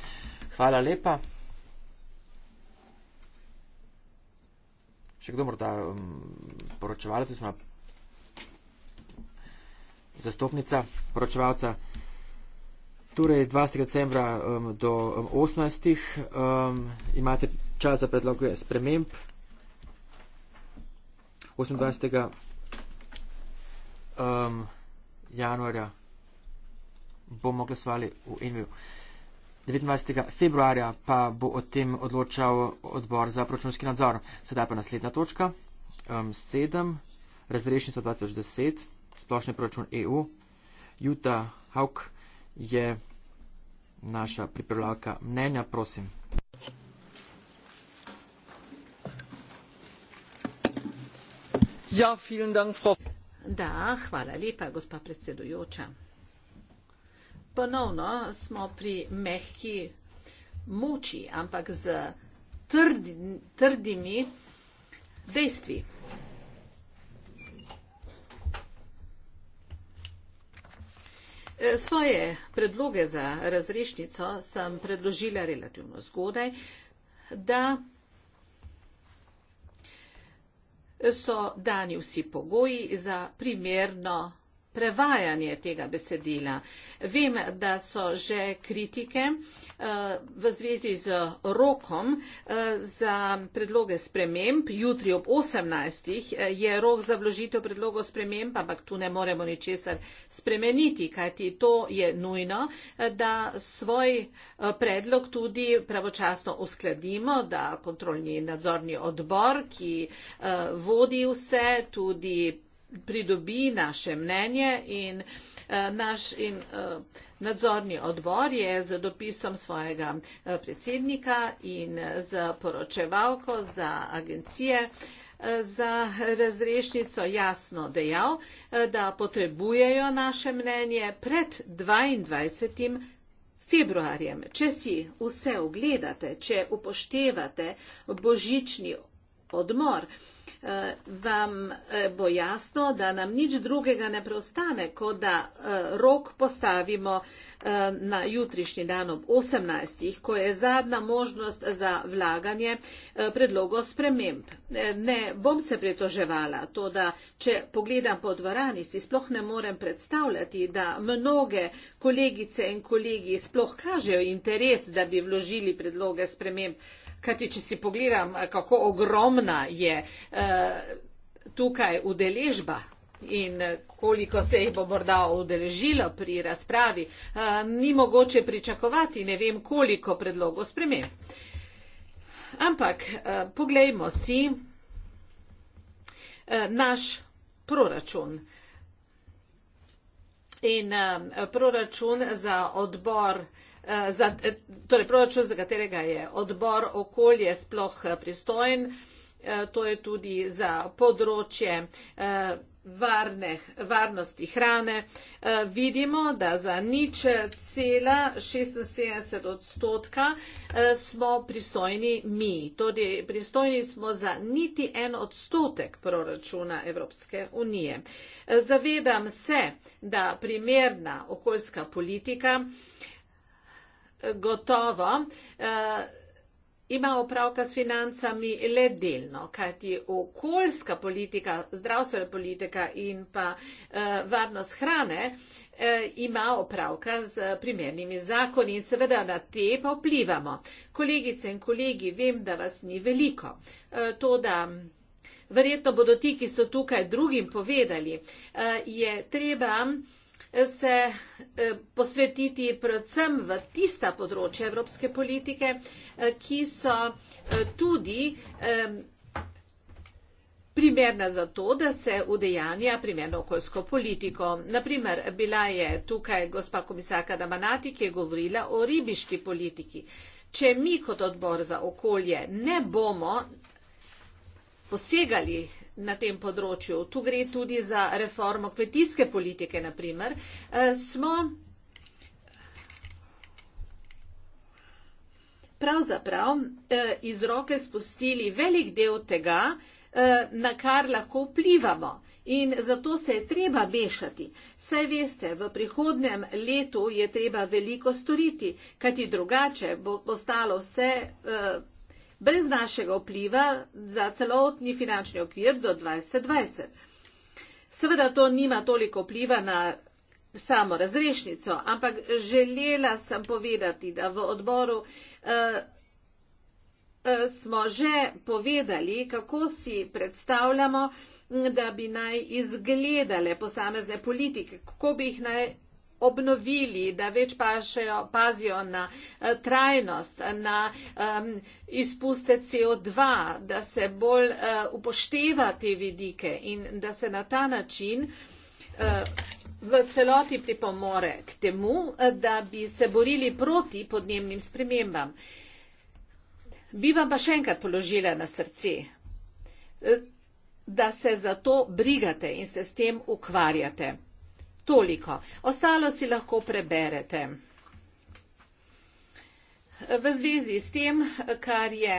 B: Hvala lepa. Še kdo morda um, poročevalec, smo zastopnica, poročevalca. Torej, 20. decembra um, do um, 18. Um, imate čas za predlog sprememb. 28. Um, januarja bomo glasovali v Envilu. 29. februarja pa bo o tem odločal odbor za proračunski nadzor. Sedaj pa naslednja točka. 7. Um, razrešnica 2010 splošni proračun EU. Juta Hauk je naša pripravljalka mnenja, prosim. Ja, dank, frau...
A: Da, hvala lepa, gospa predsedujoča. Ponovno smo pri mehki moči, ampak z trdimi dejstvi. Eh, svoje predloge za razrešnico sem predložila relativno zgodaj, da so dani vsi pogoji za primerno razrešnico prevajanje tega besedila. Vem, da so že kritike eh, v zvezi z rokom eh, za predloge sprememb. Jutri ob 18. Eh, je rok za vložitev predlogov sprememb, ampak tu ne moremo ničesar spremeniti, kajti to je nujno, da svoj predlog tudi pravočasno uskladimo, da kontrolni nadzorni odbor, ki vodi vse, tudi pridobi naše mnenje in eh, naš in eh, nadzorni odbor je z dopisom svojega eh, predsednika in z poročevalko za agencije za razrešnico jasno dejal, da potrebujejo naše mnenje pred 22. februarjem. Če si vse ogledate, če upoštevate božični odmor, Eh, vam eh, bo jasno, da nam nič drugega ne preostane, kot da eh, rok postavimo na jutrišnji dan ob 18. ko je zadnja možnost za vlaganje predlogov sprememb. Ne bom se pritoževala, to da, če pogledam po dvorani, si sploh ne morem predstavljati, da mnoge kolegice in kolegi sploh kažejo interes, da bi vložili predloge sprememb. Kajti, če si pogledam, kako ogromna je eh, tukaj udeležba in eh, koliko se jih bo morda udeležilo pri razpravi, eh, ni mogoče pričakovati, ne vem, koliko predlogov spremem. Ampak poglejmo si naš proračun. In proračun za odbor Eh, za, eh, torej proračun, za katerega je odbor okolje sploh eh, pristojen. To je tudi za področje varne, varnosti hrane. Vidimo, da za nič cela 76 odstotka smo pristojni mi. Tudi torej, pristojni smo za niti en odstotek proračuna Evropske unije. Zavedam se, da primerna okoljska politika gotovo eh, ima opravka s financami le delno, kajti okoljska politika, zdravstvena politika in pa eh, varnost hrane eh, ima opravka z primernimi zakoni in seveda na te pa vplivamo. Kolegice in kolegi, vem, da vas ni veliko. To, da verjetno bodo ti, ki so tukaj drugim povedali, je treba se eh, posvetiti predvsem v tista področja evropske politike, eh, ki so eh, tudi primerna za to, da se udejanja primerno okoljsko politiko. Naprimer, bila je tukaj gospa komisarka Damanati, ki je govorila o ribiški politiki. Če mi kot odbor za okolje ne bomo posegali na tem področju. Tu gre tudi za reformo kmetijske politike, naprimer. E, smo pravzaprav e, iz roke spustili velik del tega, e, na kar lahko vplivamo. In zato se je treba mešati. Saj veste, v prihodnem letu je treba veliko storiti, kajti drugače bo postalo vse brez našega vpliva za celotni finančni okvir do 2020. Seveda to nima toliko vpliva na samo razrešnico, ampak želela sem povedati, da v odboru eh, eh, smo že povedali, kako si predstavljamo, da bi naj izgledale posamezne politike, kako bi jih naj obnovili, da več pašejo, pazijo na eh, trajnost, na um, izpuste CO2, da se bolj uh, upošteva te vidike in da se na ta način eh, v celoti pripomore k temu, da bi se borili proti podnebnim spremembam. Bi vam pa še enkrat položila na srce, da se za to brigate in se s tem ukvarjate. Toliko. Ostalo si lahko preberete. V zvezi s tem, kar je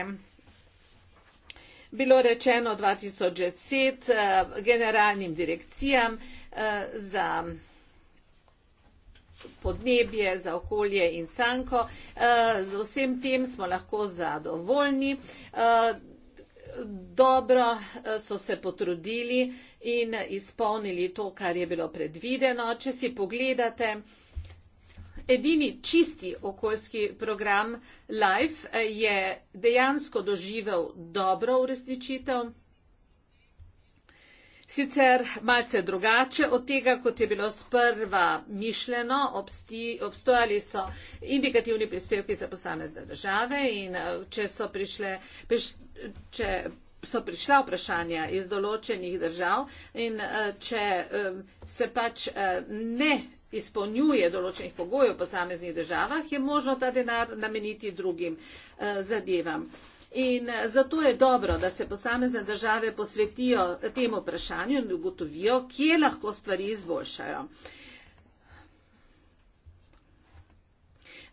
A: bilo rečeno 2010 eh, generalnim direkcijam eh, za podnebje, za okolje in sanko, eh, z vsem tem smo lahko zadovoljni dobro eh, so se potrudili in izpolnili to, kar je bilo predvideno. Če si pogledate, edini čisti okoljski program Life eh, je dejansko doživel dobro uresničitev. Sicer malce drugače od tega, kot je bilo sprva mišljeno, obsti, obstojali so indikativni prispevki za posamezne države in eh, če so prišle, prišle če so prišla vprašanja iz določenih držav in eh, če eh, se pač eh, ne izpolnjuje določenih pogojev v posameznih državah, je možno ta denar nameniti drugim zadevam. In zato je dobro, da se posamezne države posvetijo temu vprašanju in ugotovijo, kje lahko stvari izboljšajo.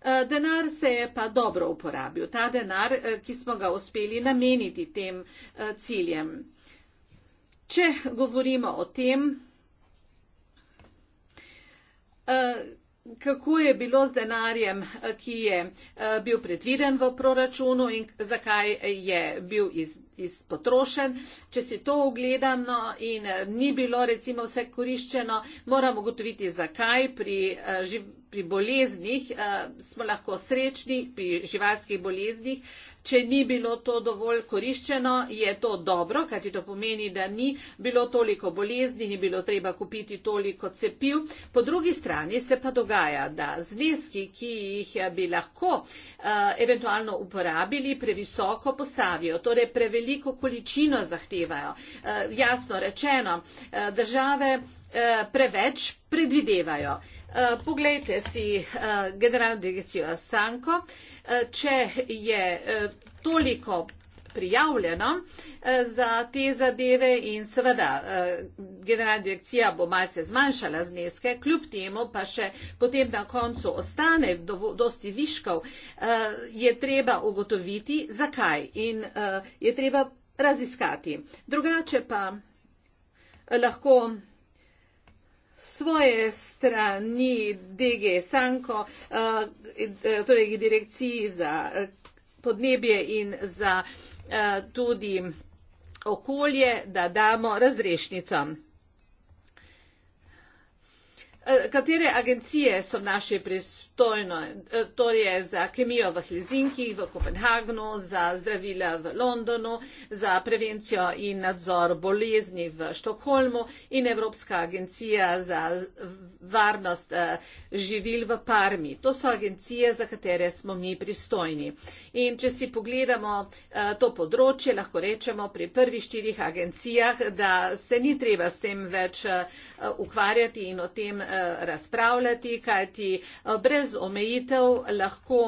A: Eh, denar se je pa dobro uporabil, ta denar, eh, ki smo ga uspeli nameniti tem eh, ciljem. Če govorimo o tem, kako je bilo z denarjem, ki je bil predviden v proračunu in zakaj je bil izpotrošen. Če si to ogledano in ni bilo recimo vse koriščeno, moramo ugotoviti, zakaj pri življenju pri boleznih eh, smo lahko srečni, pri živalskih boleznih. Če ni bilo to dovolj koriščeno, je to dobro, kajti to pomeni, da ni bilo toliko bolezni, ni bilo treba kupiti toliko cepiv. Po drugi strani se pa dogaja, da zneski, ki jih eh, bi lahko uh, eventualno uporabili, previsoko postavijo, torej preveliko količino zahtevajo. Uh, jasno rečeno, uh, države uh, Eh, preveč predvidevajo. Eh, poglejte si eh, generalno direkcijo Sanko, če je toliko prijavljeno za te zadeve in seveda generalna direkcija bo malce zmanjšala zneske, kljub temu pa še potem na koncu ostane dosti viškov, je treba ugotoviti, zakaj in je treba raziskati. Drugače pa lahko svoje strani DG Sanko, eh, eh, torej direkciji za eh, podnebje in za tudi okolje, da damo razrešnico. Eh, katere agencije so naše pristojno, eh, to je za kemijo v Helsinki, v Kopenhagnu, za zdravila v Londonu, za prevencijo in nadzor bolezni v Štokholmu in Evropska agencija za varnost eh, živil v Parmi. To so agencije, za katere smo mi pristojni. In če si pogledamo to področje, lahko rečemo pri prvih štirih agencijah, da se ni treba s tem več ukvarjati in o tem Eh, razpravljati, kajti eh, brez omejitev lahko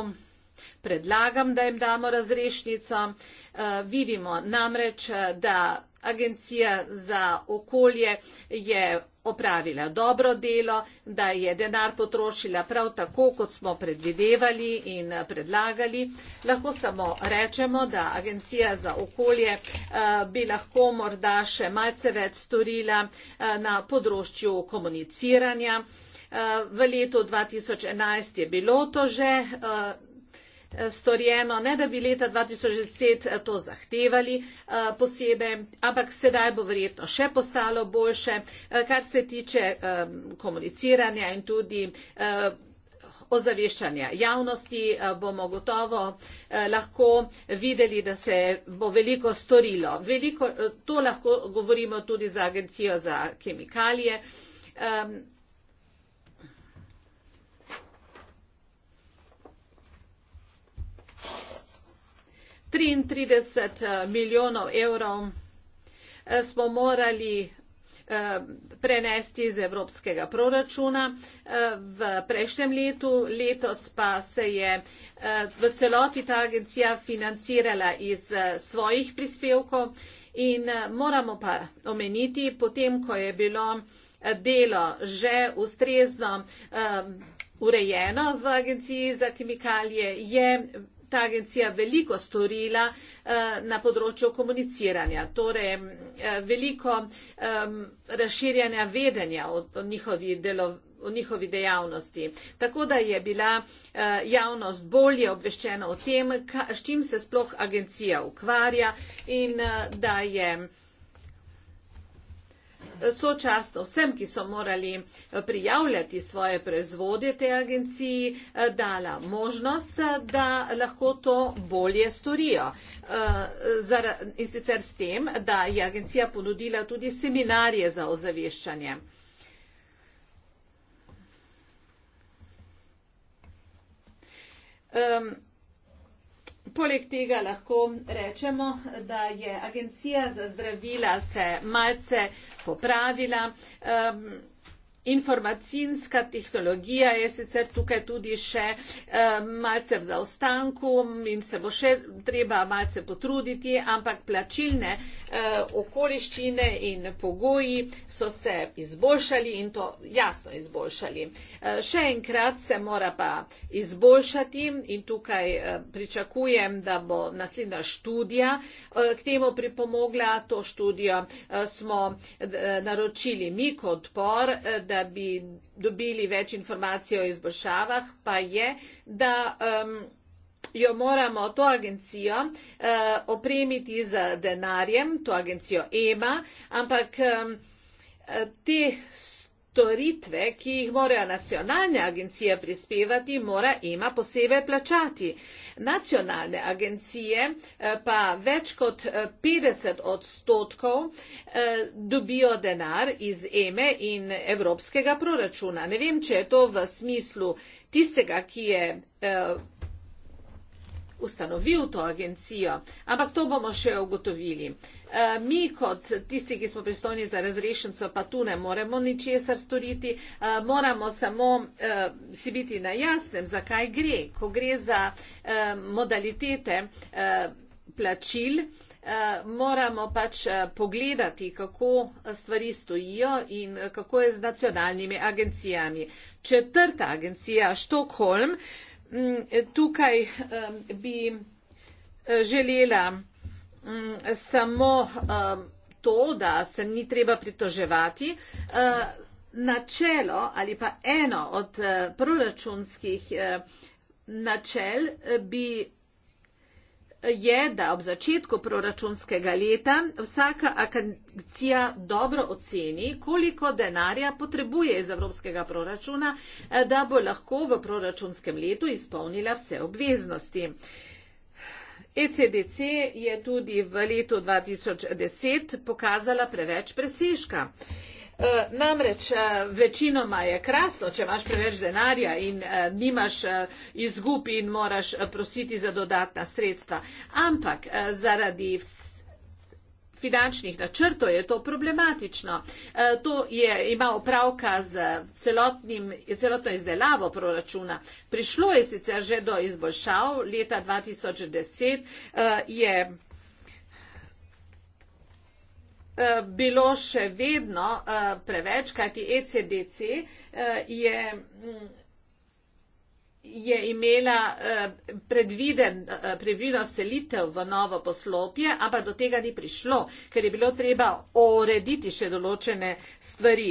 A: predlagam, da jim damo razrešnico. Eh, vidimo namreč, da Agencija za okolje je opravila dobro delo, da je denar potrošila prav tako, kot smo predvidevali in predlagali. Lahko samo rečemo, da Agencija za okolje eh, bi lahko morda še malce več storila eh, na področju komuniciranja. Eh, v letu 2011 je bilo to že Eh, storjeno, ne da bi leta 2010 eh, to zahtevali eh, posebej, ampak sedaj bo verjetno še postalo boljše, kar se tiče komuniciranja in tudi ozaveščanja javnosti, bomo gotovo lahko videli, da se bo veliko storilo. Veliko, to lahko govorimo tudi za agencijo za kemikalije. 33 eh, milijonov evrov eh, smo morali eh, prenesti iz evropskega proračuna v prejšnjem letu. Letos pa se je v celoti ta agencija financirala iz svojih prispevkov in moramo pa omeniti, potem ko je bilo delo že ustrezno urejeno v agenciji za kemikalije, je ta agencija veliko storila eh, na področju komuniciranja, torej eh, veliko razširjanja vedenja o njihovi delovni v njihovi dejavnosti. Tako da je bila eh, javnost bolje obveščena o tem, s čim se sploh agencija ukvarja in da je sočasno vsem, ki so morali eh, prijavljati svoje proizvode tej agenciji, eh, dala možnost, eh, da lahko to bolje storijo. In sicer s tem, da je agencija ponudila tudi seminarje za ozaveščanje. Um, poleg tega lahko rečemo, da je agencija za zdravila se malce popravila. Um, informacijska tehnologija je sicer tukaj tudi še eh, malce v zaostanku in se bo še treba malce potruditi, ampak plačilne eh, okoliščine in pogoji so se izboljšali in to jasno izboljšali. Eh, še enkrat se mora pa izboljšati in tukaj pričakujem, da bo naslednja študija k temu pripomogla. To študijo smo naročili mi kot odpor, da da bi dobili več informacij o izboljšavah, pa je, da um, jo moramo to agencijo uh, opremiti z denarjem, to agencijo EMA, ampak um, te storitve, ki jih morajo nacionalne agencije prispevati, mora EMA posebej plačati. Nacionalne agencije eh, pa več kot 50 eh, odstotkov eh, dobijo denar iz EME in evropskega proračuna. Ne vem, če je to v smislu tistega, ki je ustanovil to agencijo, ampak to bomo še ugotovili. E, mi kot tisti, ki smo pristojni za razrešenco, pa tu ne moremo ničesar storiti, e, moramo samo e, si biti na jasnem, zakaj gre, ko gre za modalitete plačil. Moramo pač pogledati, kako stvari stojijo in kako je z nacionalnimi agencijami. Četrta agencija, Štokholm, Mm, tukaj um, bi eh, želela mm, samo um, to, da se ni treba pritoževati. Eh, načelo ali pa eno od eh, proračunskih načel bi je, da ob začetku proračunskega leta vsaka akcija dobro oceni, koliko denarja potrebuje iz evropskega proračuna, eh, da bo lahko v proračunskem letu izpolnila vse obveznosti. ECDC je tudi v letu 2010 pokazala preveč presežka. Eh, namreč eh, večinoma je krasno, če imaš preveč denarja in eh, nimaš izgub in moraš prositi za dodatna sredstva. Ampak zaradi finančnih načrtov je to problematično. To je, ima opravka z celotno izdelavo proračuna. Prišlo je sicer že do izboljšav. Leta 2010 je. Eh, bilo še vedno eh, preveč, kajti ECDC eh, je, mm, je imela predviden, predvideno selitev v novo poslopje, ampak do tega ni prišlo, ker je bilo treba urediti še določene stvari.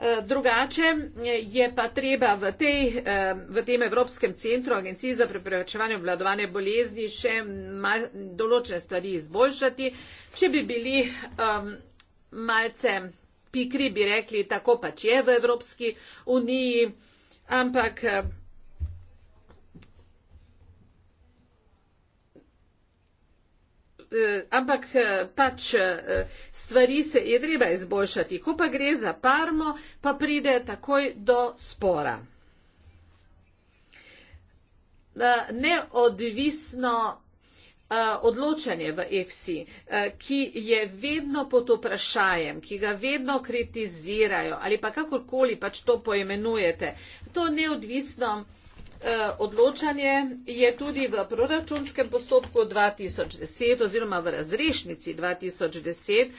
A: Eh, drugače eh, je pa treba v, tej, eh, v tem Evropskem centru Agenciji za preprečevanje obvladovanja bolezni še mal, določene stvari izboljšati. Če bi bili um, malce pikri, bi rekli, tako pač je v Evropski uniji, ampak Eh, ampak eh, pač eh, stvari se je treba izboljšati. Ko pa gre za parmo, pa pride takoj do spora. Neodvisno odločanje v EFSI, ki je vedno pod vprašajem, ki ga vedno kritizirajo ali pa kakorkoli pač to poimenujete, to neodvisno odločanje Eh, odločanje je tudi v proračunskem postopku 2010 oziroma v razrešnici 2010 eh,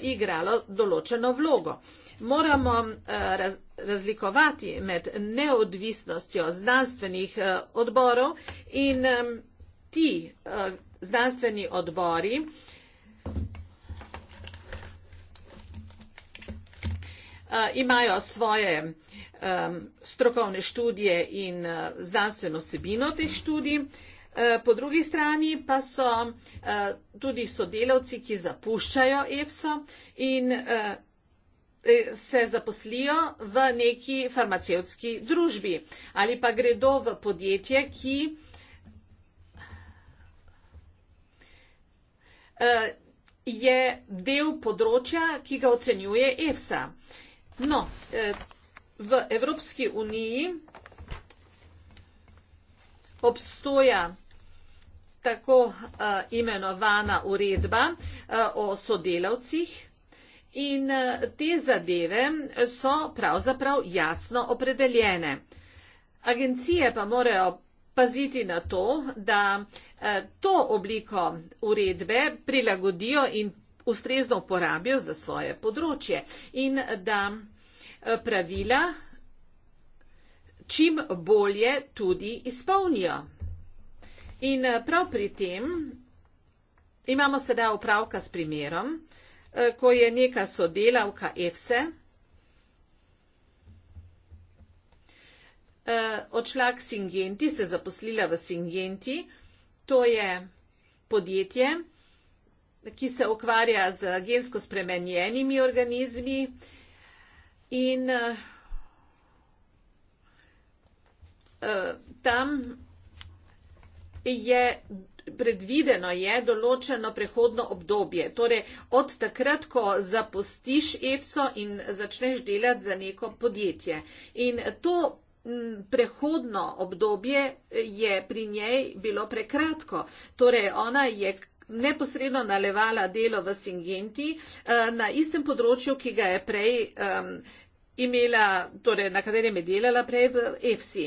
A: igralo določeno vlogo. Moramo eh, razlikovati med neodvisnostjo znanstvenih odborov in ti znanstveni odbori imajo svoje Um, strokovne študije in uh, znanstveno vsebino teh študij. Uh, po drugi strani pa so uh, tudi sodelavci, ki zapuščajo EFSO in eh, se zaposlijo v neki farmacevtski družbi ali pa gredo v podjetje, ki je del področja, ki ga ocenjuje EFSA. No, eh, v Evropski uniji obstoja tako eh, imenovana uredba eh, o sodelavcih in eh, te zadeve so pravzaprav jasno opredeljene. Agencije pa morajo paziti na to, da to obliko uredbe prilagodijo in ustrezno uporabijo za svoje področje in da vsega, Eh, pravila čim bolje tudi izpolnijo. In eh, prav pri tem imamo sedaj upravka s primerom, eh, ko je neka sodelavka EFSE odšla k Singenti, se zaposlila v Singenti. To je podjetje, ki se ukvarja z gensko spremenjenimi organizmi, In uh, tam je predvideno, je določeno prehodno obdobje. Torej, od takrat, ko zapustiš EFSO in začneš delati za neko podjetje. In to prehodno obdobje je pri njej bilo prekratko. Torej, ona je neposredno nalevala delo v Singenti eh, na istem področju, ki ga je prej imela, torej na katerem je delala prej v EFSI.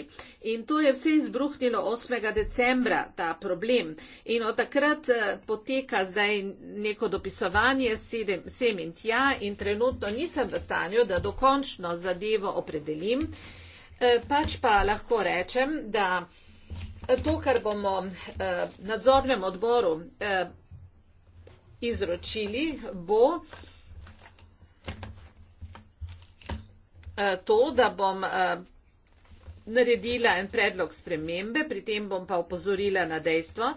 A: In to je vse izbruhnilo 8. decembra, ta problem. In od takrat eh, poteka zdaj neko dopisovanje sedem, sem in tja in trenutno nisem v stanju, da dokončno zadevo opredelim. Eh, pač pa lahko rečem, da to, kar bomo eh, nadzornem odboru eh, izročili, bo eh, to, da bom eh, naredila en predlog spremembe, pri tem bom pa upozorila na dejstvo,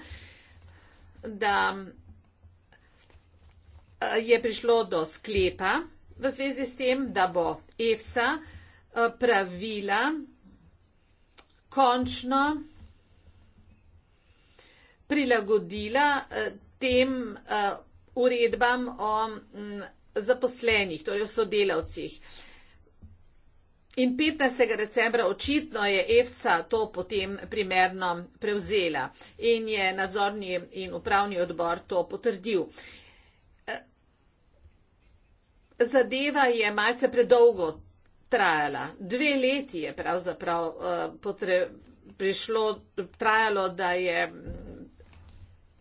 A: da eh, je prišlo do sklepa v zvezi s tem, da bo EFSA eh, pravila končno prilagodila eh, tem eh, uredbam o mm, zaposlenih, torej o sodelavcih. In 15. decembra očitno je EFSA to potem primerno prevzela in je nadzorni in upravni odbor to potrdil. Eh, zadeva je malce predolgo trajala. Dve leti je pravzaprav potre, prišlo, trajalo, da je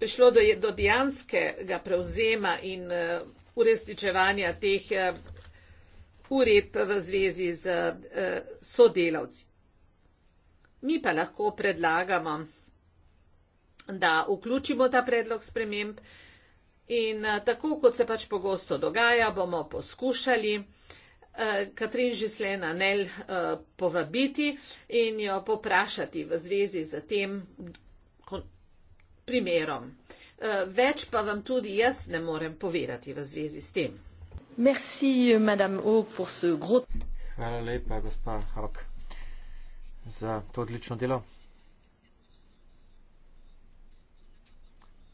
A: prišlo do, do dejanskega prevzema in uh, uresničevanja teh uh, eh, ured v zvezi z uh, sodelavci. Mi pa lahko predlagamo, da vključimo ta predlog sprememb in uh, tako, kot se pač pogosto dogaja, bomo poskušali uh, Katrin Žislena Nel uh, povabiti in jo poprašati v zvezi z tem, primerom. Eh, več pa vam tudi jaz ne morem povedati v zvezi s tem. Merci,
B: Hvala lepa, gospa Hawk, za to odlično delo.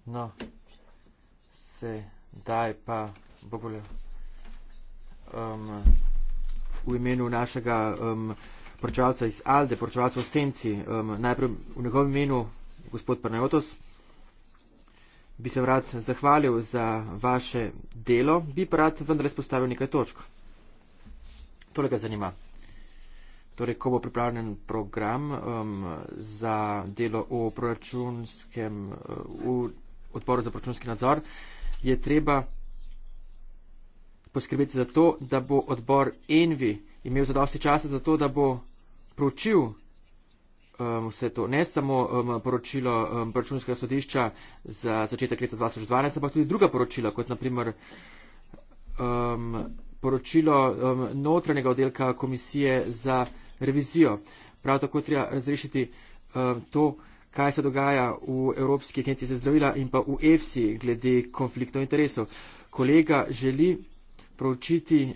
B: No, sedaj pa Bogoljo. Um, v imenu našega um, poročevalca iz Alde, poročevalca v Senci, um, najprej v njegovem imenu gospod Prnajotos bi se rad zahvalil za vaše delo, bi pa rad vendar izpostavil nekaj točk. Tole ga zanima. Torej, ko bo pripravljen program um, za delo v, um, v odboru za proračunski nadzor, je treba poskrbeti za to, da bo odbor Envi imel zadosti časa za to, da bo pročil um, vse to. Ne samo um, poročilo um, računskega sodišča za začetek leta 2012, ampak tudi druga poročila, kot naprimer um, poročilo um, notranjega oddelka komisije za revizijo. Prav tako treba razrešiti um, to, kaj se dogaja v Evropski agenciji za zdravila in pa v EFSI glede konfliktov interesov. Kolega želi proučiti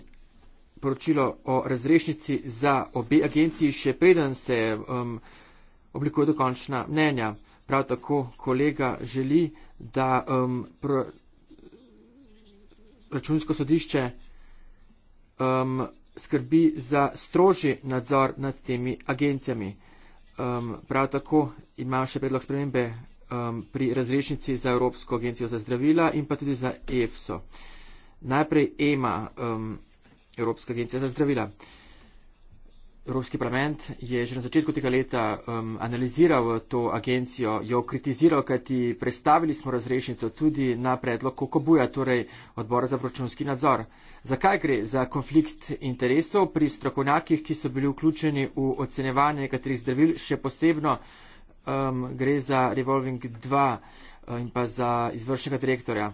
B: poročilo o razrešnici za obe agenciji, še preden se um, oblikuje dokončna mnenja. Prav tako kolega želi, da um, pr, računsko sodišče um, skrbi za stroži nadzor nad temi agencijami. Um, prav tako ima še predlog spremembe um, pri razrešnici za Evropsko agencijo za zdravila in pa tudi za EFSO. Najprej EMA, um, Evropska agencija za zdravila. Uh, Evropski parlament je že na začetku tega leta um, analiziral to agencijo, jo kritiziral, kajti predstavili smo razrešnico tudi na predlog Kokobuja, torej odbora za vročunski nadzor. Zakaj gre za konflikt interesov pri strokovnjakih, ki so bili vključeni v ocenevanje nekaterih zdravil, še posebno um, gre za Revolving 2 uh, in pa za izvršnega direktorja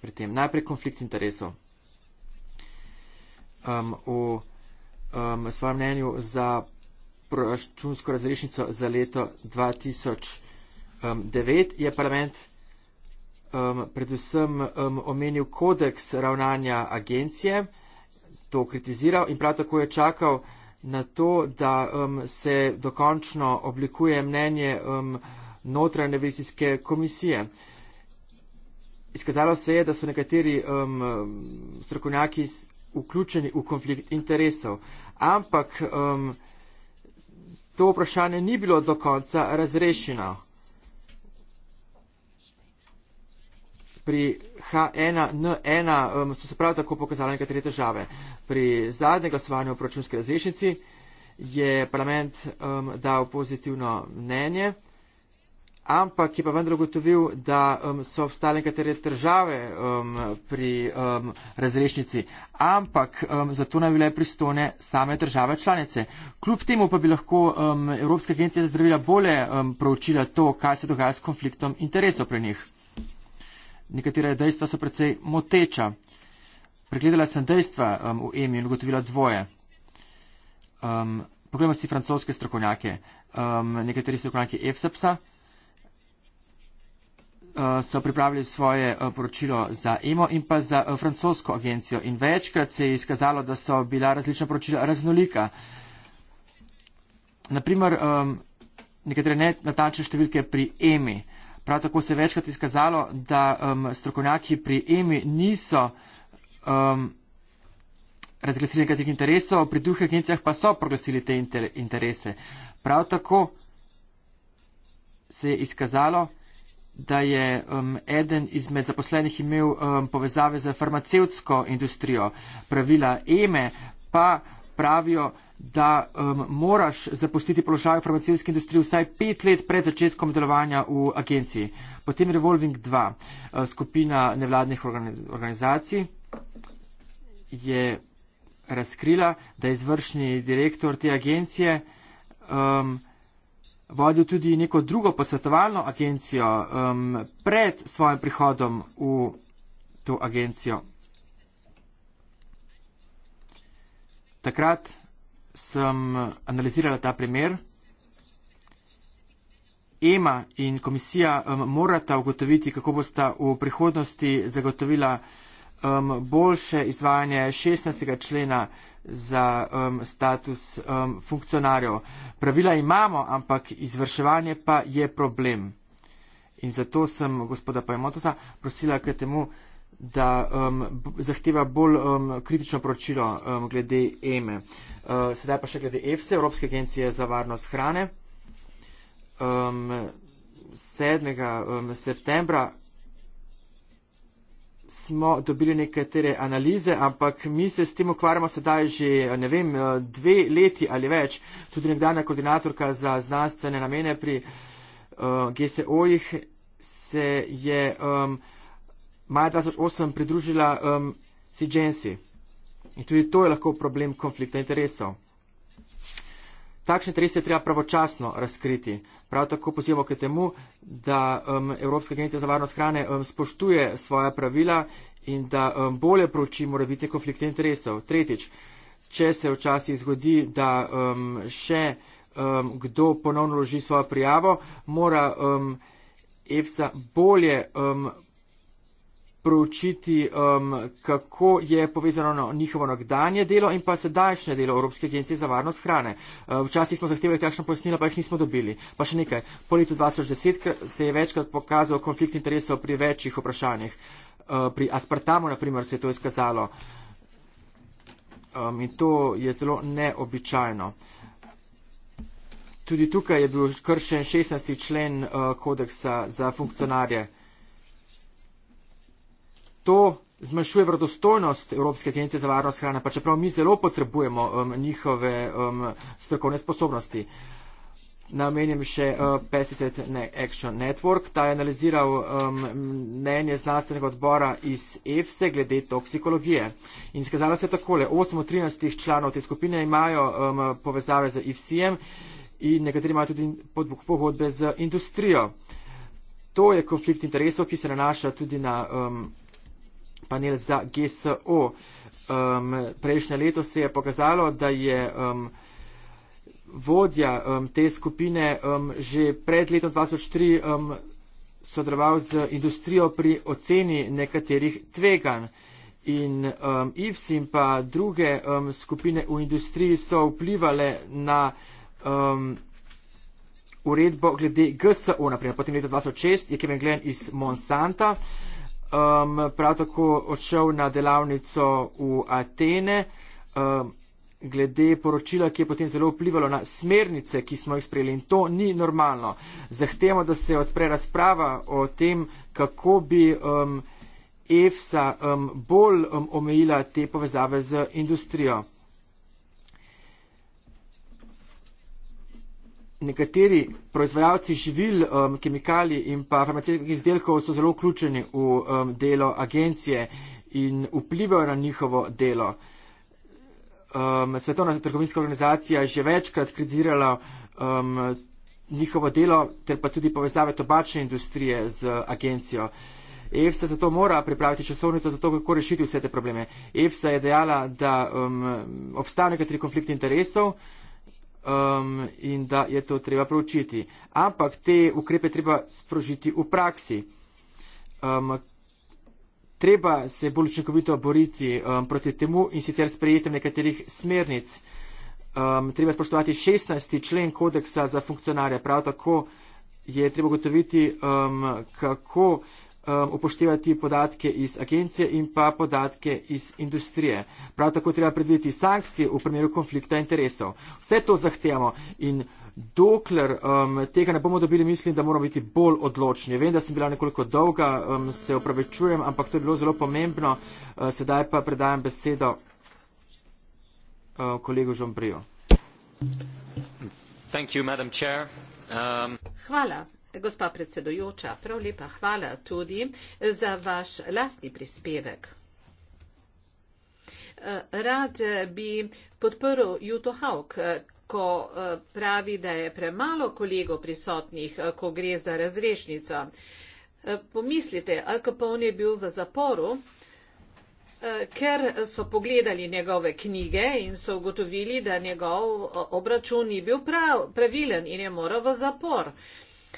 B: pri tem. Najprej konflikt interesov. Um, um, svojem mnenju za proračunsko razrešnico za leto 2009. Um, je parlament um, predvsem um, omenil kodeks ravnanja agencije, to kritiziral in prav tako je čakal na to, da um, se dokončno oblikuje mnenje um, notranje revizijske komisije. Izkazalo se je, da so nekateri um, strokovnjaki vključeni v konflikt interesov ampak um, to vprašanje ni bilo do konca razrešeno. Pri H1N1 um, so se prav tako pokazali nekatere težave. Pri zadnjem glasovanju o proračunski razrešnici je parlament um, dal pozitivno mnenje ampak je pa vendar ugotovil, da um, so obstale nekatere države um, pri um, razrešnici, ampak um, za to naj bile pristone same države članice. Kljub temu pa bi lahko um, Evropska agencija za zdravila bolje um, proučila to, kaj se dogaja s konfliktom interesov pri njih. Nekatere dejstva so precej moteča. Pregledala sem dejstva um, v EMI in ugotovila dvoje. Um, Poglejmo si francoske strokovnjake, um, nekateri strokovnjaki EFSAPSA uh, so pripravili svoje uh, poročilo za EMO in pa za uh, francosko agencijo. In večkrat se je izkazalo, da so bila različna poročila raznolika. Naprimer, um, nekatere netačne številke pri EMI. Prav tako se je večkrat izkazalo, da um, strokovnjaki pri EMI niso um, razglasili nekaterih interesov, pri drugih agencijah pa so proglasili te inter interese. Prav tako se je izkazalo, da je um, eden izmed zaposlenih imel um, povezave z farmacevtsko industrijo. Pravila EME pa pravijo, da um, moraš zapustiti položaj v farmacevtski industriji vsaj pet let pred začetkom delovanja v agenciji. Potem Revolving 2, uh, skupina nevladnih organizacij, je razkrila, da je izvršni direktor te agencije um, vodil tudi neko drugo posvetovalno agencijo um, pred svojim prihodom v to agencijo. Takrat sem analizirala ta primer. EMA in komisija um, morata ugotoviti, kako boste v prihodnosti zagotovila uh, um, boljše izvajanje 16. člena za um, status um, funkcionarjev. Pravila imamo, ampak izvrševanje pa je problem. In zato sem gospoda Pajmotosa prosila k temu, da um, zahteva bolj um, kritično poročilo um, glede EME. E. Uh, sedaj pa še glede EFSE, e, Evropske agencije za varnost hrane. Um, 7. Um, septembra smo dobili nekatere analize, ampak mi se s tem ukvarjamo sedaj že, ne vem, dve leti ali več. Tudi nekdana koordinatorka za znanstvene namene pri uh, eh, GSO-jih se je um, maja 2008 pridružila um, CGNC. In tudi to je lahko problem konflikta interesov. Takšne interese je treba pravočasno razkriti. Prav tako pozivamo k temu, da um, Evropska agencija za varnost hrane um, spoštuje svoja pravila in da um, bolje prouči morebitne konflikte interesov. Tretjič, če se včasih zgodi, da um, še um, kdo ponovno loži svojo prijavo, mora um, EFSA bolje um, proučiti, um, kako je povezano njihovo nagdanje delo in pa sedajšnje delo Evropske agencije za varnost hrane. Uh, včasih smo zahtevali takšno pojasnilo, pa jih nismo dobili. Pa še nekaj. Po letu 2010 se je večkrat pokazal konflikt interesov pri večjih vprašanjih. Uh, pri aspartamu, na primer, se je to izkazalo. Um, in to je zelo neobičajno. Tudi tukaj je bil kršen 16. člen uh, kodeksa za funkcionarje to zmanjšuje vrdostojnost Evropske agencije za varnost hrane, pa čeprav mi zelo potrebujemo um, njihove um, strokovne sposobnosti. Namenjam še uh, Pesticide ne, Action Network. Ta je analiziral um, mnenje znanstvenega odbora iz EFSE glede toksikologije. In skazala se takole, 8 od 13 članov te skupine imajo um, povezave z EFSE-jem in nekateri imajo tudi pogodbe z industrijo. To je konflikt interesov, ki se nanaša tudi na um, panel za GSO. Um, prejšnje leto se je pokazalo, da je um, vodja um, te skupine um, že pred letom 2003 um, sodeloval z industrijo pri oceni nekaterih tveganj. In um, IFS in pa druge um, skupine v industriji so vplivali na um, uredbo glede GSO, naprimer potem leta 2006 je Kevin Glenn iz Monsanta um, prav tako odšel na delavnico v Atene. Um, glede poročila, ki je potem zelo vplivalo na smernice, ki smo jih sprejeli. In to ni normalno. Zahtemo, da se odpre razprava o tem, kako bi um, EFSA um, bolj um, omejila te povezave z industrijo. nekateri proizvajalci živil, um, kemikalij in pa farmacijskih izdelkov so zelo vključeni v um, delo agencije in vplivajo na njihovo delo. Um, Svetovna trgovinska organizacija je že večkrat kritizirala um, njihovo delo ter pa tudi povezave tobačne industrije z agencijo. EFSA zato mora pripraviti časovnico za to, kako rešiti vse te probleme. EFSA je dejala, da um, obstajajo nekateri konflikti interesov um, in da je to treba proučiti. Ampak te ukrepe treba sprožiti v praksi. Um, treba se bolj učinkovito boriti um, proti temu in sicer sprejetem nekaterih smernic. Um, treba spoštovati 16. člen kodeksa za funkcionarje. Prav tako je treba gotoviti, um, kako um, upoštevati podatke iz agencije in pa podatke iz industrije. Prav tako treba predvideti sankcije v primeru konflikta interesov. Vse to zahtevamo in dokler um, tega ne bomo dobili, mislim, da moramo biti bolj odločni. Vem, da sem bila nekoliko dolga, um, se opravičujem, ampak to je bilo zelo pomembno. Uh, sedaj pa predajam besedo uh, kolegu Žombriju.
C: Um,
A: Hvala. Gospa predsedujoča, prav lepa hvala tudi za vaš lastni prispevek. Eh, rad bi podprl Juto Hauk, eh, ko eh, pravi, da je premalo kolegov prisotnih, ko gre za razrešnico. Pomislite, Al Capone je bil v zaporu, ker so pogledali njegove knjige in so ugotovili, da njegov obračun ni bil prav, pravilen in je moral v zapor.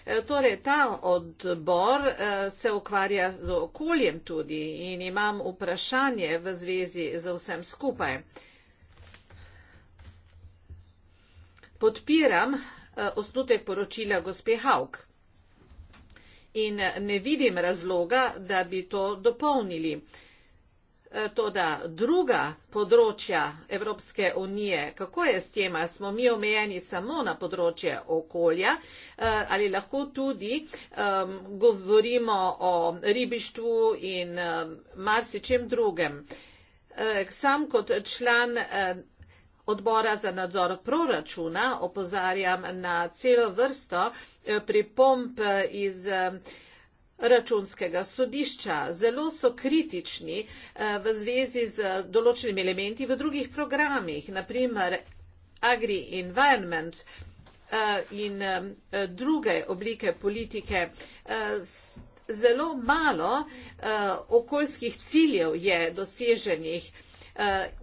A: Eh, torej, ta odbor eh, se ukvarja z okoljem tudi in imam vprašanje v zvezi z vsem skupaj. Podpiram eh, osnutek poročila gospe Hauk in ne vidim razloga, da bi to dopolnili. Toda druga področja Evropske unije, kako je s tem, smo mi omejeni samo na področje okolja eh, ali lahko tudi um, govorimo o ribištvu in um, marsičem drugem. Eh, sam kot član eh, odbora za nadzor proračuna opozarjam na celo vrsto pripomp iz. Um, računskega sodišča. Zelo so kritični eh, v zvezi z določenimi elementi v drugih programih, naprimer agri-environment eh, in eh, druge oblike politike. Zelo malo okoljskih ciljev je doseženih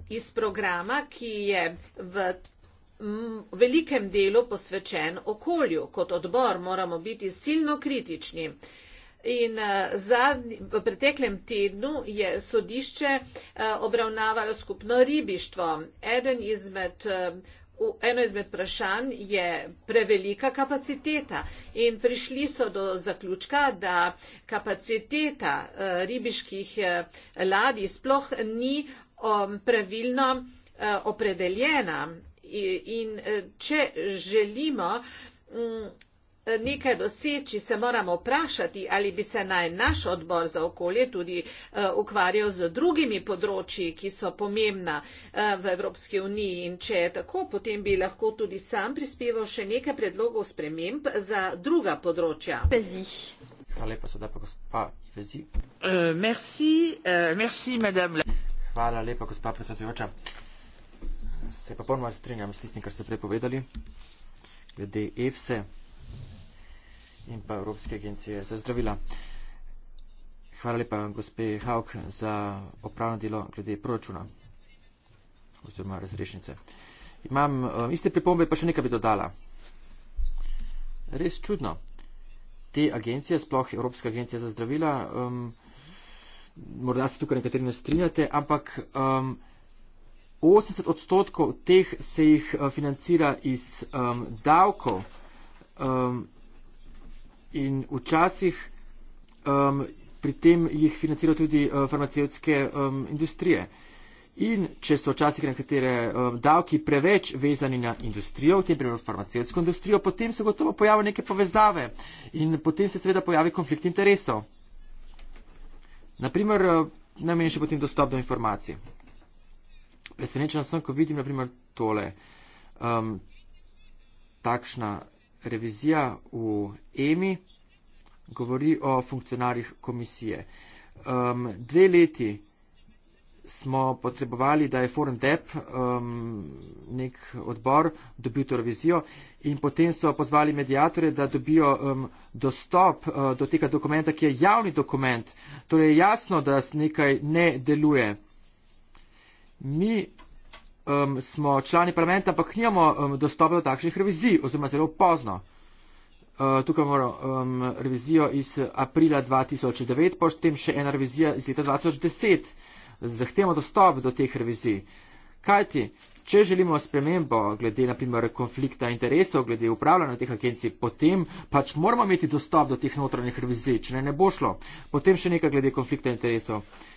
A: iz programa, ki je v velikem delu posvečen okolju. Kot odbor moramo biti silno kritični. In eh, zadnji, v preteklem tednu je sodišče eh, obravnavalo skupno ribištvo. Eden izmed eh, Eno izmed vprašanj je prevelika kapaciteta in prišli so do zaključka, da kapaciteta ribiških ladij sploh ni um, pravilno opredeljena. In če želimo mm, nekaj doseči, se moramo vprašati, ali bi se naj naš odbor za okolje tudi eh, ukvarjal z drugimi področji, ki so pomembna eh, v Evropski uniji. In če je tako, potem bi lahko tudi sam prispeval še nekaj predlogov sprememb za druga področja. Pezih.
B: Hvala lepa, sedaj pa gospa Fezi. Uh, eh, merci, uh, merci, madame. Le. Hvala lepa, gospa predsedujoča. Se pa ponovno strinjam s tistim, kar ste prepovedali. Glede EFSE, in pa Evropske agencije za zdravila. Hvala lepa, gospe Hauk, za opravno delo glede proračuna oziroma razrešnice. Imam uh, iste pripombe, pa še nekaj bi dodala. Res čudno. Te agencije, sploh Evropska agencija za zdravila, um, morda se tukaj nekateri ne strinjate, ampak um, 80 odstotkov teh se jih eh, financira iz um, davkov. Um, in včasih um, pri tem jih financirajo tudi uh, farmacevtske um, industrije. In če so včasih nekatere um, davki preveč vezani na industrijo, v tem primeru farmacevtsko industrijo, potem se gotovo pojavi neke povezave in potem se seveda pojavi konflikt interesov. Naprimer, uh, najmenjši potem dostop do informacij. Presenečen sem, ko vidim, naprimer, tole. Um, takšna revizija v EMI govori o funkcionarjih komisije. Um, dve leti smo potrebovali, da je Foreign Debt um, nek odbor dobil to revizijo in potem so pozvali medijatore, da dobijo um, dostop uh, do tega dokumenta, ki je javni dokument. Torej je jasno, da nekaj ne deluje. Mi um, smo člani parlamenta, ampak nimamo um, dostopa do takšnih revizij, oziroma zelo pozno. Uh, tukaj imamo um, revizijo iz aprila 2009, potem še ena revizija iz leta 2010. Zahtevamo dostop do teh revizij. Kaj ti? Če želimo spremembo glede naprimer konflikta interesov, glede upravljanja teh agencij, potem pač moramo imeti dostop do teh notranjih revizij, če ne, ne bo šlo. Potem še nekaj glede konflikta interesov. Uh,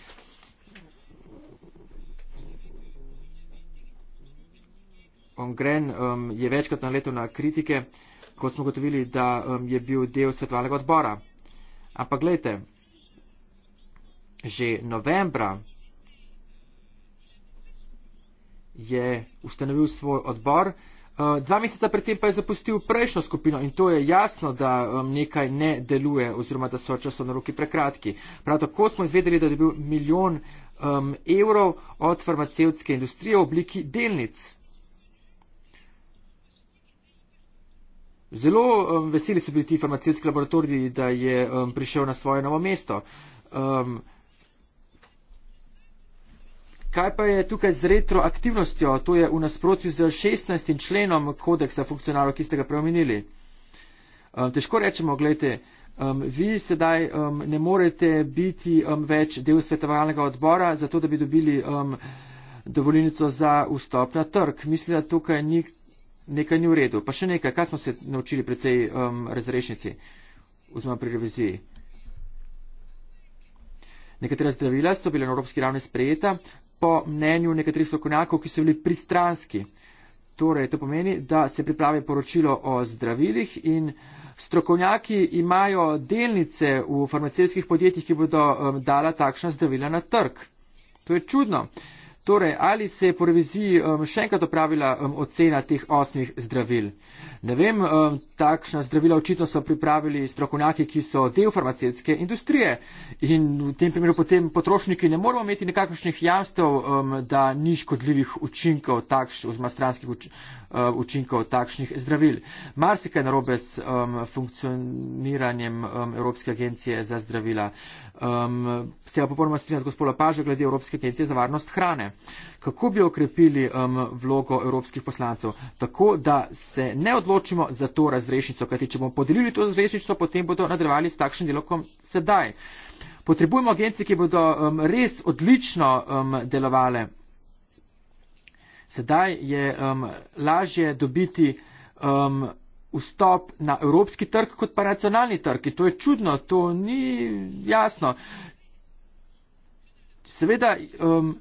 B: Ongren um, je večkrat naletel na kritike, ko smo gotovili, da um, je bil del svetovalnega odbora. Ampak gledajte, že novembra je ustanovil svoj odbor, uh, dva meseca predtem pa je zapustil prejšnjo skupino in to je jasno, da um, nekaj ne deluje oziroma da so časovni roki prekratki. Prav tako smo izvedeli, da je bil milijon um, evrov od farmacevtske industrije v obliki delnic. Zelo um, veseli so bili ti farmacijski laboratoriji, da je um, prišel na svoje novo mesto. Um, kaj pa je tukaj z retroaktivnostjo? To je v nasprotju z 16. členom kodeksa funkcionarov, ki ste ga preomenili. Um, težko rečemo, gledajte, um, vi sedaj um, ne morete biti um, več del svetovalnega odbora, zato da bi dobili um, dovolinico za vstop na trg. Mislim, da tukaj ni nekaj ni v redu. Pa še nekaj, kaj smo se naučili pri tej um, razrešnici oziroma pri reviziji. Nekatera zdravila so bila na evropski ravni sprejeta po mnenju nekaterih strokovnjakov, ki so bili pristranski. Torej, to pomeni, da se pripravi poročilo o zdravilih in strokovnjaki imajo delnice v farmacijskih podjetjih, ki bodo um, dala takšna zdravila na trg. To je čudno. Uh, Torej, ali se je po reviziji um, še enkrat opravila um, ocena teh osmih zdravil? Ne vem, takšna zdravila očitno so pripravili strokovnjaki, ki so del farmacevtske industrije. In v tem primeru potem potrošniki ne moramo imeti nekakšnih jamstev, da ni škodljivih učinkov, takš, oziroma stranskih učinkov takšnih zdravil. Marsikaj narobe s funkcioniranjem Evropske agencije za zdravila. Se pa popolnoma strinjam z gospoda Paže glede Evropske agencije za varnost hrane. Kako bi okrepili vlogo evropskih poslancev? Tako, da se ne odločijo odločimo za to razrešnico, kajti če bomo podelili to razrešnico, potem bodo nadaljevali s takšnim delokom sedaj. Potrebujemo agencije, ki bodo um, res odlično um, delovale. Sedaj je um, lažje dobiti um, vstop na evropski trg kot pa nacionalni trg. In to je čudno, to ni jasno. Seveda um,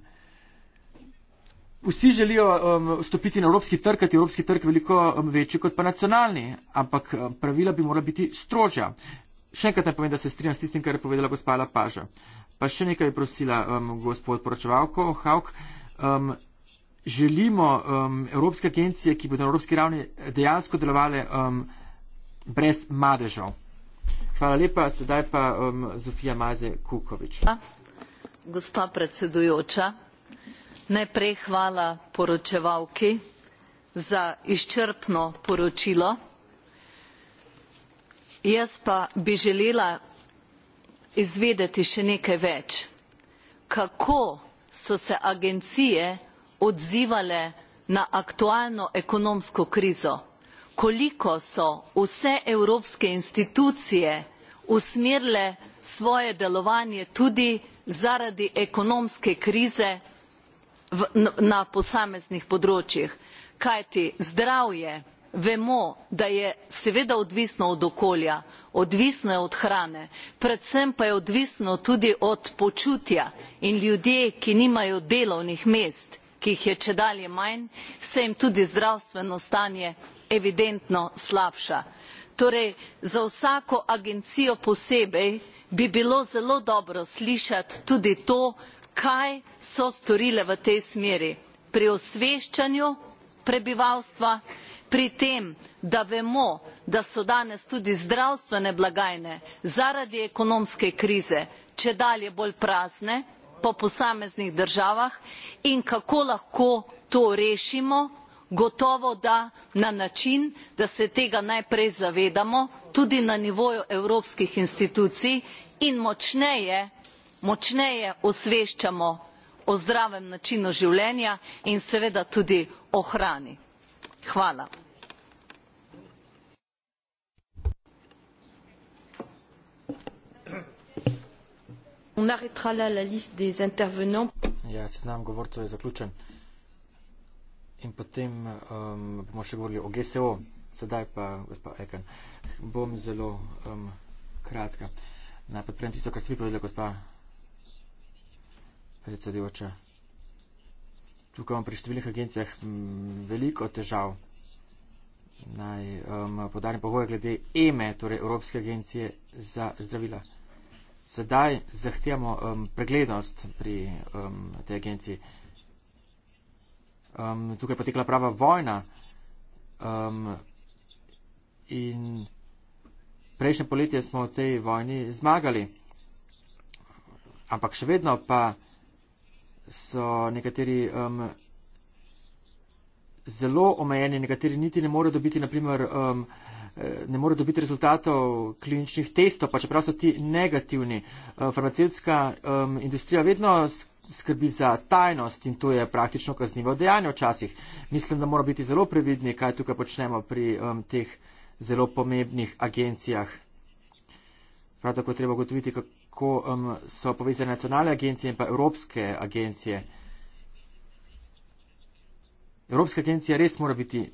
B: Vsi želijo um, stopiti na evropski trg, ker je evropski trg veliko um, večji kot pa nacionalni, ampak um, pravila bi morala biti strožja. Še enkrat naj povem, da se strinjam s tistim, kar je povedala gospa Lapaža. Pa še nekaj je prosila um, gospod poročevalko Hauk. Um, želimo um, evropske agencije, ki bodo na evropski ravni dejansko delovale um, brez madežov. Hvala lepa, sedaj pa um, Zofija Maze Kukovič.
D: Gospa predsedujoča najprej hvala poročevalki za izčrpno poročilo. Jaz pa bi želela izvedeti še nekaj več, kako so se agencije odzivale na aktualno ekonomsko krizo, koliko so vse evropske institucije usmerile svoje delovanje tudi zaradi ekonomske krize v, na posameznih področjih. Kajti zdravje vemo, da je seveda odvisno od okolja, odvisno je od hrane, predvsem pa je odvisno tudi od počutja in ljudje, ki nimajo delovnih mest, ki jih je če dalje manj, se jim tudi zdravstveno stanje evidentno slabša. Torej, za vsako agencijo posebej bi bilo zelo dobro slišati tudi to, kaj so storile v tej smeri pri osveščanju prebivalstva pri tem da vemo da so danes tudi zdravstvene blagajne zaradi ekonomske krize če dalje bolj prazne po posameznih državah in kako lahko to rešimo gotovo da na način da se tega najprej zavedamo tudi na nivoju evropskih institucij in močneje močneje osveščamo o zdravem načinu življenja in seveda tudi o hrani. Hvala.
A: On arrêtera là la liste des intervenants.
B: Ja, seznam govorcev je zaključen. In potem um, bomo še govorili o GSO, sedaj pa gospa Eken. Bom zelo um, kratka. Najprej tisto, kar ste vi povedali, gospa Rece devoče. Tukaj imam pri številnih agencijah mm, veliko težav. Naj um, podarim pogoje glede EME, e, torej Evropske agencije za zdravila. Sedaj zahtevamo um, preglednost pri um, tej agenciji. Um, tukaj je potekla prava vojna um, in prejšnje poletje smo v tej vojni zmagali. Ampak še vedno pa so nekateri um, zelo omejeni, nekateri niti ne morejo dobiti, naprimer, um, eh, ne morejo dobiti rezultatov kliničnih testov, pa čeprav so ti negativni. Eh, farmacevtska um, industrija vedno skrbi za tajnost in to je praktično kaznivo dejanje včasih. Mislim, da moramo biti zelo previdni, kaj tukaj počnemo pri um, teh zelo pomembnih agencijah. Prav tako treba ugotoviti, kako kako um, so povezane nacionalne agencije in pa evropske agencije. Evropske agencije res mora biti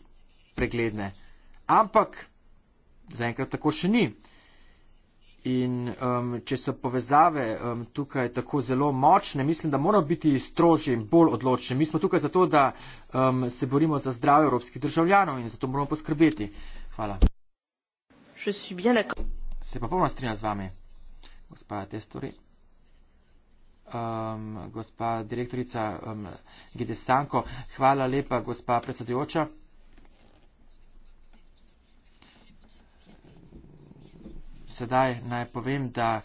B: pregledne, ampak zaenkrat tako še ni. In um, če so povezave um, tukaj tako zelo močne, mislim, da moramo biti strožji in bolj odločni. Mi smo tukaj zato, da um, se borimo za zdravje evropskih državljanov in zato moramo poskrbeti. Hvala. Se pa popolnoma strinjam z vami gospa Testori. Um, gospa direktorica um, Gidesanko, hvala lepa, gospa predsedujoča. Sedaj naj povem, da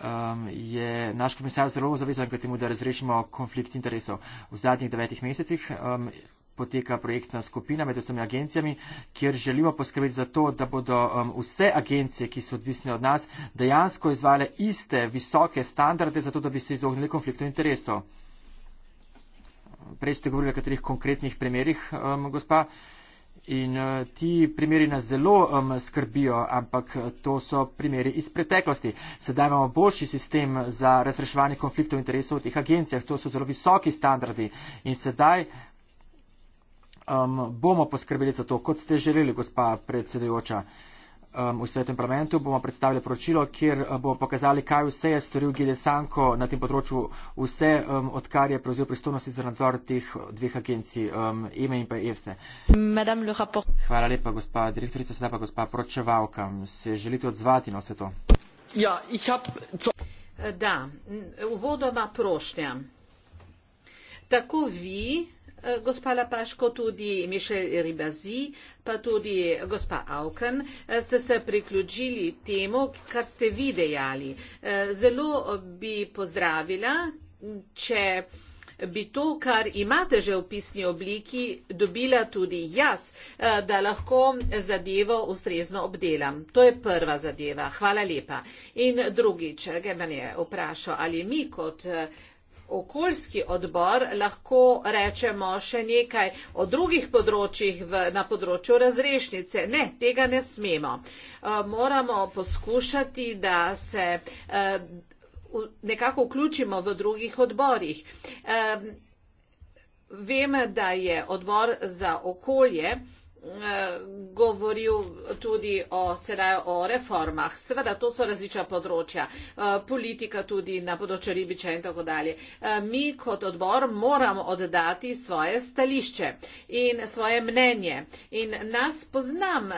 B: um, je naš komisar zelo zavezan k temu, da razrešimo konflikt interesov. V zadnjih devetih mesecih um, poteka projektna skupina med vsemi agencijami, kjer želimo poskrbeti za to, da bodo um, vse agencije, ki so odvisne od nas, dejansko izvale iste visoke standarde, zato da bi se izognili konfliktu interesov. Prej ste govorili o katerih konkretnih primerih, um, gospa. In uh, ti primeri nas zelo um, skrbijo, ampak uh, to so primeri iz preteklosti. Sedaj imamo boljši sistem za razreševanje konfliktov interesov v teh agencijah. To so zelo visoki standardi. In sedaj Um, bomo poskrbeli za to, kot ste želeli, gospa predsedujoča. Um, v svetem parlamentu bomo predstavili poročilo, kjer uh, bomo pokazali, kaj vse je storil Gilesanko na tem področju, vse, um, odkar je prevzel pristojnosti za nadzor teh dveh agencij, um, EME in pa EFSE.
A: Hvala
B: lepa, gospa direktorica, sedaj pa gospa poročevalka. Se želite odzvati na vse to?
A: Ja, da, uvodoma prošnja. Tako vi, Eh, gospa Lapaško, tudi Mišel Ribazi, pa tudi gospa Auken, eh, ste se priključili temu, kar ste vi dejali. Eh, zelo bi pozdravila, če bi to, kar imate že v pisni obliki, dobila tudi jaz, da lahko zadevo ustrezno obdelam. To je prva zadeva. Hvala lepa. In drugič, Geban je vprašal, ali mi kot okoljski odbor lahko rečemo še nekaj o drugih področjih v, na področju razrešnice. Ne, tega ne smemo. Eh, moramo poskušati, da se eh, nekako vključimo v drugih odborih. Eh, vem, da je odbor za okolje Eh, govoril tudi o, sedaj, o reformah. Seveda, to so različna področja, eh, politika tudi na področju ribiča in tako dalje. Eh, mi kot odbor moramo oddati svoje stališče in svoje mnenje. In nas poznam,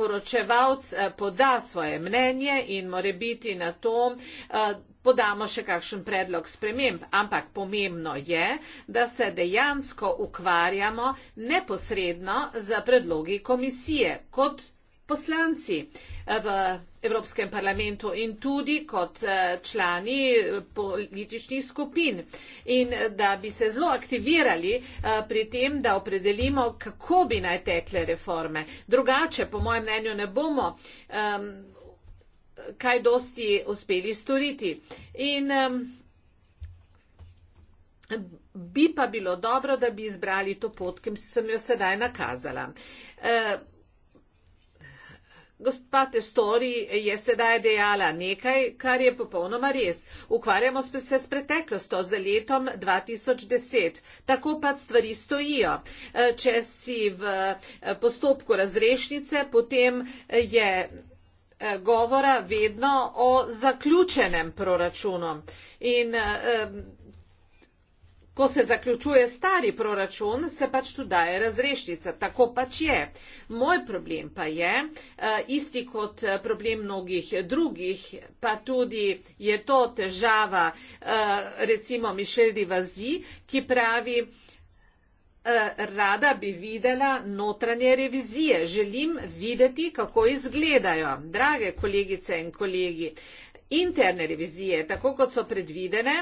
A: poročevalc poda svoje mnenje in more biti na to, podamo še kakšen predlog sprememb, ampak pomembno je, da se dejansko ukvarjamo neposredno z predlogi komisije kot poslanci eh, v Evropskem parlamentu in tudi kot eh, člani eh, političnih skupin. In da bi se zelo aktivirali pri tem, da opredelimo, kako bi naj tekle reforme. Drugače, po mojem mnenju, ne bomo. Um, kaj dosti uspeli storiti. In bi pa bilo dobro, da bi izbrali to pot, ki sem jo sedaj nakazala. E, gospa Testori je sedaj dejala nekaj, kar je popolnoma res. Ukvarjamo se s preteklostjo, z letom 2010. Tako pa stvari stojijo. E, če si v e, postopku razrešnice, potem je Eh, govora vedno o zaključenem proračunu. In eh, ko se zaključuje stari proračun, se pač tu daje razrešnica. Tako pač je. Moj problem pa je, eh, isti kot problem mnogih drugih, pa tudi je to težava recimo Mišeli Vazi, ki pravi, Eh, rada bi videla notranje revizije. Želim videti, kako izgledajo. Drage kolegice in kolegi, interne revizije, tako kot so predvidene,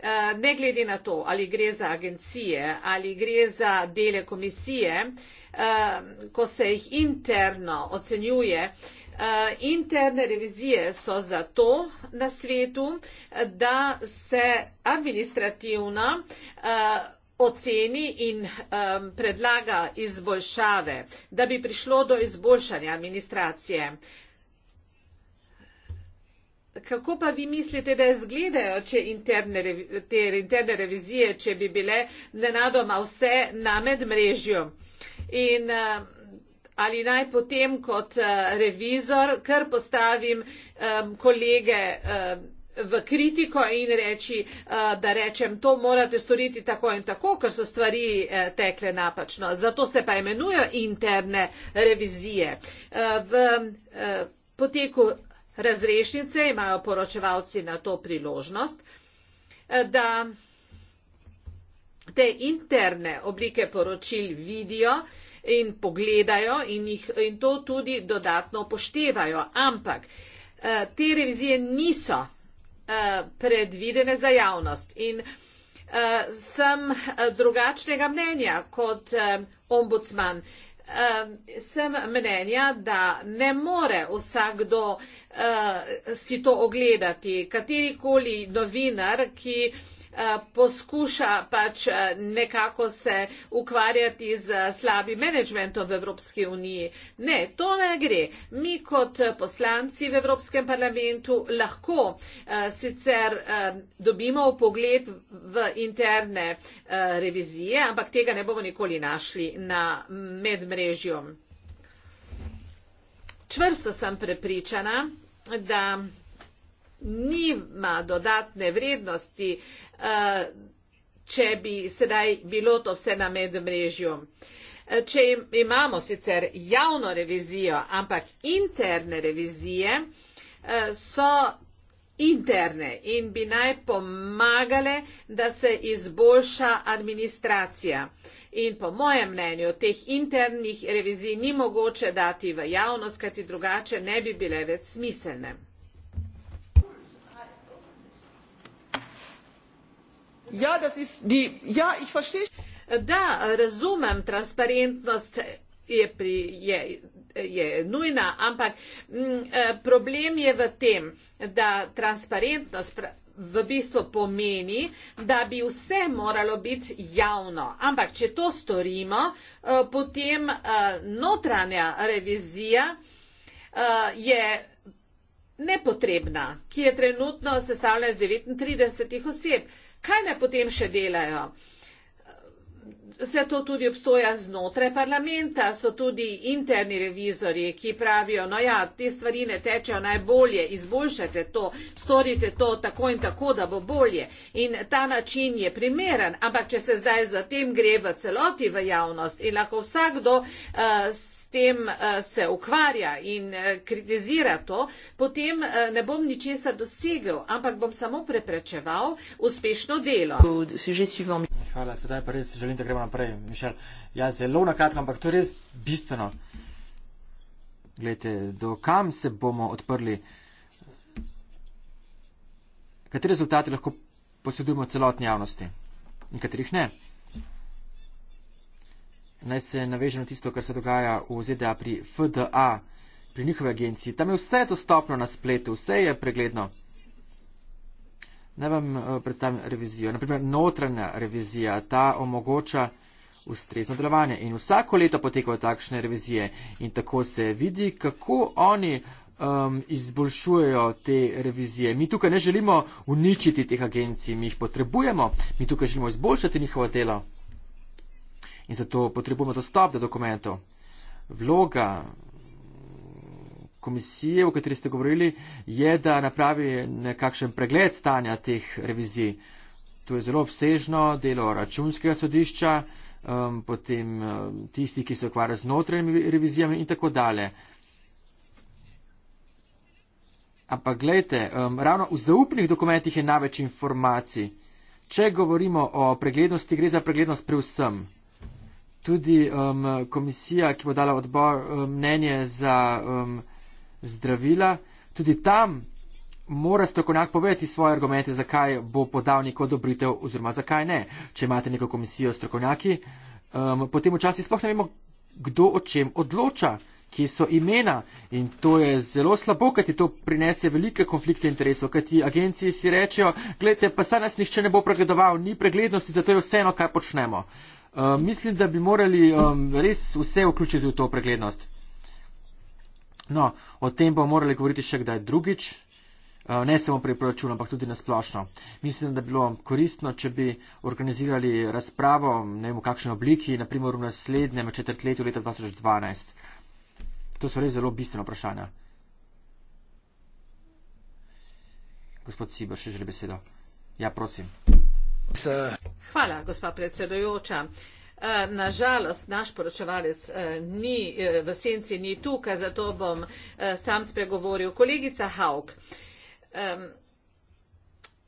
A: eh, ne glede na to, ali gre za agencije, ali gre za dele komisije, eh, ko se jih interno ocenjuje, interne revizije so zato na svetu, da se administrativno oceni in um, predlaga izboljšave, da bi prišlo do izboljšanja administracije. Kako pa vi mislite, da izgledajo interne, te interne revizije, če bi bile nenadoma vse na medmrežju? In um, ali naj potem kot uh, revizor kar postavim um, kolege um, v kritiko in reči, eh, da rečem, to morate storiti tako in tako, ker so stvari eh, tekle napačno. Zato se pa imenujo interne revizije. Eh, v poteku razrešnice imajo poročevalci na to priložnost, da te interne oblike poročil vidijo in pogledajo in, jih, in to tudi dodatno upoštevajo. Ampak te revizije niso Eh, predvidene za javnost. In eh, sem eh, drugačnega mnenja kot ombudsman. Sem mnenja, da ne more vsakdo si to ogledati. Katerikoli novinar, ki Eh, poskuša pač eh, nekako se ukvarjati z slabim menedžmentom v Evropski uniji. Ne, to ne gre. Mi kot poslanci v Evropskem parlamentu lahko eh, sicer dobimo pogled v interne revizije, ampak tega ne bomo nikoli našli na medmrežju. Čvrsto sem prepričana, da nima dodatne vrednosti, eh, če bi sedaj bilo to vse na medmrežju. Eh, če imamo sicer javno revizijo, ampak interne revizije eh, so interne in bi naj pomagale, da se izboljša administracija. In po mojem mnenju teh internih revizij ni mogoče dati v javnost, kajti drugače ne bi bile več smiselne. ja, die, ja, ich verstehe. Da, razumem, transparentnost je, pri, je, je nujna, ampak m, mm, eh, problem je v tem, da transparentnost v bistvu pomeni, da bi vse moralo biti javno. Ampak, če to storimo, eh, potem eh, notranja revizija je nepotrebna, ki je trenutno sestavljena iz 39 oseb. Kaj naj potem še delajo? Uh, Vse to tudi obstoja znotraj parlamenta, so tudi interni revizori, ki pravijo, no ja, te stvari ne tečejo najbolje, izboljšajte to, storite to tako in tako, da bo bolje. In ta način je primeren, ampak če se zdaj zatem gre v celoti v javnost in lahko vsakdo uh, s tem uh, se ukvarja in uh, kritizira to, potem uh, ne bom ničesar dosegel, ampak bom samo preprečeval uspešno delo.
B: Hvala, sedaj pa res želim, da gremo naprej. Mišel, ja, zelo na kratko, ampak to je res bistveno. Glejte, do kam se bomo odprli? Kateri rezultati lahko posedujemo celotni javnosti in katerih ne? Naj se navežem na tisto, kar se dogaja v ZDA pri FDA, pri njihovi agenciji. Tam je vse dostopno na spletu, vse je pregledno. Naj vam eh, predstavim revizijo. Naprimer, notranja revizija, ta omogoča ustrezno delovanje. In vsako leto potekajo takšne revizije in tako se vidi, kako oni um, izboljšujejo te revizije. Mi tukaj ne želimo uničiti teh agencij, mi jih potrebujemo, mi tukaj želimo izboljšati njihovo delo. In zato potrebujemo dostop do dokumentov. Vloga, komisije, o kateri ste govorili, je, da napravi nekakšen pregled stanja teh revizij. To je zelo obsežno delo računskega sodišča, um, potem um, tisti, ki se ukvarja z notranjimi revizijami in tako dalje. Ampak gledajte, um, ravno v zaupnih dokumentih je največ informacij. Če govorimo o preglednosti, gre za preglednost pri vsem. Tudi um, komisija, ki bo dala odbor um, mnenje za um, zdravila. Tudi tam mora strokovnjak povedati svoje argumente, zakaj bo podal neko odobritev oziroma zakaj ne. Če imate neko komisijo strokovnjaki, um, potem včasih sploh ne vemo, kdo o čem odloča, kje so imena. In to je zelo slabo, kajti to prinese velike konflikte interesov, kajti agencije si rečejo, gledajte, pa saj nas nihče ne bo pregledoval, ni preglednosti, zato je vseeno, kaj počnemo. Um, mislim, da bi morali um, res vse vključiti v to preglednost. No, o tem bomo morali govoriti še kdaj drugič, eh, ne samo pri proračunu, ampak tudi nasplošno. Mislim, da bi bilo koristno, če bi organizirali razpravo, ne vem v kakšni obliki, naprimer v naslednjem četrtletju leta 2012. To so res zelo bistvene vprašanja. Gospod Sibr, še želi besedo. Ja, prosim.
A: Hvala, gospa predsedujoča. Eh, na žalost naš poročevalec eh, ni eh, v senci, ni tukaj, zato bom sam spregovoril. Kolegica Haug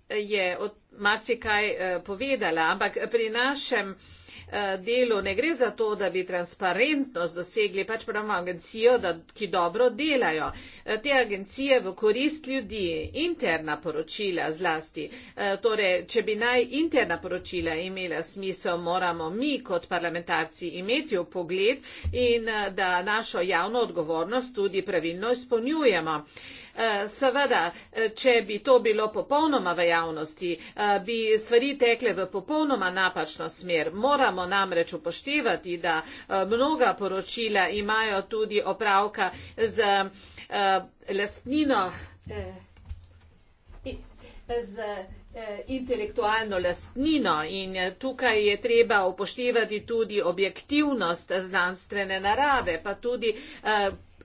A: je od marsikaj eh, povedala, ampak pri našem eh, delu ne gre za to, da bi transparentnost dosegli, pač pa imamo agencijo, da, ki dobro delajo. Eh, te agencije v korist ljudi, interna poročila zlasti, torej, če bi naj interna poročila imela smisel, moramo mi kot parlamentarci imeti v pogled in da našo javno odgovornost tudi pravilno izpolnjujemo. Seveda, če bi to bilo popolnoma v javnosti, bi stvari tekle v popolnoma napačno smer. Moramo namreč upoštevati, da eh, mnoga poročila imajo tudi opravka z eh, lastnino. Eh, z intelektualno lastnino in tukaj je treba upoštevati tudi objektivnost znanstvene narave, pa tudi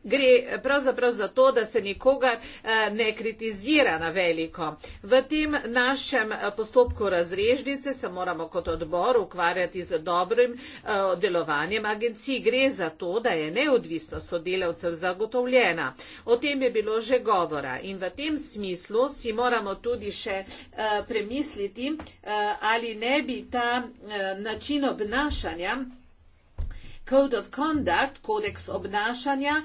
A: gre pravzaprav za to, da se nikogar eh, ne kritizira na veliko. V tem našem eh, postopku razrežnice se moramo kot odbor ukvarjati z dobrim eh, delovanjem agencij. Gre za to, da je neodvisnost sodelavcev zagotovljena. O tem je bilo že govora in v tem smislu si moramo tudi še premisliti, ali ne bi ta način obnašanja Code of Conduct, kodeks obnašanja,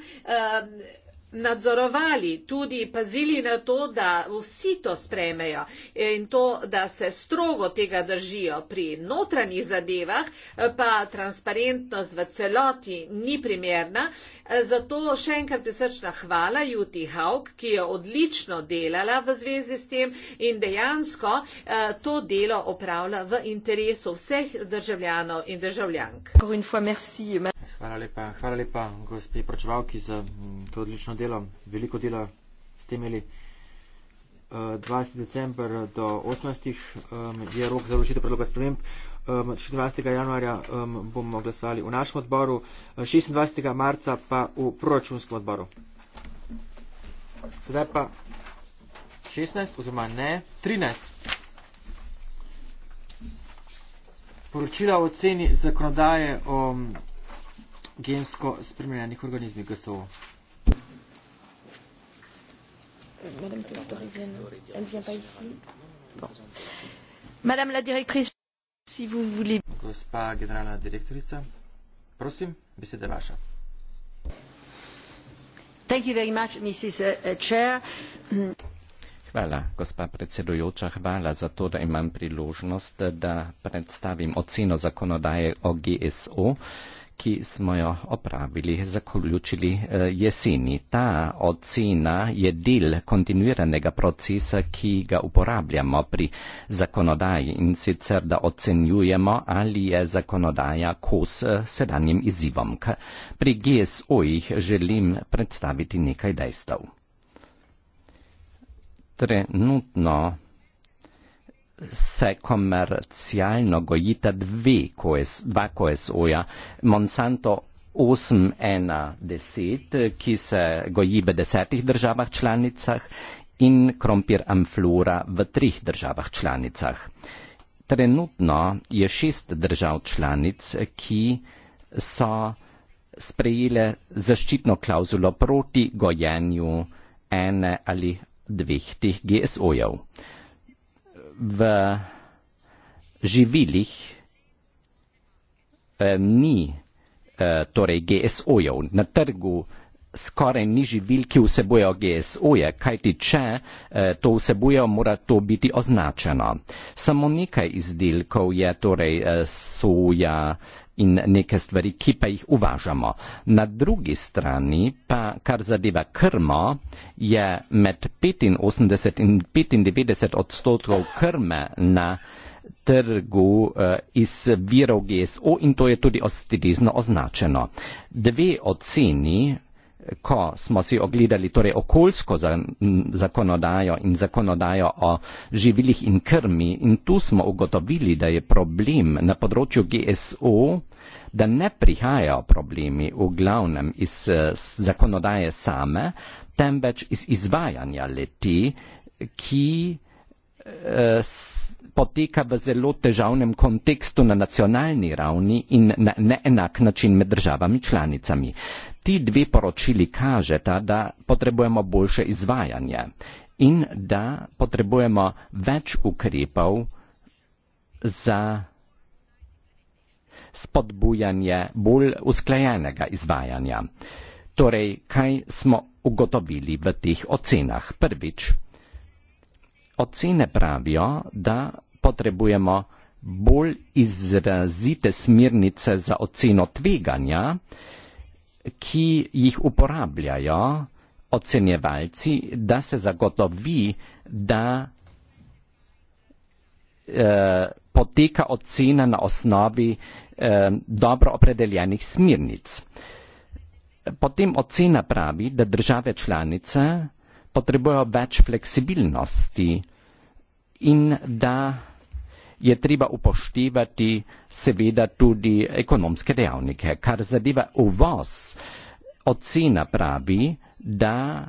A: nadzorovali, tudi pazili na to, da vsi to spremejo in to, da se strogo tega držijo pri notranjih zadevah, eh, pa transparentnost v celoti ni primerna. Eh, zato še enkrat prisrčna hvala Juti Hauk, ki je odlično delala v zvezi s tem in dejansko eh, to delo opravlja v interesu vseh državljanov in državljank.
B: Hvala. Hvala lepa, hvala lepa, gospe pročevalki, za mm, to odlično delo. Veliko dela ste imeli. 20. Eh, december do 18. je rok za vložitev predloga sprememb. 26. januarja bomo glasovali v našem odboru, 26. Eh, marca pa v proračunskem odboru. Sedaj pa 16 oziroma ne 13. Poročila o ceni zakonodaje o gensko spremenjenih organizmih GSO. Gospa generalna direktorica, prosim, beseda je vaša.
D: Uh, uh,
C: hvala, gospa predsedujoča, hvala za to, da imam priložnost, da predstavim oceno zakonodaje o GSO, ki smo jo opravili, zaključili eh, jeseni. Ta ocena je del kontinuiranega procesa, ki ga uporabljamo pri zakonodaji in sicer, da ocenjujemo, ali je zakonodaja kos eh, sedanjim izzivom. Pri GSO-jih želim predstaviti nekaj dejstev. Trenutno se komercialno gojita dve KS, dva KSO-ja. Monsanto 810, ki se goji v desetih državah članicah in krompir amflora v trih državah članicah. Trenutno je šest držav članic, ki so sprejele zaščitno klauzulo proti gojenju ene ali dveh teh GSO-jev v živilih eh, ni eh, torej GSO-jev, na trgu skoraj ni živil, ki vsebujejo GSO-je, kajti če eh, to vsebujejo, mora to biti označeno. Samo nekaj izdelkov je torej eh, soja in neke stvari, ki pa jih uvažamo. Na drugi strani pa, kar zadeva krmo, je med 85 in 95 odstotkov krme na trgu eh, iz virov GSO in to je tudi ostrizno označeno. Dve oceni ko smo si ogledali torej okoljsko zakonodajo in zakonodajo o živilih in krmi in tu smo ugotovili, da je problem na področju GSO, da ne prihajajo problemi v glavnem iz eh, zakonodaje same, temveč iz izvajanja leti, ki eh, poteka v zelo težavnem kontekstu na nacionalni ravni in na neenak način med državami članicami ti dve poročili kažeta, da potrebujemo boljše izvajanje in da potrebujemo več ukrepov za spodbujanje bolj usklajenega izvajanja. Torej, kaj smo ugotovili v teh ocenah? Prvič, ocene pravijo, da potrebujemo bolj izrazite smernice za oceno tveganja, ki jih uporabljajo ocenjevalci, da se zagotovi, da eh, poteka ocena na osnovi eh, dobro opredeljenih smirnic. Potem ocena pravi, da države članice potrebujejo več fleksibilnosti in da je treba upoštevati seveda tudi ekonomske dejavnike. Kar zadeva uvoz, ocena pravi, da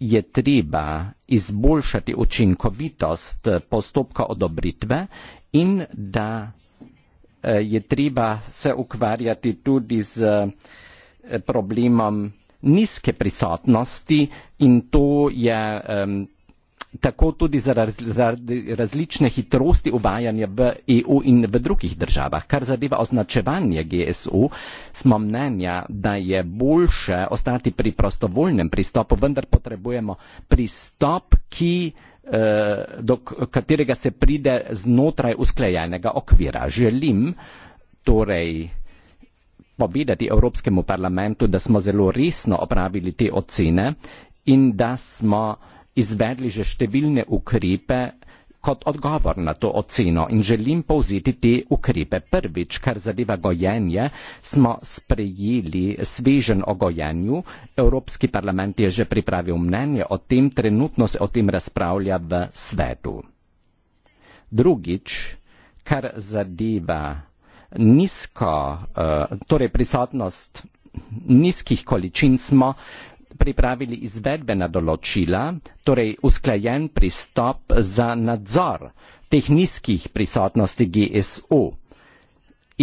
C: je treba izboljšati učinkovitost postopka odobritve in da eh, je treba se ukvarjati tudi z eh, problemom nizke prisotnosti in to je um, tako tudi zaradi različne hitrosti uvajanja v EU in v drugih državah. Kar zadeva označevanje GSU, smo mnenja, da je boljše ostati pri prostovoljnem pristopu, vendar potrebujemo pristop, ki eh, do katerega se pride znotraj usklajenega okvira. Želim torej povedati Evropskemu parlamentu, da smo zelo resno opravili te ocene in da smo izvedli že številne ukrepe kot odgovor na to oceno in želim povziti te ukrepe. Prvič, kar zadeva gojenje, smo sprejeli svežen o gojenju. Evropski parlament je že pripravil mnenje o tem, trenutno se o tem razpravlja v svetu. Drugič, kar zadeva nizko, eh, torej prisotnost nizkih količin, smo pripravili izvedbena določila, torej usklajen pristop za nadzor teh nizkih prisotnosti GSO.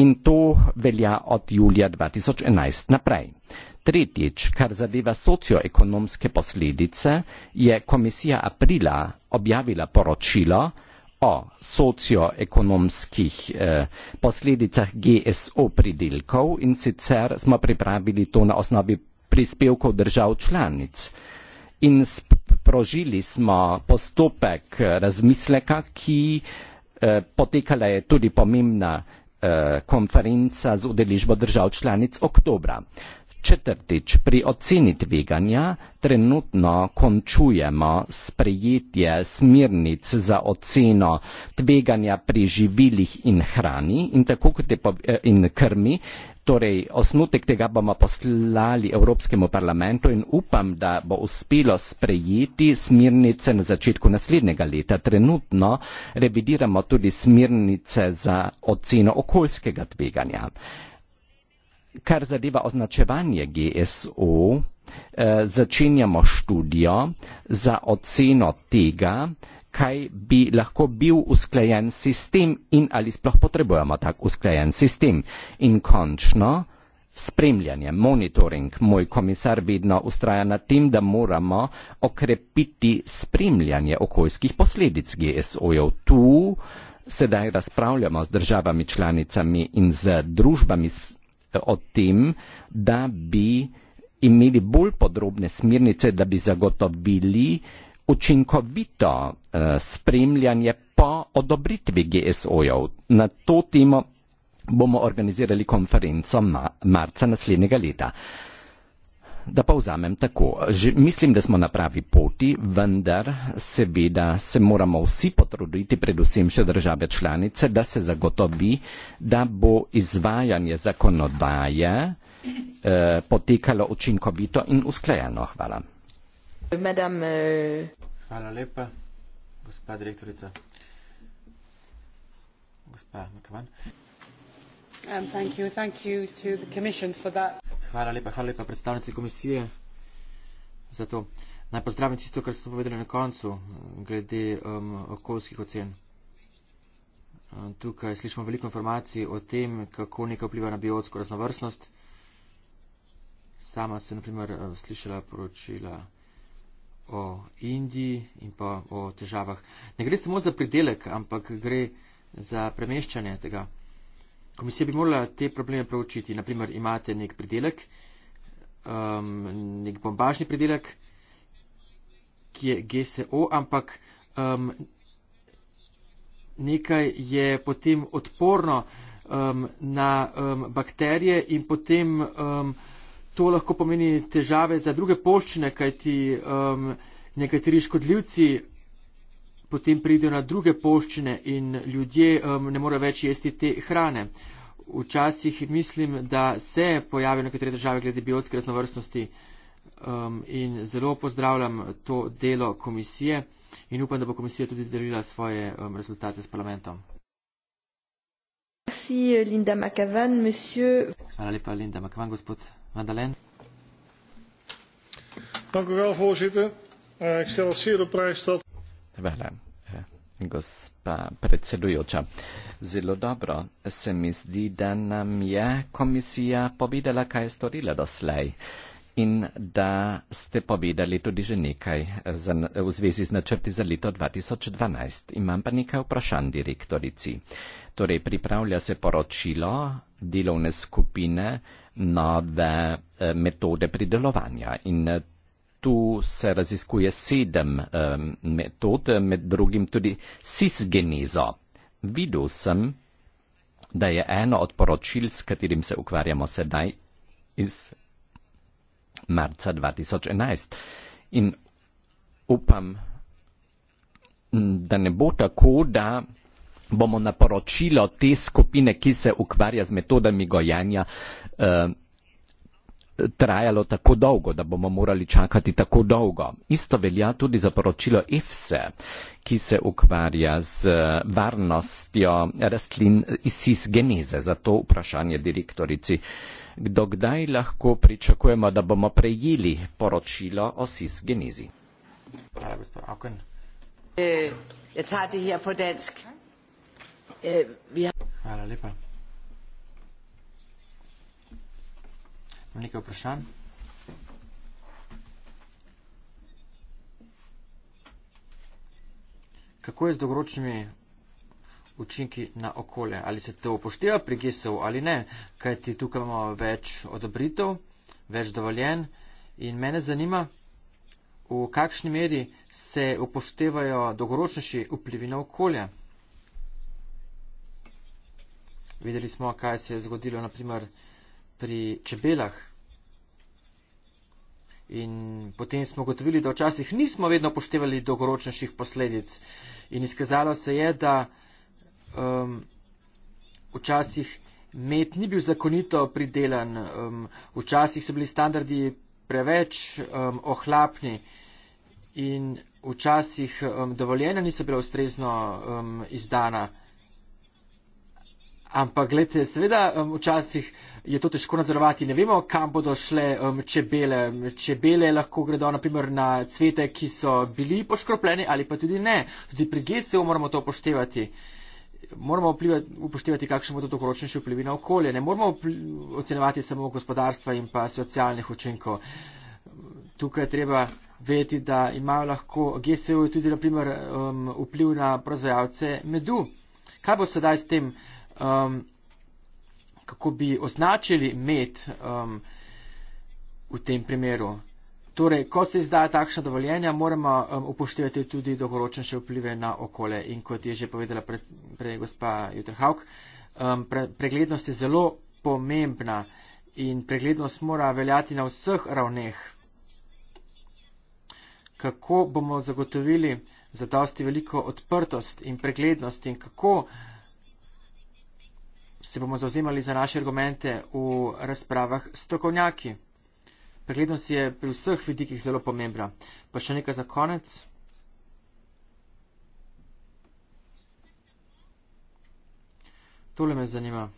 C: In to velja od julija 2011 naprej. Tretjič, kar zadeva socioekonomske posledice, je komisija aprila objavila poročilo o socioekonomskih eh, posledicah GSO pridelkov in sicer smo pripravili to na osnovi prispevkov držav članic. In sprožili smo postopek razmisleka, ki eh, potekala je tudi pomembna eh, konferenca z udeležbo držav članic oktobra. Četrtič, pri oceni tveganja trenutno končujemo sprejetje smernic za oceno tveganja pri živilih in hrani in, tako, kot je, eh, in krmi, eh, Torej, osnutek tega bomo poslali Evropskemu parlamentu in upam, da bo uspelo sprejeti smirnice na začetku naslednjega leta. Trenutno revidiramo tudi smirnice za oceno okoljskega tveganja. Kar zadeva označevanje GSO, eh, začenjamo študijo za oceno tega, kaj bi lahko bil usklajen sistem in ali sploh potrebujemo tak usklajen sistem. In končno, spremljanje, monitoring. Moj komisar vedno ustraja na tem, da moramo okrepiti spremljanje okoljskih posledic GSO-jev. Tu sedaj razpravljamo z državami, članicami in z družbami o tem, da bi imeli bolj podrobne smernice, da bi zagotovili učinkovito eh, spremljanje po odobritvi GSO-jev. Na to temo bomo organizirali konferenco marca naslednjega leta. Da pa vzamem tako, Že mislim, da smo na pravi poti, vendar seveda se moramo vsi potruditi, predvsem še države članice, da se zagotovi, da bo izvajanje zakonodaje eh, potekalo učinkovito in usklajeno. Hvala.
B: Madame, uh... Hvala lepa, gospa direktorica. Gospa Makavan.
C: Um, thank you. Thank you to the commission for that.
B: Hvala lepa, hvala lepa predstavnici komisije za to. Naj pozdravim tisto, kar ste povedali na koncu, eh, glede um, okoljskih ocen. Eh, tukaj slišimo veliko informacij o tem, kako nekaj vpliva na biotsko raznovrstnost. Sama sem, na primer, eh, slišala poročila o Indiji in pa o težavah. Ne gre samo za pridelek, ampak gre za premeščanje tega. Komisija bi morala te probleme preučiti. Naprimer, imate nek pridelek, um, nek bombažni pridelek, ki je GSO, ampak um, nekaj je potem odporno um, na um, bakterije in potem um, to lahko pomeni težave za druge poščine, kajti um, nekateri škodljivci potem pridejo na druge poščine in ljudje um, ne morejo več jesti te hrane. Včasih mislim, da se pojavijo nekatere države glede biotske raznovrstnosti um, in zelo pozdravljam to delo komisije in upam, da bo komisija tudi delila svoje um, rezultate s parlamentom.
A: Merci, Linda McAvan, monsieur.
B: Hvala lepa, Linda McAvan, gospod
D: voorzitter. Eh, ik stel het zeer op prijs dat.
C: Vele, eh, gospa predsedujoča. Zelo dobro se mi zdi, da nam je komisija povedala, kaj je storila doslej in da ste povedali tudi že nekaj eh, za, v zvezi z načrti za leto 2012. Imam pa nekaj vprašanj direktorici. Torej, pripravlja se poročilo delovne skupine nove eh, metode pridelovanja. In eh, tu se raziskuje sedem eh, metod, med drugim tudi cisgenizo. Videl sem, da je eno od poročil, s katerim se ukvarjamo sedaj, iz marca 2011. In upam, da ne bo tako, da bomo na poročilo te skupine, ki se ukvarja z metodami gojenja, eh, trajalo tako dolgo, da bomo morali čakati tako dolgo. Isto velja tudi za poročilo EFSE, ki se ukvarja z eh, varnostjo rastlin iz sisgeneze. Zato vprašanje direktorici, kdo kdaj lahko pričakujemo, da bomo prejeli poročilo o sisgenezi. Hvala, gospod Aken. Uh,
A: eh, ja, ta je po dansk.
B: Hvala lepa. Nekaj vprašanj? Kako je z dogoročnimi učinki na okolje? Ali se to upošteva pri GSO ali ne? Kaj ti tukaj imamo več odobritev, več dovoljen? In mene zanima, v kakšni meri se upoštevajo dogoročnejši vplivi na okolje? Videli smo, kaj se je zgodilo naprimer pri čebelah. In potem smo gotovili, da včasih nismo vedno poštevali dolgoročnejših posledic. In izkazalo se je, da um, včasih med ni bil zakonito pridelan, um, včasih so bili standardi preveč um, ohlapni in včasih um, dovoljena niso bila ustrezno um, izdana. Ampak, gledajte, seveda, um, včasih je to težko nadzorovati. Ne vemo, kam bodo šle um, čebele. Čebele lahko gredo, naprimer, na cvete, ki so bili poškropljeni ali pa tudi ne. Tudi pri GSEO moramo to upoštevati. Moramo upoštevati, kakšne bodo dolgoročnejše vplivi na okolje. Ne moramo ocenjevati samo gospodarstva in pa socialnih učinkov. Tukaj treba vedeti, da imajo lahko GSEO tudi, naprimer, um, vpliv na proizvajalce medu. Kaj bo sedaj s tem? um, kako bi označili med um, v tem primeru. Torej, ko se izdaja takšna dovoljenja, moramo um, upoštevati tudi dolgoročne vplive na okolje. In kot je že povedala pre, prej gospa Jutrhauk, um, pre, preglednost je zelo pomembna in preglednost mora veljati na vseh ravneh. Kako bomo zagotovili zadosti veliko odprtost in preglednost in kako se bomo zauzemali za naše argumente v razpravah s tokovnjaki. Preglednost je pri vseh vidikih zelo pomembna. Pa še nekaj za konec. Tole me zanima.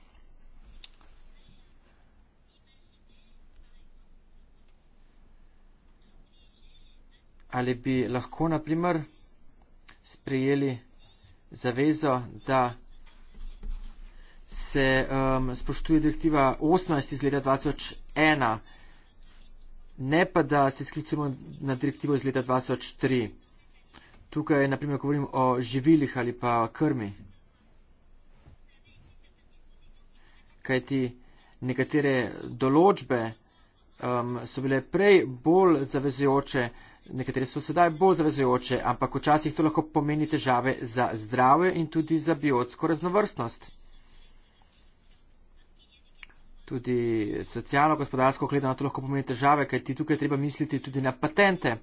B: Ali bi lahko, na primer, sprejeli zavezo, da se um, spoštuje direktiva 18 iz leta 2001, ne pa da se sklicujemo na direktivo iz leta 2003. Tukaj naprimer govorim o živilih ali pa krmi. Kaj ti nekatere določbe um, so bile prej bolj zavezujoče, nekatere so sedaj bolj zavezujoče, ampak včasih to lahko pomeni težave za zdravje in tudi za biotsko raznovrstnost tudi socialno-gospodarsko gledano, to lahko pomeni težave, kajti tukaj treba misliti tudi na patente.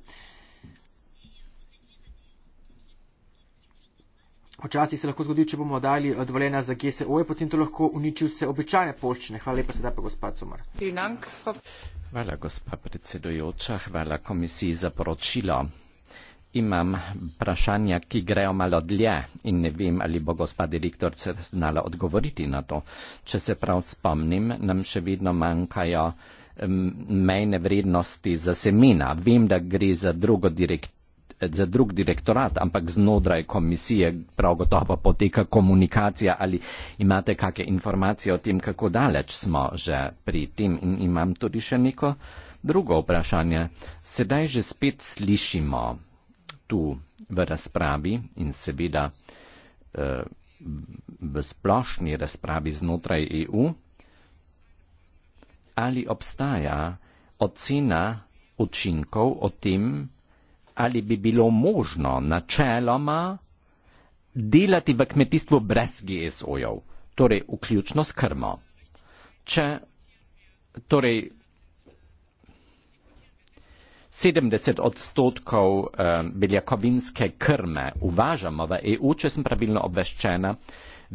B: Včasih se lahko zgodi, če bomo dali eh, dovoljenja za GSO, je potem to lahko uničil vse običajne poščine. Hvala lepa, sedaj pa gospod Somar.
C: Hvala, gospa predsedujoča, hvala komisiji za poročilo imam vprašanja, ki grejo malo dlje in ne vem, ali bo gospa direktorica znala odgovoriti na to. Če se prav spomnim, nam še vedno manjkajo mejne vrednosti za semena. Vem, da gre za, direkt, za drug direktorat, ampak znotraj komisije prav gotovo poteka komunikacija. Ali imate kakšne informacije o tem, kako daleč smo že pri tem in imam tudi še neko drugo vprašanje. Sedaj že spet slišimo tu v razpravi in seveda eh, v splošni razpravi znotraj EU, ali obstaja ocena učinkov o tem, ali bi bilo možno načeloma delati v kmetijstvu brez GSO-jev, torej vključno s krmo. Če torej 70 odstotkov eh, beljakovinske krme uvažamo v EU, če sem pravilno obveščena,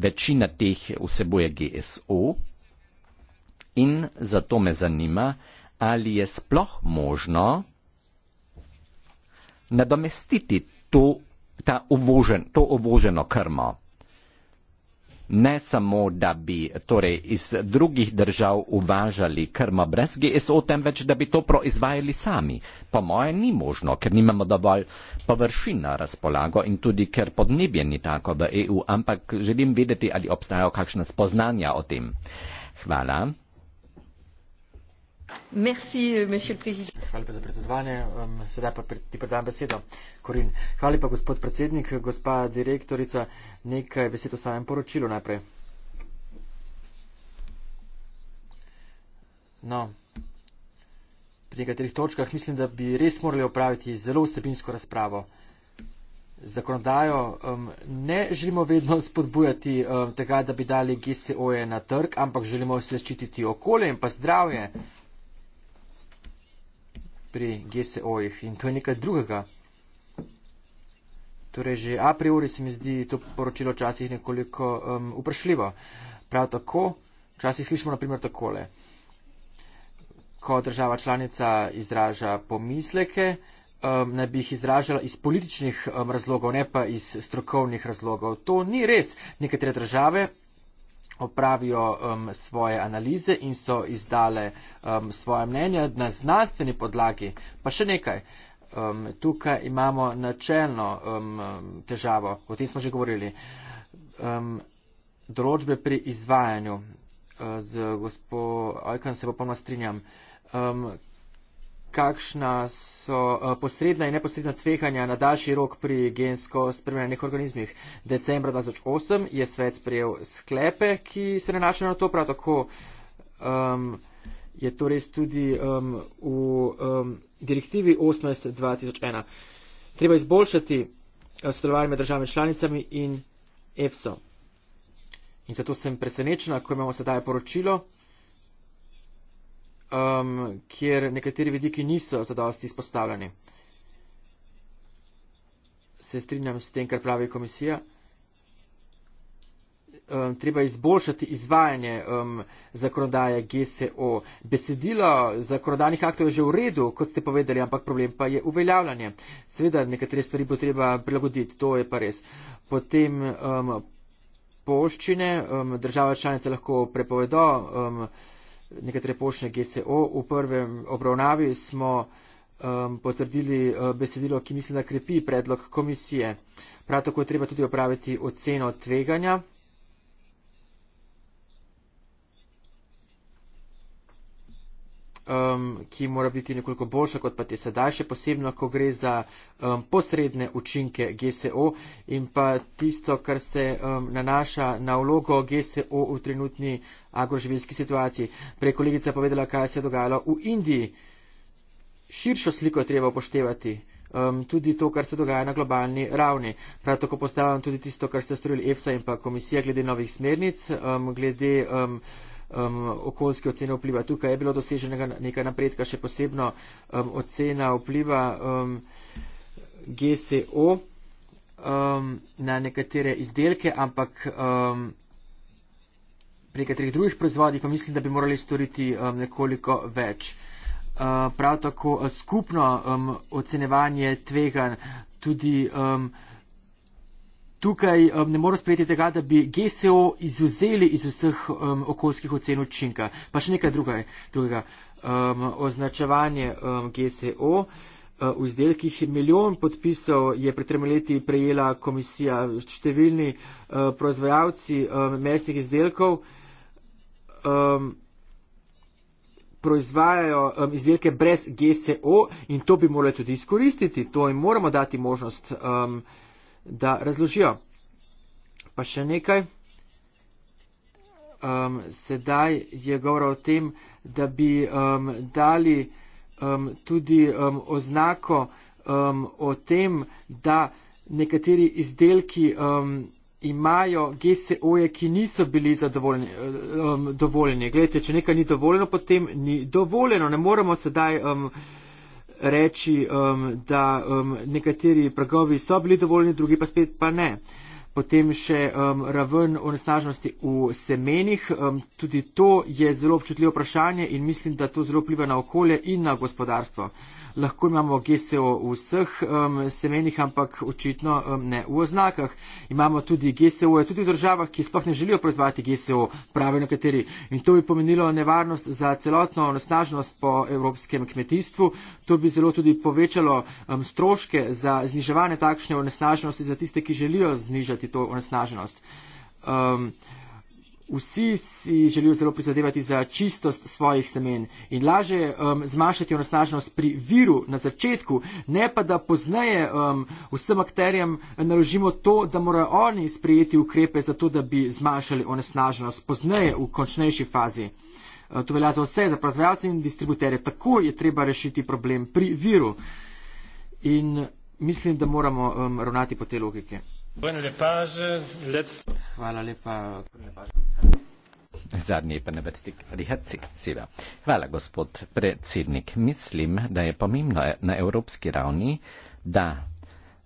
C: večina teh vsebuje GSO in zato me zanima, ali je sploh možno nadomestiti to uvoženo krmo ne samo, da bi torej, iz drugih držav uvažali krmo brez GSO, temveč da bi to proizvajali sami. Po moje ni možno, ker nimamo dovolj površin na razpolago in tudi ker podnebje ni tako v EU, ampak želim vedeti, ali obstajajo kakšne spoznanja o tem. Hvala.
B: Euh, Hvala za predsedovanje. Um, sedaj pa ti predam besedo, Korin. Hvala pa, gospod predsednik, gospa direktorica, nekaj besed o samem poročilu najprej. No, pri nekaterih točkah mislim, da bi res morali opraviti zelo vsebinsko razpravo. Zakonodajo um, ne želimo vedno spodbujati um, tega, da bi dali GSO-je na trg, ampak želimo se ščititi okolje in pa zdravje pri GSO-jih in to je nekaj drugega. Torej, že a priori se mi zdi to poročilo včasih nekoliko um, vprašljivo. Prav tako, včasih slišimo naprimer takole. Ko država članica izraža pomisleke, um, naj bi jih izražala iz političnih um, razlogov, ne pa iz strokovnih razlogov. To ni res. Nekatere države opravijo um, svoje analize in so izdale um, svoje mnenje na znanstveni podlagi. Pa še nekaj, um, tukaj imamo načelno um, težavo, o tem smo že govorili, um, določbe pri izvajanju. Uh, z gospod Ojkan se popolnoma strinjam, um, kakšna so eh, posredna in neposredna tvehanja na daljši rok pri gensko spremenjenih organizmih. Decembra 2008 je svet sprejel sklepe, ki se nanašajo na to, prav tako um, je to res tudi um, v um, direktivi 18.2001. Treba izboljšati eh, sodelovanje med državami članicami in EFSO. In zato sem presenečena, ko imamo sedaj poročilo um, kjer nekateri vidiki niso zadosti izpostavljeni. Se strinjam s tem, kar pravi komisija. Um, treba izboljšati izvajanje um, zakonodaje GSO. Besedilo zakonodajnih aktov je že v redu, kot ste povedali, ampak problem pa je uveljavljanje. Seveda, nekatere stvari bo treba prilagoditi, to je pa res. Potem um, poščine, um, država članice lahko prepovedo. Um, nekatere pošne GSO. V prvem obravnavi smo um, potrdili uh, besedilo, ki mislim, da krepi predlog komisije. Prav tako je treba tudi opraviti oceno tveganja. um, ki mora biti nekoliko boljša kot pa te sedaj, še posebno, ko gre za um, posredne učinke GSO in pa tisto, kar se um, nanaša na vlogo GSO v trenutni agroživilski situaciji. Prej kolegica povedala, kaj se je dogajalo v Indiji. Širšo sliko treba upoštevati. Um, tudi to, kar se dogaja na globalni ravni. Prav tako postavljam tudi tisto, kar ste storili EFSA in pa komisija glede novih smernic, um, glede. Um, um, okoljske ocene vpliva. Tukaj je bilo doseženega nekaj napredka, še posebno um, ocena vpliva um, GSO um, na nekatere izdelke, ampak um, pri nekaterih drugih proizvodih pa mislim, da bi morali storiti um, nekoliko več. Uh, prav tako uh, skupno um, ocenevanje tvegan tudi um, uh, tukaj um, ne morem sprejeti tega, da bi GSO izuzeli iz vseh um, okoljskih ocen učinka. Pa še nekaj druga, drugega. Um, označevanje um, GSO uh, v uh, izdelkih. Milijon podpisov je pred tremi leti prejela komisija številni uh, proizvajalci um, mestnih izdelkov. Um, proizvajajo um, izdelke brez GSO in to bi morali tudi izkoristiti. To jim moramo dati možnost. Um, da razložijo. Pa še nekaj. Um, sedaj je govora o tem, da bi um, dali um, tudi um, oznako um, o tem, da nekateri izdelki um, imajo GSO-je, ki niso bili zadovoljni. Um, dovoljni. Gledajte, če nekaj ni dovoljno, potem ni dovoljeno. Ne moremo sedaj. Um, reči, um, da um, nekateri pragovi so bili dovoljni, drugi pa spet pa ne. Potem še um, raven onesnažnosti v semenih. Um, tudi to je zelo občutljivo vprašanje in mislim, da to zelo pliva na okolje in na gospodarstvo lahko imamo gese v vseh um, semenih, ampak očitno um, ne v oznakah. Imamo tudi gese -e, tudi v državah, ki sploh ne želijo proizvati gese v pravi nekateri. In to bi pomenilo nevarnost za celotno nasnažnost po evropskem kmetijstvu. To bi zelo tudi povečalo um, stroške za zniževanje takšne onesnaženosti za tiste, ki želijo znižati to onesnaženost. Um, Vsi si želijo zelo prizadevati za čistost svojih semen in laže um, zmanjšati onosnaženost pri viru na začetku, ne pa da pozneje um, vsem akterjem naložimo to, da morajo oni sprejeti ukrepe za to, da bi zmanjšali onosnaženost pozneje v končnejši fazi. Uh, to velja za vse, za proizvajalce in distributere. Tako je treba rešiti problem pri viru. In mislim, da moramo um, ravnati po te logike. Hvala lepa.
C: Zadnji pa ne več stik. Rihaci, seveda. Hvala, gospod predsednik. Mislim, da je pomembno eh, na evropski ravni, da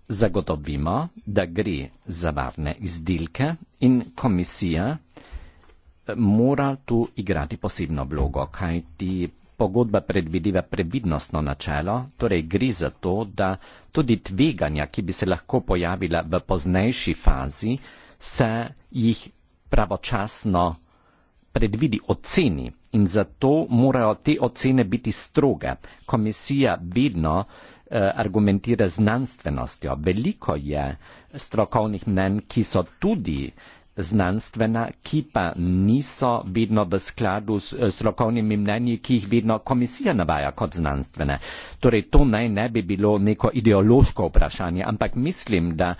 C: zagotovimo, da gre za varne izdelke in komisija eh, mora tu igrati posebno vlogo, kajti pogodba predvideva previdnostno načelo, torej gre za to, da tudi tveganja, ki bi se lahko pojavila v poznejši fazi, se jih pravočasno predvidi oceni in zato morajo te ocene biti stroge. Komisija vedno eh, argumentira znanstvenostjo. Veliko je strokovnih mnen, ki so tudi znanstvena, ki pa niso vedno v skladu s eh, strokovnimi mnenji, ki jih vedno komisija navaja kot znanstvene. Torej, to naj ne bi bilo neko ideološko vprašanje, ampak mislim, da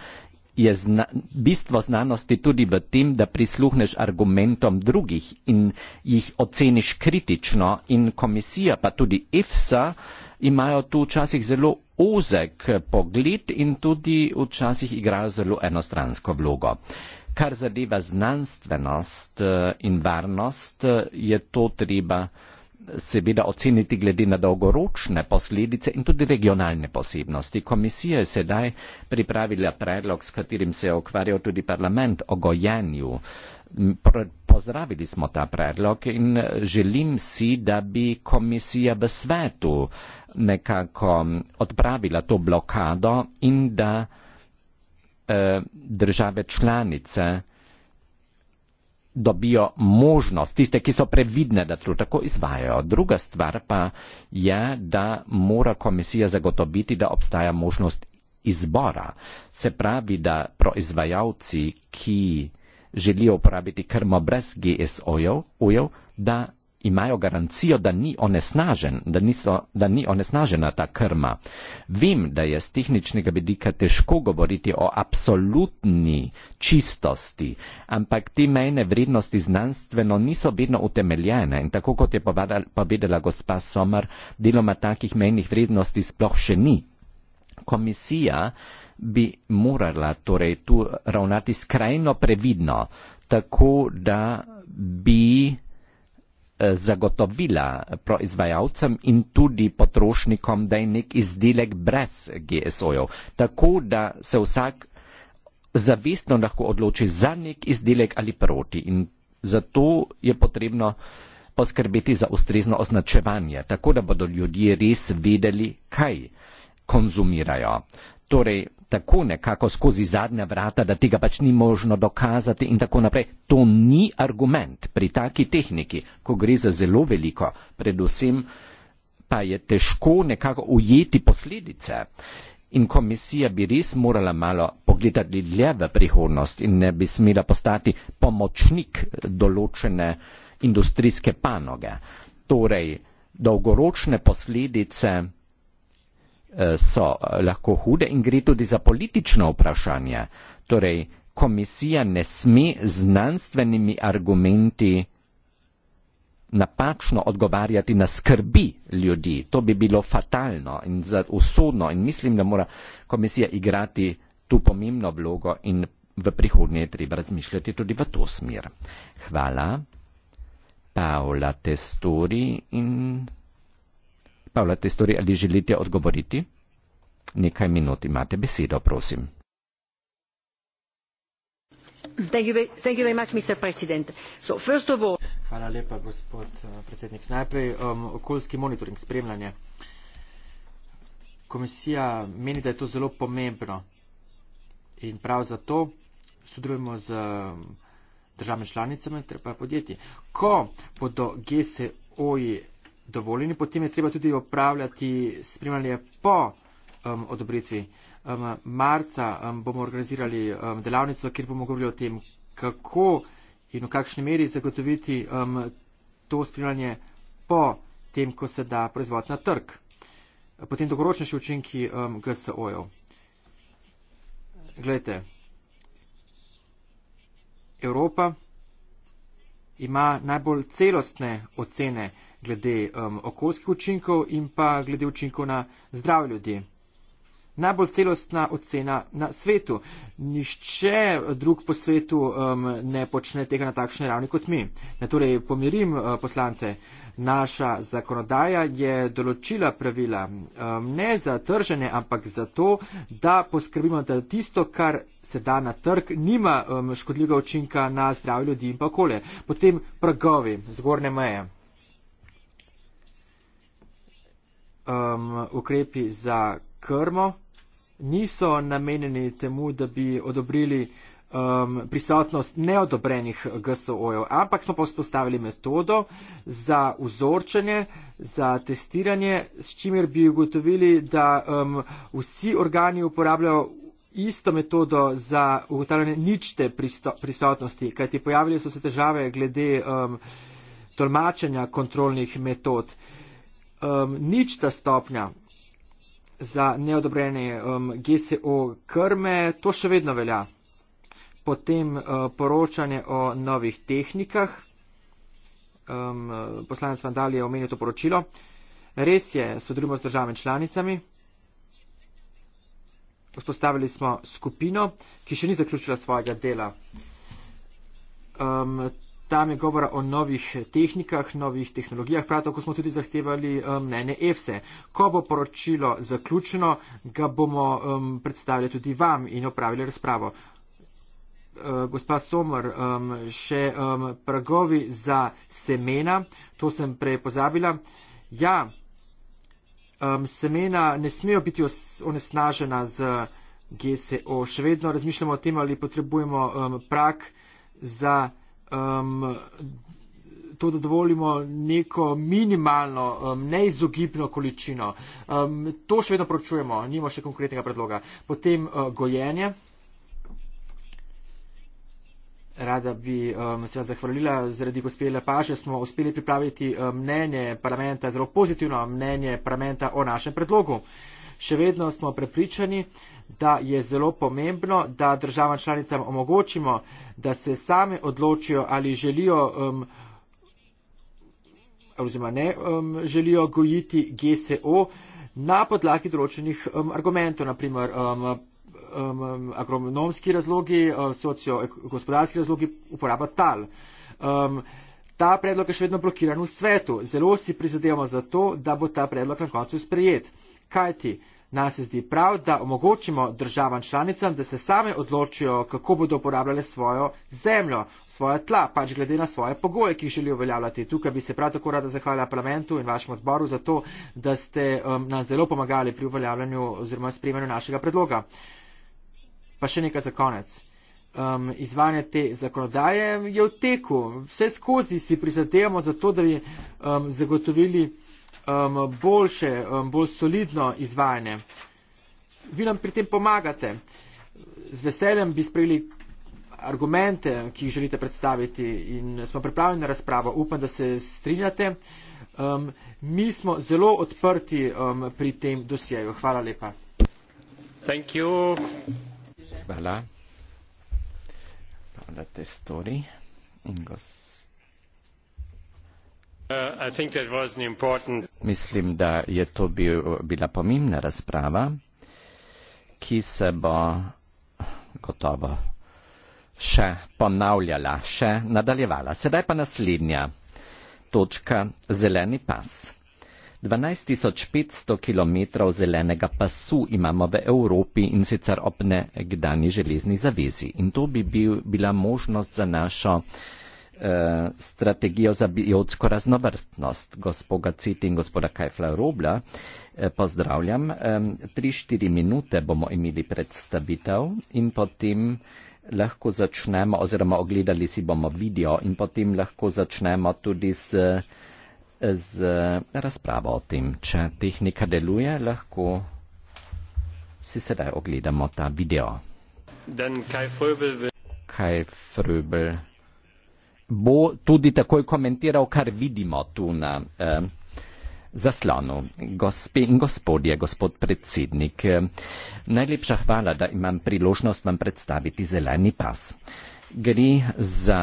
C: je zna bistvo znanosti tudi v tem, da prisluhneš argumentom drugih in jih oceniš kritično in komisija pa tudi EFSA imajo tu včasih zelo ozek pogled in tudi včasih igrajo zelo enostransko vlogo. Kar zadeva znanstvenost eh, in varnost, eh, je to treba seveda oceniti glede na dolgoročne posledice in tudi regionalne posebnosti. Komisija je sedaj pripravila predlog, s katerim se je ukvarjal tudi parlament o gojenju. Pozdravili smo ta predlog in eh, želim si, da bi komisija v svetu nekako odpravila to blokado in da eh, države članice dobijo možnost, tiste, ki so previdne, da to tako izvajajo. Druga stvar pa je, da mora komisija zagotoviti, da obstaja možnost izbora. Se pravi, da proizvajalci, ki želijo uporabiti krmo brez GSO-jev, da imajo garancijo, da ni, onesnažen, da, niso, da ni onesnažena ta krma. Vem, da je z tehničnega vidika težko govoriti o absolutni čistosti, ampak te mejne vrednosti znanstveno niso vedno utemeljene in tako kot je povedala gospa Somer, deloma takih mejnih vrednosti sploh še ni. Komisija bi morala torej tu ravnati skrajno previdno, tako da bi zagotovila proizvajalcem in tudi potrošnikom, da je nek izdelek brez GSO-jev. Tako da se vsak zavestno lahko odloči za nek izdelek ali proti. In zato je potrebno poskrbeti za ustrezno označevanje, tako da bodo ljudje res vedeli, kaj konzumirajo. Torej, tako nekako skozi zadnja vrata, da tega pač ni možno dokazati in tako naprej. To ni argument pri taki tehniki, ko gre za zelo veliko, predvsem pa je težko nekako ujeti posledice. In komisija bi res morala malo pogledati dlje v prihodnost in ne bi smela postati pomočnik določene industrijske panoge. Torej, dolgoročne posledice Eh, so lahko hude in gre tudi za politično vprašanje. Torej, komisija ne sme znanstvenimi argumenti napačno odgovarjati na skrbi ljudi. To bi bilo fatalno in usodno in mislim, da mora komisija igrati tu pomembno vlogo in v prihodnje je treba razmišljati tudi v to smer. Hvala. Paola Testori in. In... Pavla Testori, ali želite odgovoriti? Nekaj minut imate besedo, prosim.
B: Thank you very much, Mr. President. So, first of all... Hvala lepa, gospod eh, predsednik. Najprej um, okoljski monitoring, spremljanje. Komisija meni, da je to zelo pomembno in prav zato sodelujemo z um, državnimi članicami, treba podjetji. Ko bodo GSO-ji dovoljeni, potem je treba tudi opravljati spremljanje po um, odobritvi. Um, marca um, bomo organizirali um, delavnico, kjer bomo govorili o tem, kako in v kakšni meri zagotoviti um, to spremljanje po tem, ko se da proizvod na trg. Potem dogoročni še učinki um, GSO-jev. Glejte, Evropa ima najbolj celostne ocene glede um, okoljskih učinkov in pa glede učinkov na zdrav ljudi. Najbolj celostna ocena na svetu. Nišče drug po svetu um, ne počne tega na takšni ravni kot mi. Ne, torej, pomirim uh, poslance. Naša zakonodaja je določila pravila um, ne za tržene, ampak za to, da poskrbimo, da tisto, kar se da na trg, nima um, škodljivega učinka na zdravje ljudi in pa okolje. Potem pragovi, zgornje meje. um, ukrepi za krmo niso namenjeni temu, da bi odobrili um, prisotnost neodobrenih GSO-jev, ampak smo pa vzpostavili metodo za vzorčenje, za testiranje, s čimer bi ugotovili, da um, vsi organi uporabljajo isto metodo za ugotavljanje ničte pristo, prisotnosti, kajti pojavili so se težave glede um, tolmačenja kontrolnih metod. Uh, um, nič ta stopnja za neodobrene um, GSO krme, to še vedno velja. Potem uh, poročanje o novih tehnikah. Um, poslanec Vandal je omenil to poročilo. Res je, sodelujemo z državami članicami. Vzpostavili smo skupino, ki še ni zaključila svojega dela. Um, tam je govora o novih tehnikah, novih tehnologijah, prav tako smo tudi zahtevali eh, mnenje EFSE. Ko bo poročilo zaključeno, ga bomo um, predstavili tudi vam in opravili razpravo. Uh, gospa Somer, um, še um, pragovi za semena, to sem prej pozabila. Ja, um, semena ne smejo biti onesnažena z GSO. Še vedno razmišljamo o tem, ali potrebujemo um, prak za semena um, to, da dovolimo neko minimalno, um, neizogibno količino. Um, to še vedno pročujemo, nimamo še konkretnega predloga. Potem uh, gojenje. Rada bi um, se zahvalila zaradi gospe Lepaže, smo uspeli pripraviti um, mnenje parlamenta, zelo pozitivno mnenje parlamenta o našem predlogu. Uh, še vedno smo prepričani, da je zelo pomembno, da državam članicam omogočimo, da se same odločijo ali želijo um, oziroma ne um, želijo gojiti GSO na podlagi določenih um, argumentov, naprimer um, um, um, agronomski razlogi, um, socio-gospodarski razlogi, uporaba tal. Um, ta predlog je še vedno blokiran v svetu. Zelo si prizadevamo za to, da bo ta predlog na koncu sprejet kajti nam se zdi prav, da omogočimo državam članicam, da se same odločijo, kako bodo uporabljale svojo zemljo, svoja tla, pač glede na svoje pogoje, ki jih želijo uveljavljati. Tukaj bi se prav tako rada zahvalila parlamentu in vašemu odboru za to, da ste um, nam zelo pomagali pri uveljavljanju oziroma sprejemanju našega predloga. Pa še nekaj za konec. Um, izvanje te zakonodaje je v teku. Vse skozi si prizadevamo za to, da bi um, zagotovili um, boljše, um, bolj solidno izvajanje. Vi nam pri tem pomagate. Z veseljem bi sprejeli argumente, ki jih želite predstaviti in smo pripravljeni na razpravo. Upam, da se strinjate. Um, mi smo zelo odprti um, pri tem dosjeju. Hvala lepa.
C: Hvala. Hvala testori in gospod. Uh, Mislim, da je to bil, bila pomembna razprava, ki se bo gotovo še ponavljala, še nadaljevala. Sedaj pa naslednja točka, zeleni pas. 12.500 km zelenega pasu imamo v Evropi in sicer ob nekdani železni zavezi. In to bi bil, bila možnost za našo Eh, strategijo za biotsko raznovrstnost. Gospoda Citi in gospoda Kajfla Rubla, eh, pozdravljam. 3-4 minute bomo imeli predstavitev in potem lahko začnemo oziroma ogledali si bomo video in potem lahko začnemo tudi z, z razpravo o tem. Če tehnika deluje, lahko si sedaj ogledamo ta video. Kaj Fröbel bo tudi takoj komentiral, kar vidimo tu na eh, zaslonu. Gospe in gospodje, gospod predsednik, eh, najlepša hvala, da imam priložnost vam predstaviti zeleni pas. Gre za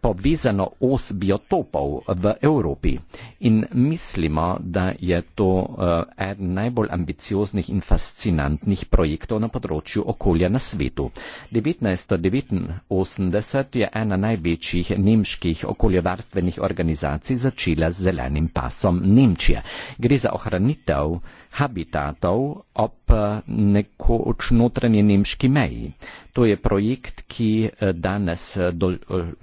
C: povezano os biotopov v Evropi in mislimo, da je to uh, eden najbolj ambicioznih in fascinantnih projektov na področju okolja na svetu. 1989 je ena največjih nemških okoljevarstvenih organizacij začela z zelenim pasom Nemčije. Gre za ohranitev uh, habitatov ob eh, nekoč notranje nemški meji. To je projekt, ki eh, danes eh, do,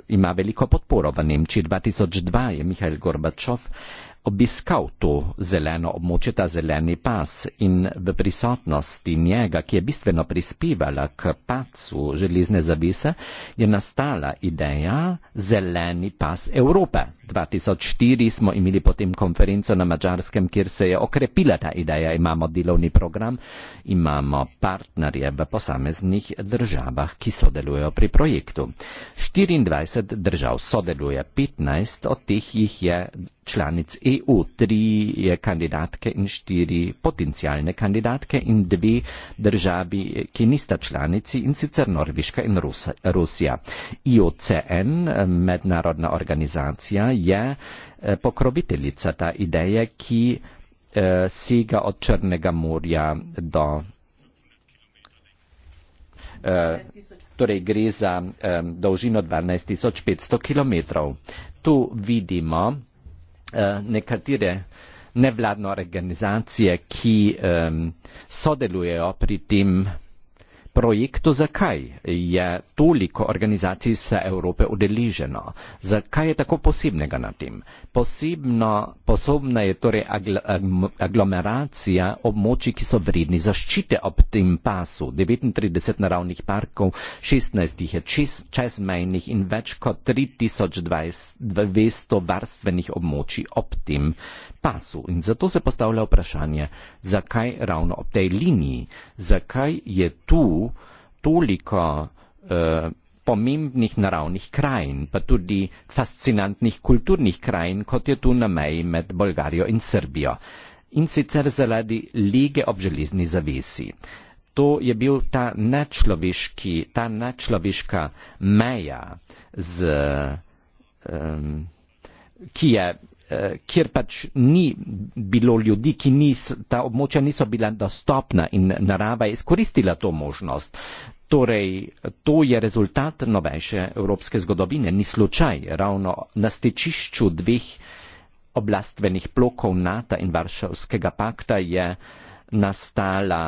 C: ima veliko podporo v Nemčiji. 2002 je Mihajl Gorbačov obiskal to zeleno območje, ta zeleni pas in v prisotnosti njega, ki je bistveno prispevala k pacu železne zavise, je nastala ideja zeleni pas Evrope. 2004 smo imeli potem konferenco na Mačarskem, kjer se je okrepila ta ideja. Imamo delovni program, imamo partnerje v posameznih državah, ki sodelujejo pri projektu. 24 držav sodeluje, 15 od teh jih je članic EU, tri je kandidatke in štiri potencijalne kandidatke in dve državi, ki nista članici in sicer Norviška in Rusija. IOCN, mednarodna organizacija, je eh, pokroviteljica ta ideje, ki eh, sega od Črnega morja do. Eh, torej gre za dolžino 12.500 km. Tu vidimo, Eh, nekatere nevladne organizacije, ki um, sodelujejo pri tem projektu zakaj je toliko organizacij iz Evrope udeleženo? Zakaj je tako posebnega na tem? Posebno, posobna je torej agl aglomeracija območij, ki so vredni zaščite ob tem pasu. 39 naravnih parkov, 16 jih je čezmejnih in več kot 3200 varstvenih območij ob tem pasu pasu in zato se postavlja vprašanje, zakaj ravno ob tej liniji, zakaj je tu toliko eh, pomembnih naravnih krajin, pa tudi fascinantnih kulturnih krajin, kot je tu na meji med Bolgarijo in Srbijo. In sicer zaradi lige ob železni zavesi. To je bil ta nečloveški, ta nečloveška meja z. Um, ki je Eh, kjer pač ni bilo ljudi, ki niso, ta območja niso bila dostopna in narava je izkoristila to možnost. Torej, to je rezultat novejše evropske zgodovine, ni slučaj, ravno na stečišču dveh oblastvenih plokov NATO in Varšavskega pakta je nastala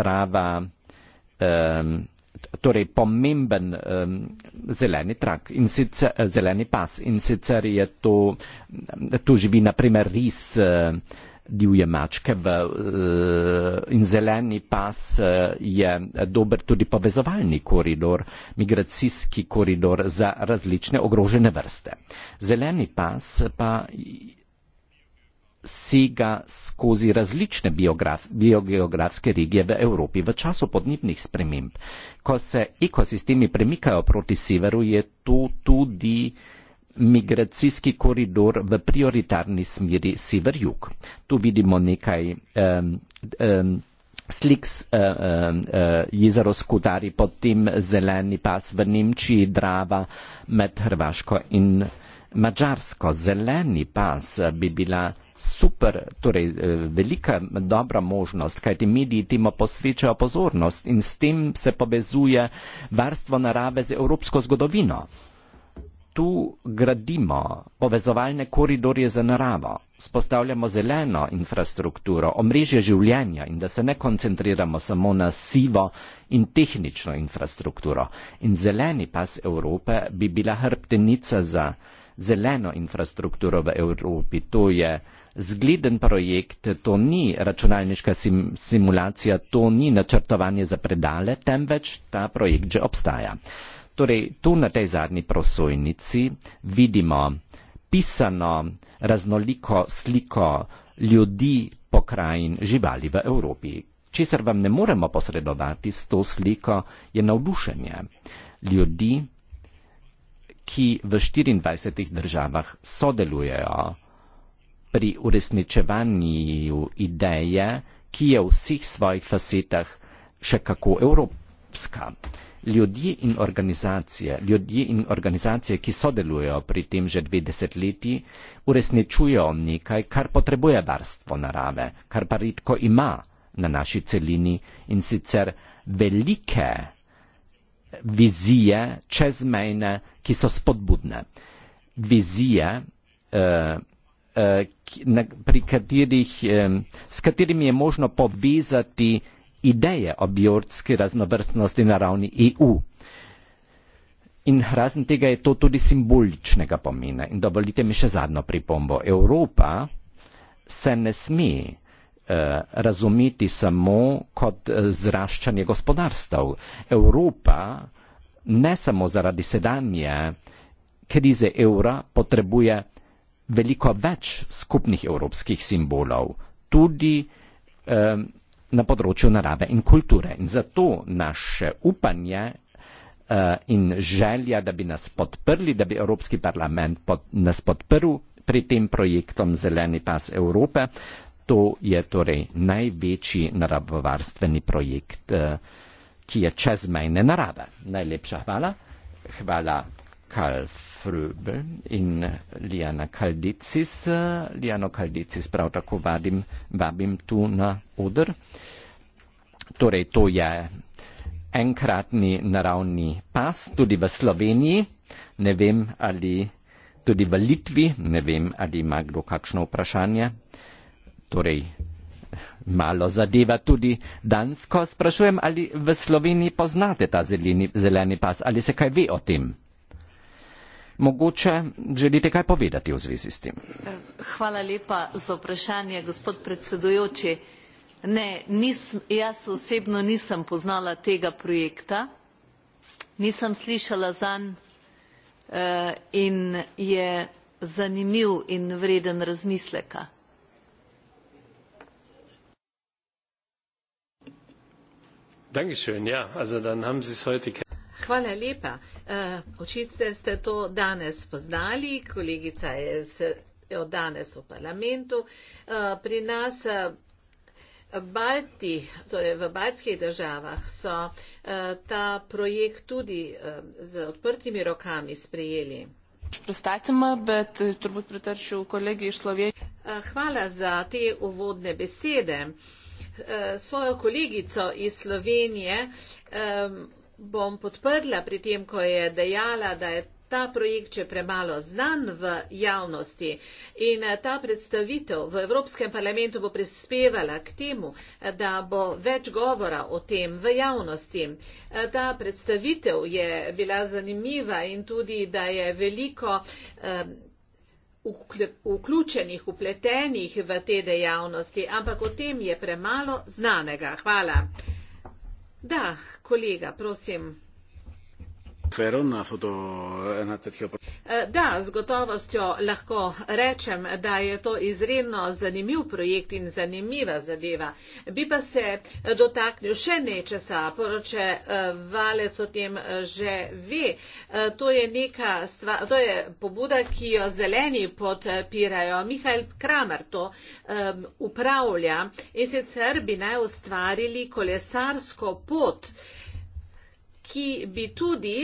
C: prava um, torej pomemben um, zeleni trak in sicer eh, zeleni pas in sicer je to, tu živi naprimer ris eh, divje mačke v, eh, in zeleni pas je dober tudi povezovalni koridor, migracijski koridor za različne ogrožene vrste. Zeleni pas pa sega skozi različne biogeografske regije v Evropi. V času podnebnih sprememb, ko se ekosistemi premikajo proti severu, je to tudi migracijski koridor v prioritarni smeri sever-jug. Tu vidimo nekaj um, um, slik z uh, e, uh, e, uh, e, jezero Skudari, potem zeleni pas v Nemčiji, Drava med Hrvaško in Mačarsko. Zeleni pas bi bila super, torej eh, velika dobra možnost, kajti mediji temu posvečajo pozornost in s tem se povezuje varstvo narave z evropsko zgodovino. Tu gradimo povezovalne koridorje za naravo, spostavljamo zeleno infrastrukturo, omrežje življenja in da se ne koncentriramo samo na sivo in tehnično infrastrukturo. In zeleni pas Evrope bi bila hrbtenica za zeleno infrastrukturo v Evropi. To je zgleden projekt, to ni računalniška sim simulacija, to ni načrtovanje za predale, temveč ta projekt že obstaja. Torej, tu na tej zadnji prosojnici vidimo pisano raznoliko sliko ljudi, pokrajin, živali v Evropi. Česar vam ne moremo posredovati s to sliko, je navdušenje ljudi, ki v 24 državah sodelujejo pri uresničevanju ideje, ki je v vseh svojih fasetah še kako evropska. Ljudje in, ljudje in organizacije, ki sodelujo pri tem že dve desetletji, uresničujo nekaj, kar potrebuje varstvo narave, kar pa redko ima na naši celini in sicer velike vizije čezmejne, ki so spodbudne. Vizije, eh, na, pri katerih, s katerimi je možno povezati ideje o biotski raznovrstnosti na ravni EU. In razen tega je to tudi simboličnega pomena. In dovolite mi še zadnjo pripombo. Evropa se ne sme eh, razumeti samo kot eh, zraščanje gospodarstv. Evropa ne samo zaradi sedanje krize evra potrebuje veliko več skupnih evropskih simbolov, tudi um, na področju narave in kulture. In zato naše upanje uh, in želja, da bi nas podprli, da bi Evropski parlament pod, nas podprl pri tem projektom Zeleni pas Evrope, to je torej največji naravovarstveni projekt, uh, ki je čezmejne narave. Najlepša hvala. Hvala Karl Fröbel in Liana Kaldicis. Liano Kaldicis prav tako vadim, vabim tu na odr. Torej, to je enkratni naravni pas tudi v Sloveniji. Ne vem, ali tudi v Litvi, ne vem, ali ima kdo kakšno vprašanje. Torej, malo zadeva tudi Dansko. Sprašujem, ali v Sloveniji poznate ta zeleni, zeleni pas, ali se kaj ve o tem? mogoče želite kaj povedati v zvezi s tem.
D: Hvala lepa za vprašanje, gospod predsedujoči. Ne, nisem, jaz osebno nisem poznala tega projekta, nisem slišala zanj eh, in je zanimiv in vreden razmisleka.
C: Dankeschön, ja, also dann haben Sie es heute kennengelernt.
A: Hvala lepa. Eh, očitno ste to danes spoznali, kolegica je od danes v parlamentu. Eh, pri nas eh, Balti, torej v baltskih državah so ta projekt tudi z odprtimi rokami sprejeli. Hvala za te uvodne besede. Svojo kolegico iz Slovenije bom podprla pri tem, ko je dejala, da je ta projekt še premalo znan v javnosti in eh, ta predstavitev v Evropskem parlamentu bo prispevala k temu, eh, da bo več govora o tem v javnosti. Eh, ta predstavitev je bila zanimiva in tudi, da je veliko vključenih, upletenih v te dejavnosti, ampak o tem je premalo znanega. Hvala. Da, kolega, prosim
D: ενδιαφέρον αυτό το ένα τέτοιο πρόγραμμα.
A: Да, с готовостью легко речем, да, это изрено занимив проект и занимива задева. Би па се дотакнил ше нечеса, пороче валец о тем же ви. То је нека ства, то је побуда кио зелени подпирају. Михаил Крамар то управља и се цар би најостварили колесарско пот ki bi tudi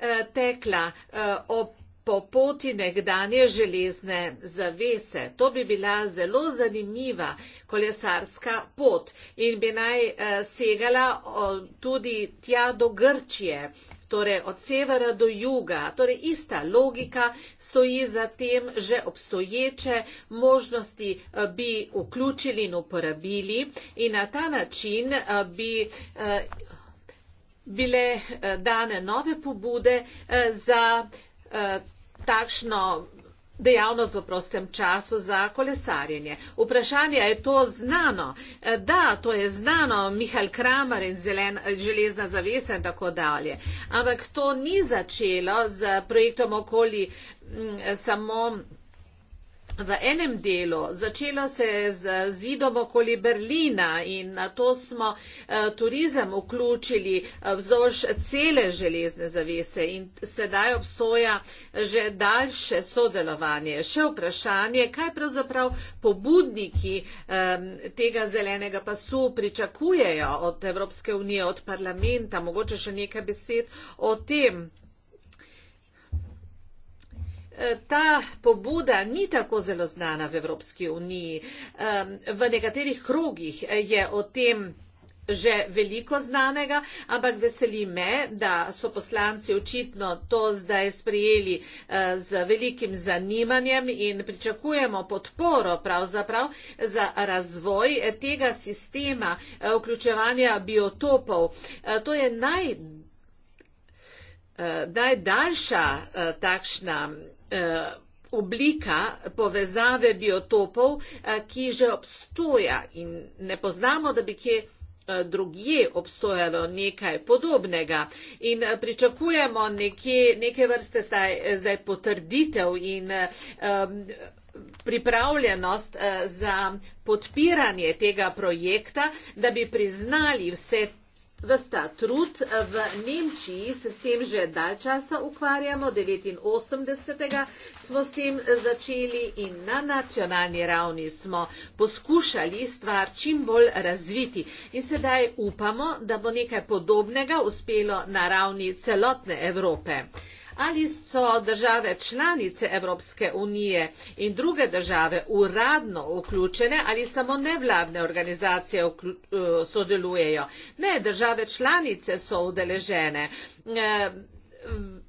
A: eh, tekla eh, ob, po poti nekdanje železne zavese. To bi bila zelo zanimiva kolesarska pot in bi naj eh, segala o, tudi tja do Grčije. Torej od severa do juga, torej ista logika stoji za tem že obstoječe možnosti eh, bi vključili in uporabili in na ta način eh, bi eh, bile eh, dane nove pobude eh, za eh, takšno dejavnost v prostem času za kolesarjenje. Vprašanje je to znano. Da, to je znano, Mihajl Kramer in zelen, železna zavesa in tako dalje. Ampak to ni začelo z projektom okoli m, mm, samo v enem delu. Začelo se je z zidom okoli Berlina in na to smo eh, turizem vključili eh, vzdolž cele železne zavese in sedaj obstoja eh, že daljše sodelovanje. Še vprašanje, kaj pravzaprav pobudniki tega zelenega pasu pričakujejo od Evropske unije, od parlamenta, mogoče še nekaj besed o tem ta pobuda ni tako zelo znana v Evropski uniji. V nekaterih krogih je o tem že veliko znanega, ampak veseli me, da so poslanci očitno to zdaj sprijeli eh, z velikim zanimanjem in pričakujemo podporo pravzaprav za razvoj eh, tega sistema eh, vključevanja biotopov. To je naj, najdaljša takšna Eh, oblika povezave biotopov, eh, ki že obstoja in ne poznamo, da bi kje eh, drugje obstojalo nekaj podobnega. In pričakujemo neke, neke vrste zdaj, zdaj potrditev in um, pripravljenost za podpiranje tega projekta, da bi priznali vse Vsta trud v Nemčiji se s tem že dalj časa ukvarjamo, 89. smo s tem začeli in na nacionalni ravni smo poskušali stvar čim bolj razviti. In sedaj upamo, da bo nekaj podobnega uspelo na ravni celotne Evrope ali so države članice Evropske unije in druge države uradno vključene ali samo nevladne organizacije eh, sodelujejo. Ne, države članice so udeležene. Eh,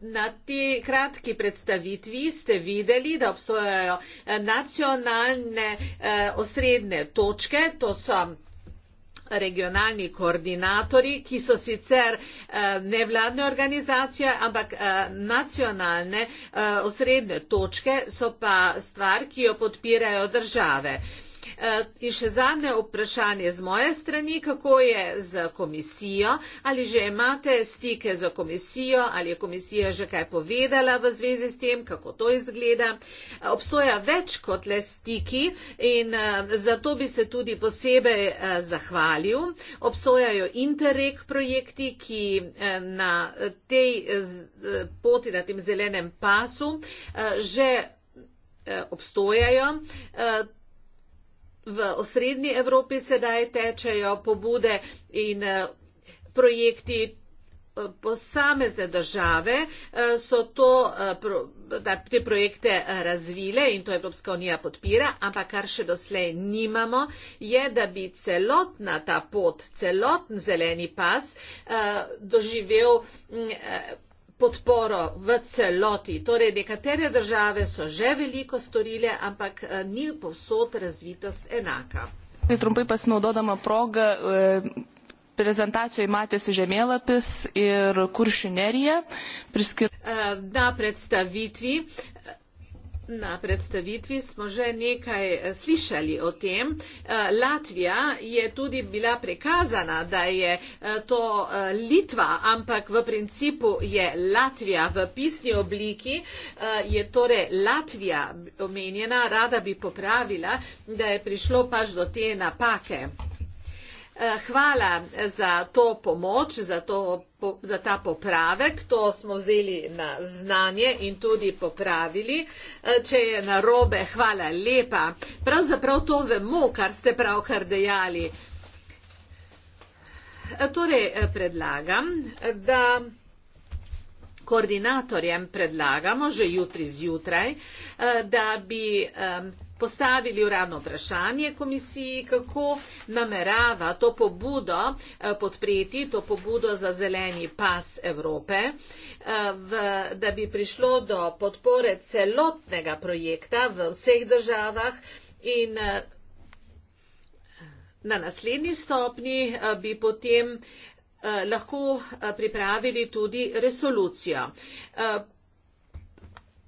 A: na ti kratki predstavitvi ste videli, da obstojajo eh, nacionalne osrednje točke, to so regionalni koordinatorji, ki so sicer eh, nevladne organizacije, ampak eh, nacionalne eh, osrednje točke so pa stvar, ki jo podpirajo države. Eh, in še zadnje vprašanje z moje strani, kako je z komisijo, ali že imate stike z komisijo, ali je komisija že kaj povedala v zvezi s tem, kako to izgleda. Eh, obstoja več kot le stiki in eh, zato bi se tudi posebej zahvalil. Obstojajo interreg projekti, ki na tej poti, na tem zelenem pasu že obstojajo v osrednji Evropi sedaj tečejo pobude in eh, projekti eh, posamezne države eh, so to, da te projekte razvile in to Evropska unija podpira, ampak kar še doslej nimamo, je, da bi celotna ta pot, celoten zeleni pas doživel mm, podporo v celoti. Torej, nekatere države so že veliko storile, ampak eh, ni povsod razvitost enaka.
D: Eh, prezentacijo imate si že mėlapis ir kuršinerija.
A: Priskir... Eh, na predstavitvi Na predstavitvi smo že nekaj eh, slišali o tem. Eh, Latvija je tudi bila prikazana, da je eh, to Litva, ampak v principu je Latvija v pisni obliki. Je torej Latvija omenjena, rada bi popravila, da je prišlo pač do te napake. Eh, hvala za to pomoč, za, to, za ta popravek. To smo vzeli na znanje in tudi popravili. Eh, če je na robe, hvala lepa. Pravzaprav to vemo, kar ste pravkar dejali. Eh, torej predlagam, da koordinatorjem predlagamo že jutri zjutraj, da bi postavili uradno vprašanje komisiji, kako namerava to pobudo eh, podpreti, to pobudo za zeleni pas Evrope, eh, da bi prišlo do podpore celotnega projekta v vseh državah in eh, na naslednji stopnji bi potem lahko pripravili tudi resolucijo.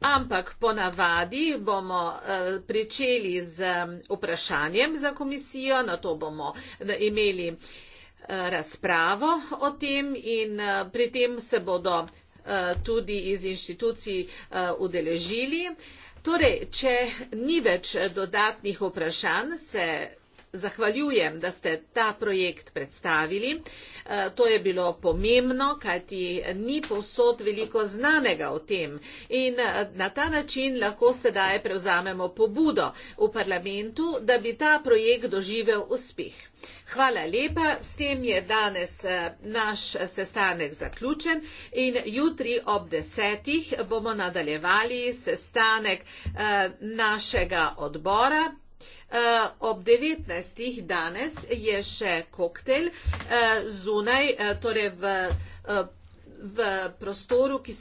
A: Ampak ponavadi bomo eh, pričeli z eh, vprašanjem za komisijo, na to bomo eh, imeli razpravo o tem in pri tem se bodo tudi iz inštitucij udeležili. Torej, če ni več dodatnih vprašanj, se zahvaljujem, da ste ta projekt predstavili. Eh, to je bilo pomembno, kajti ni povsod veliko znanega o tem in eh, na ta način lahko sedaj prevzamemo pobudo v parlamentu, da bi ta projekt doživel uspeh. Hvala lepa, s tem je danes eh, naš sestanek zaključen in jutri ob desetih bomo nadaljevali sestanek našega odbora Eh, ob 19. danes je še koktejl eh, zunaj, eh, torej v, v prostoru, ki se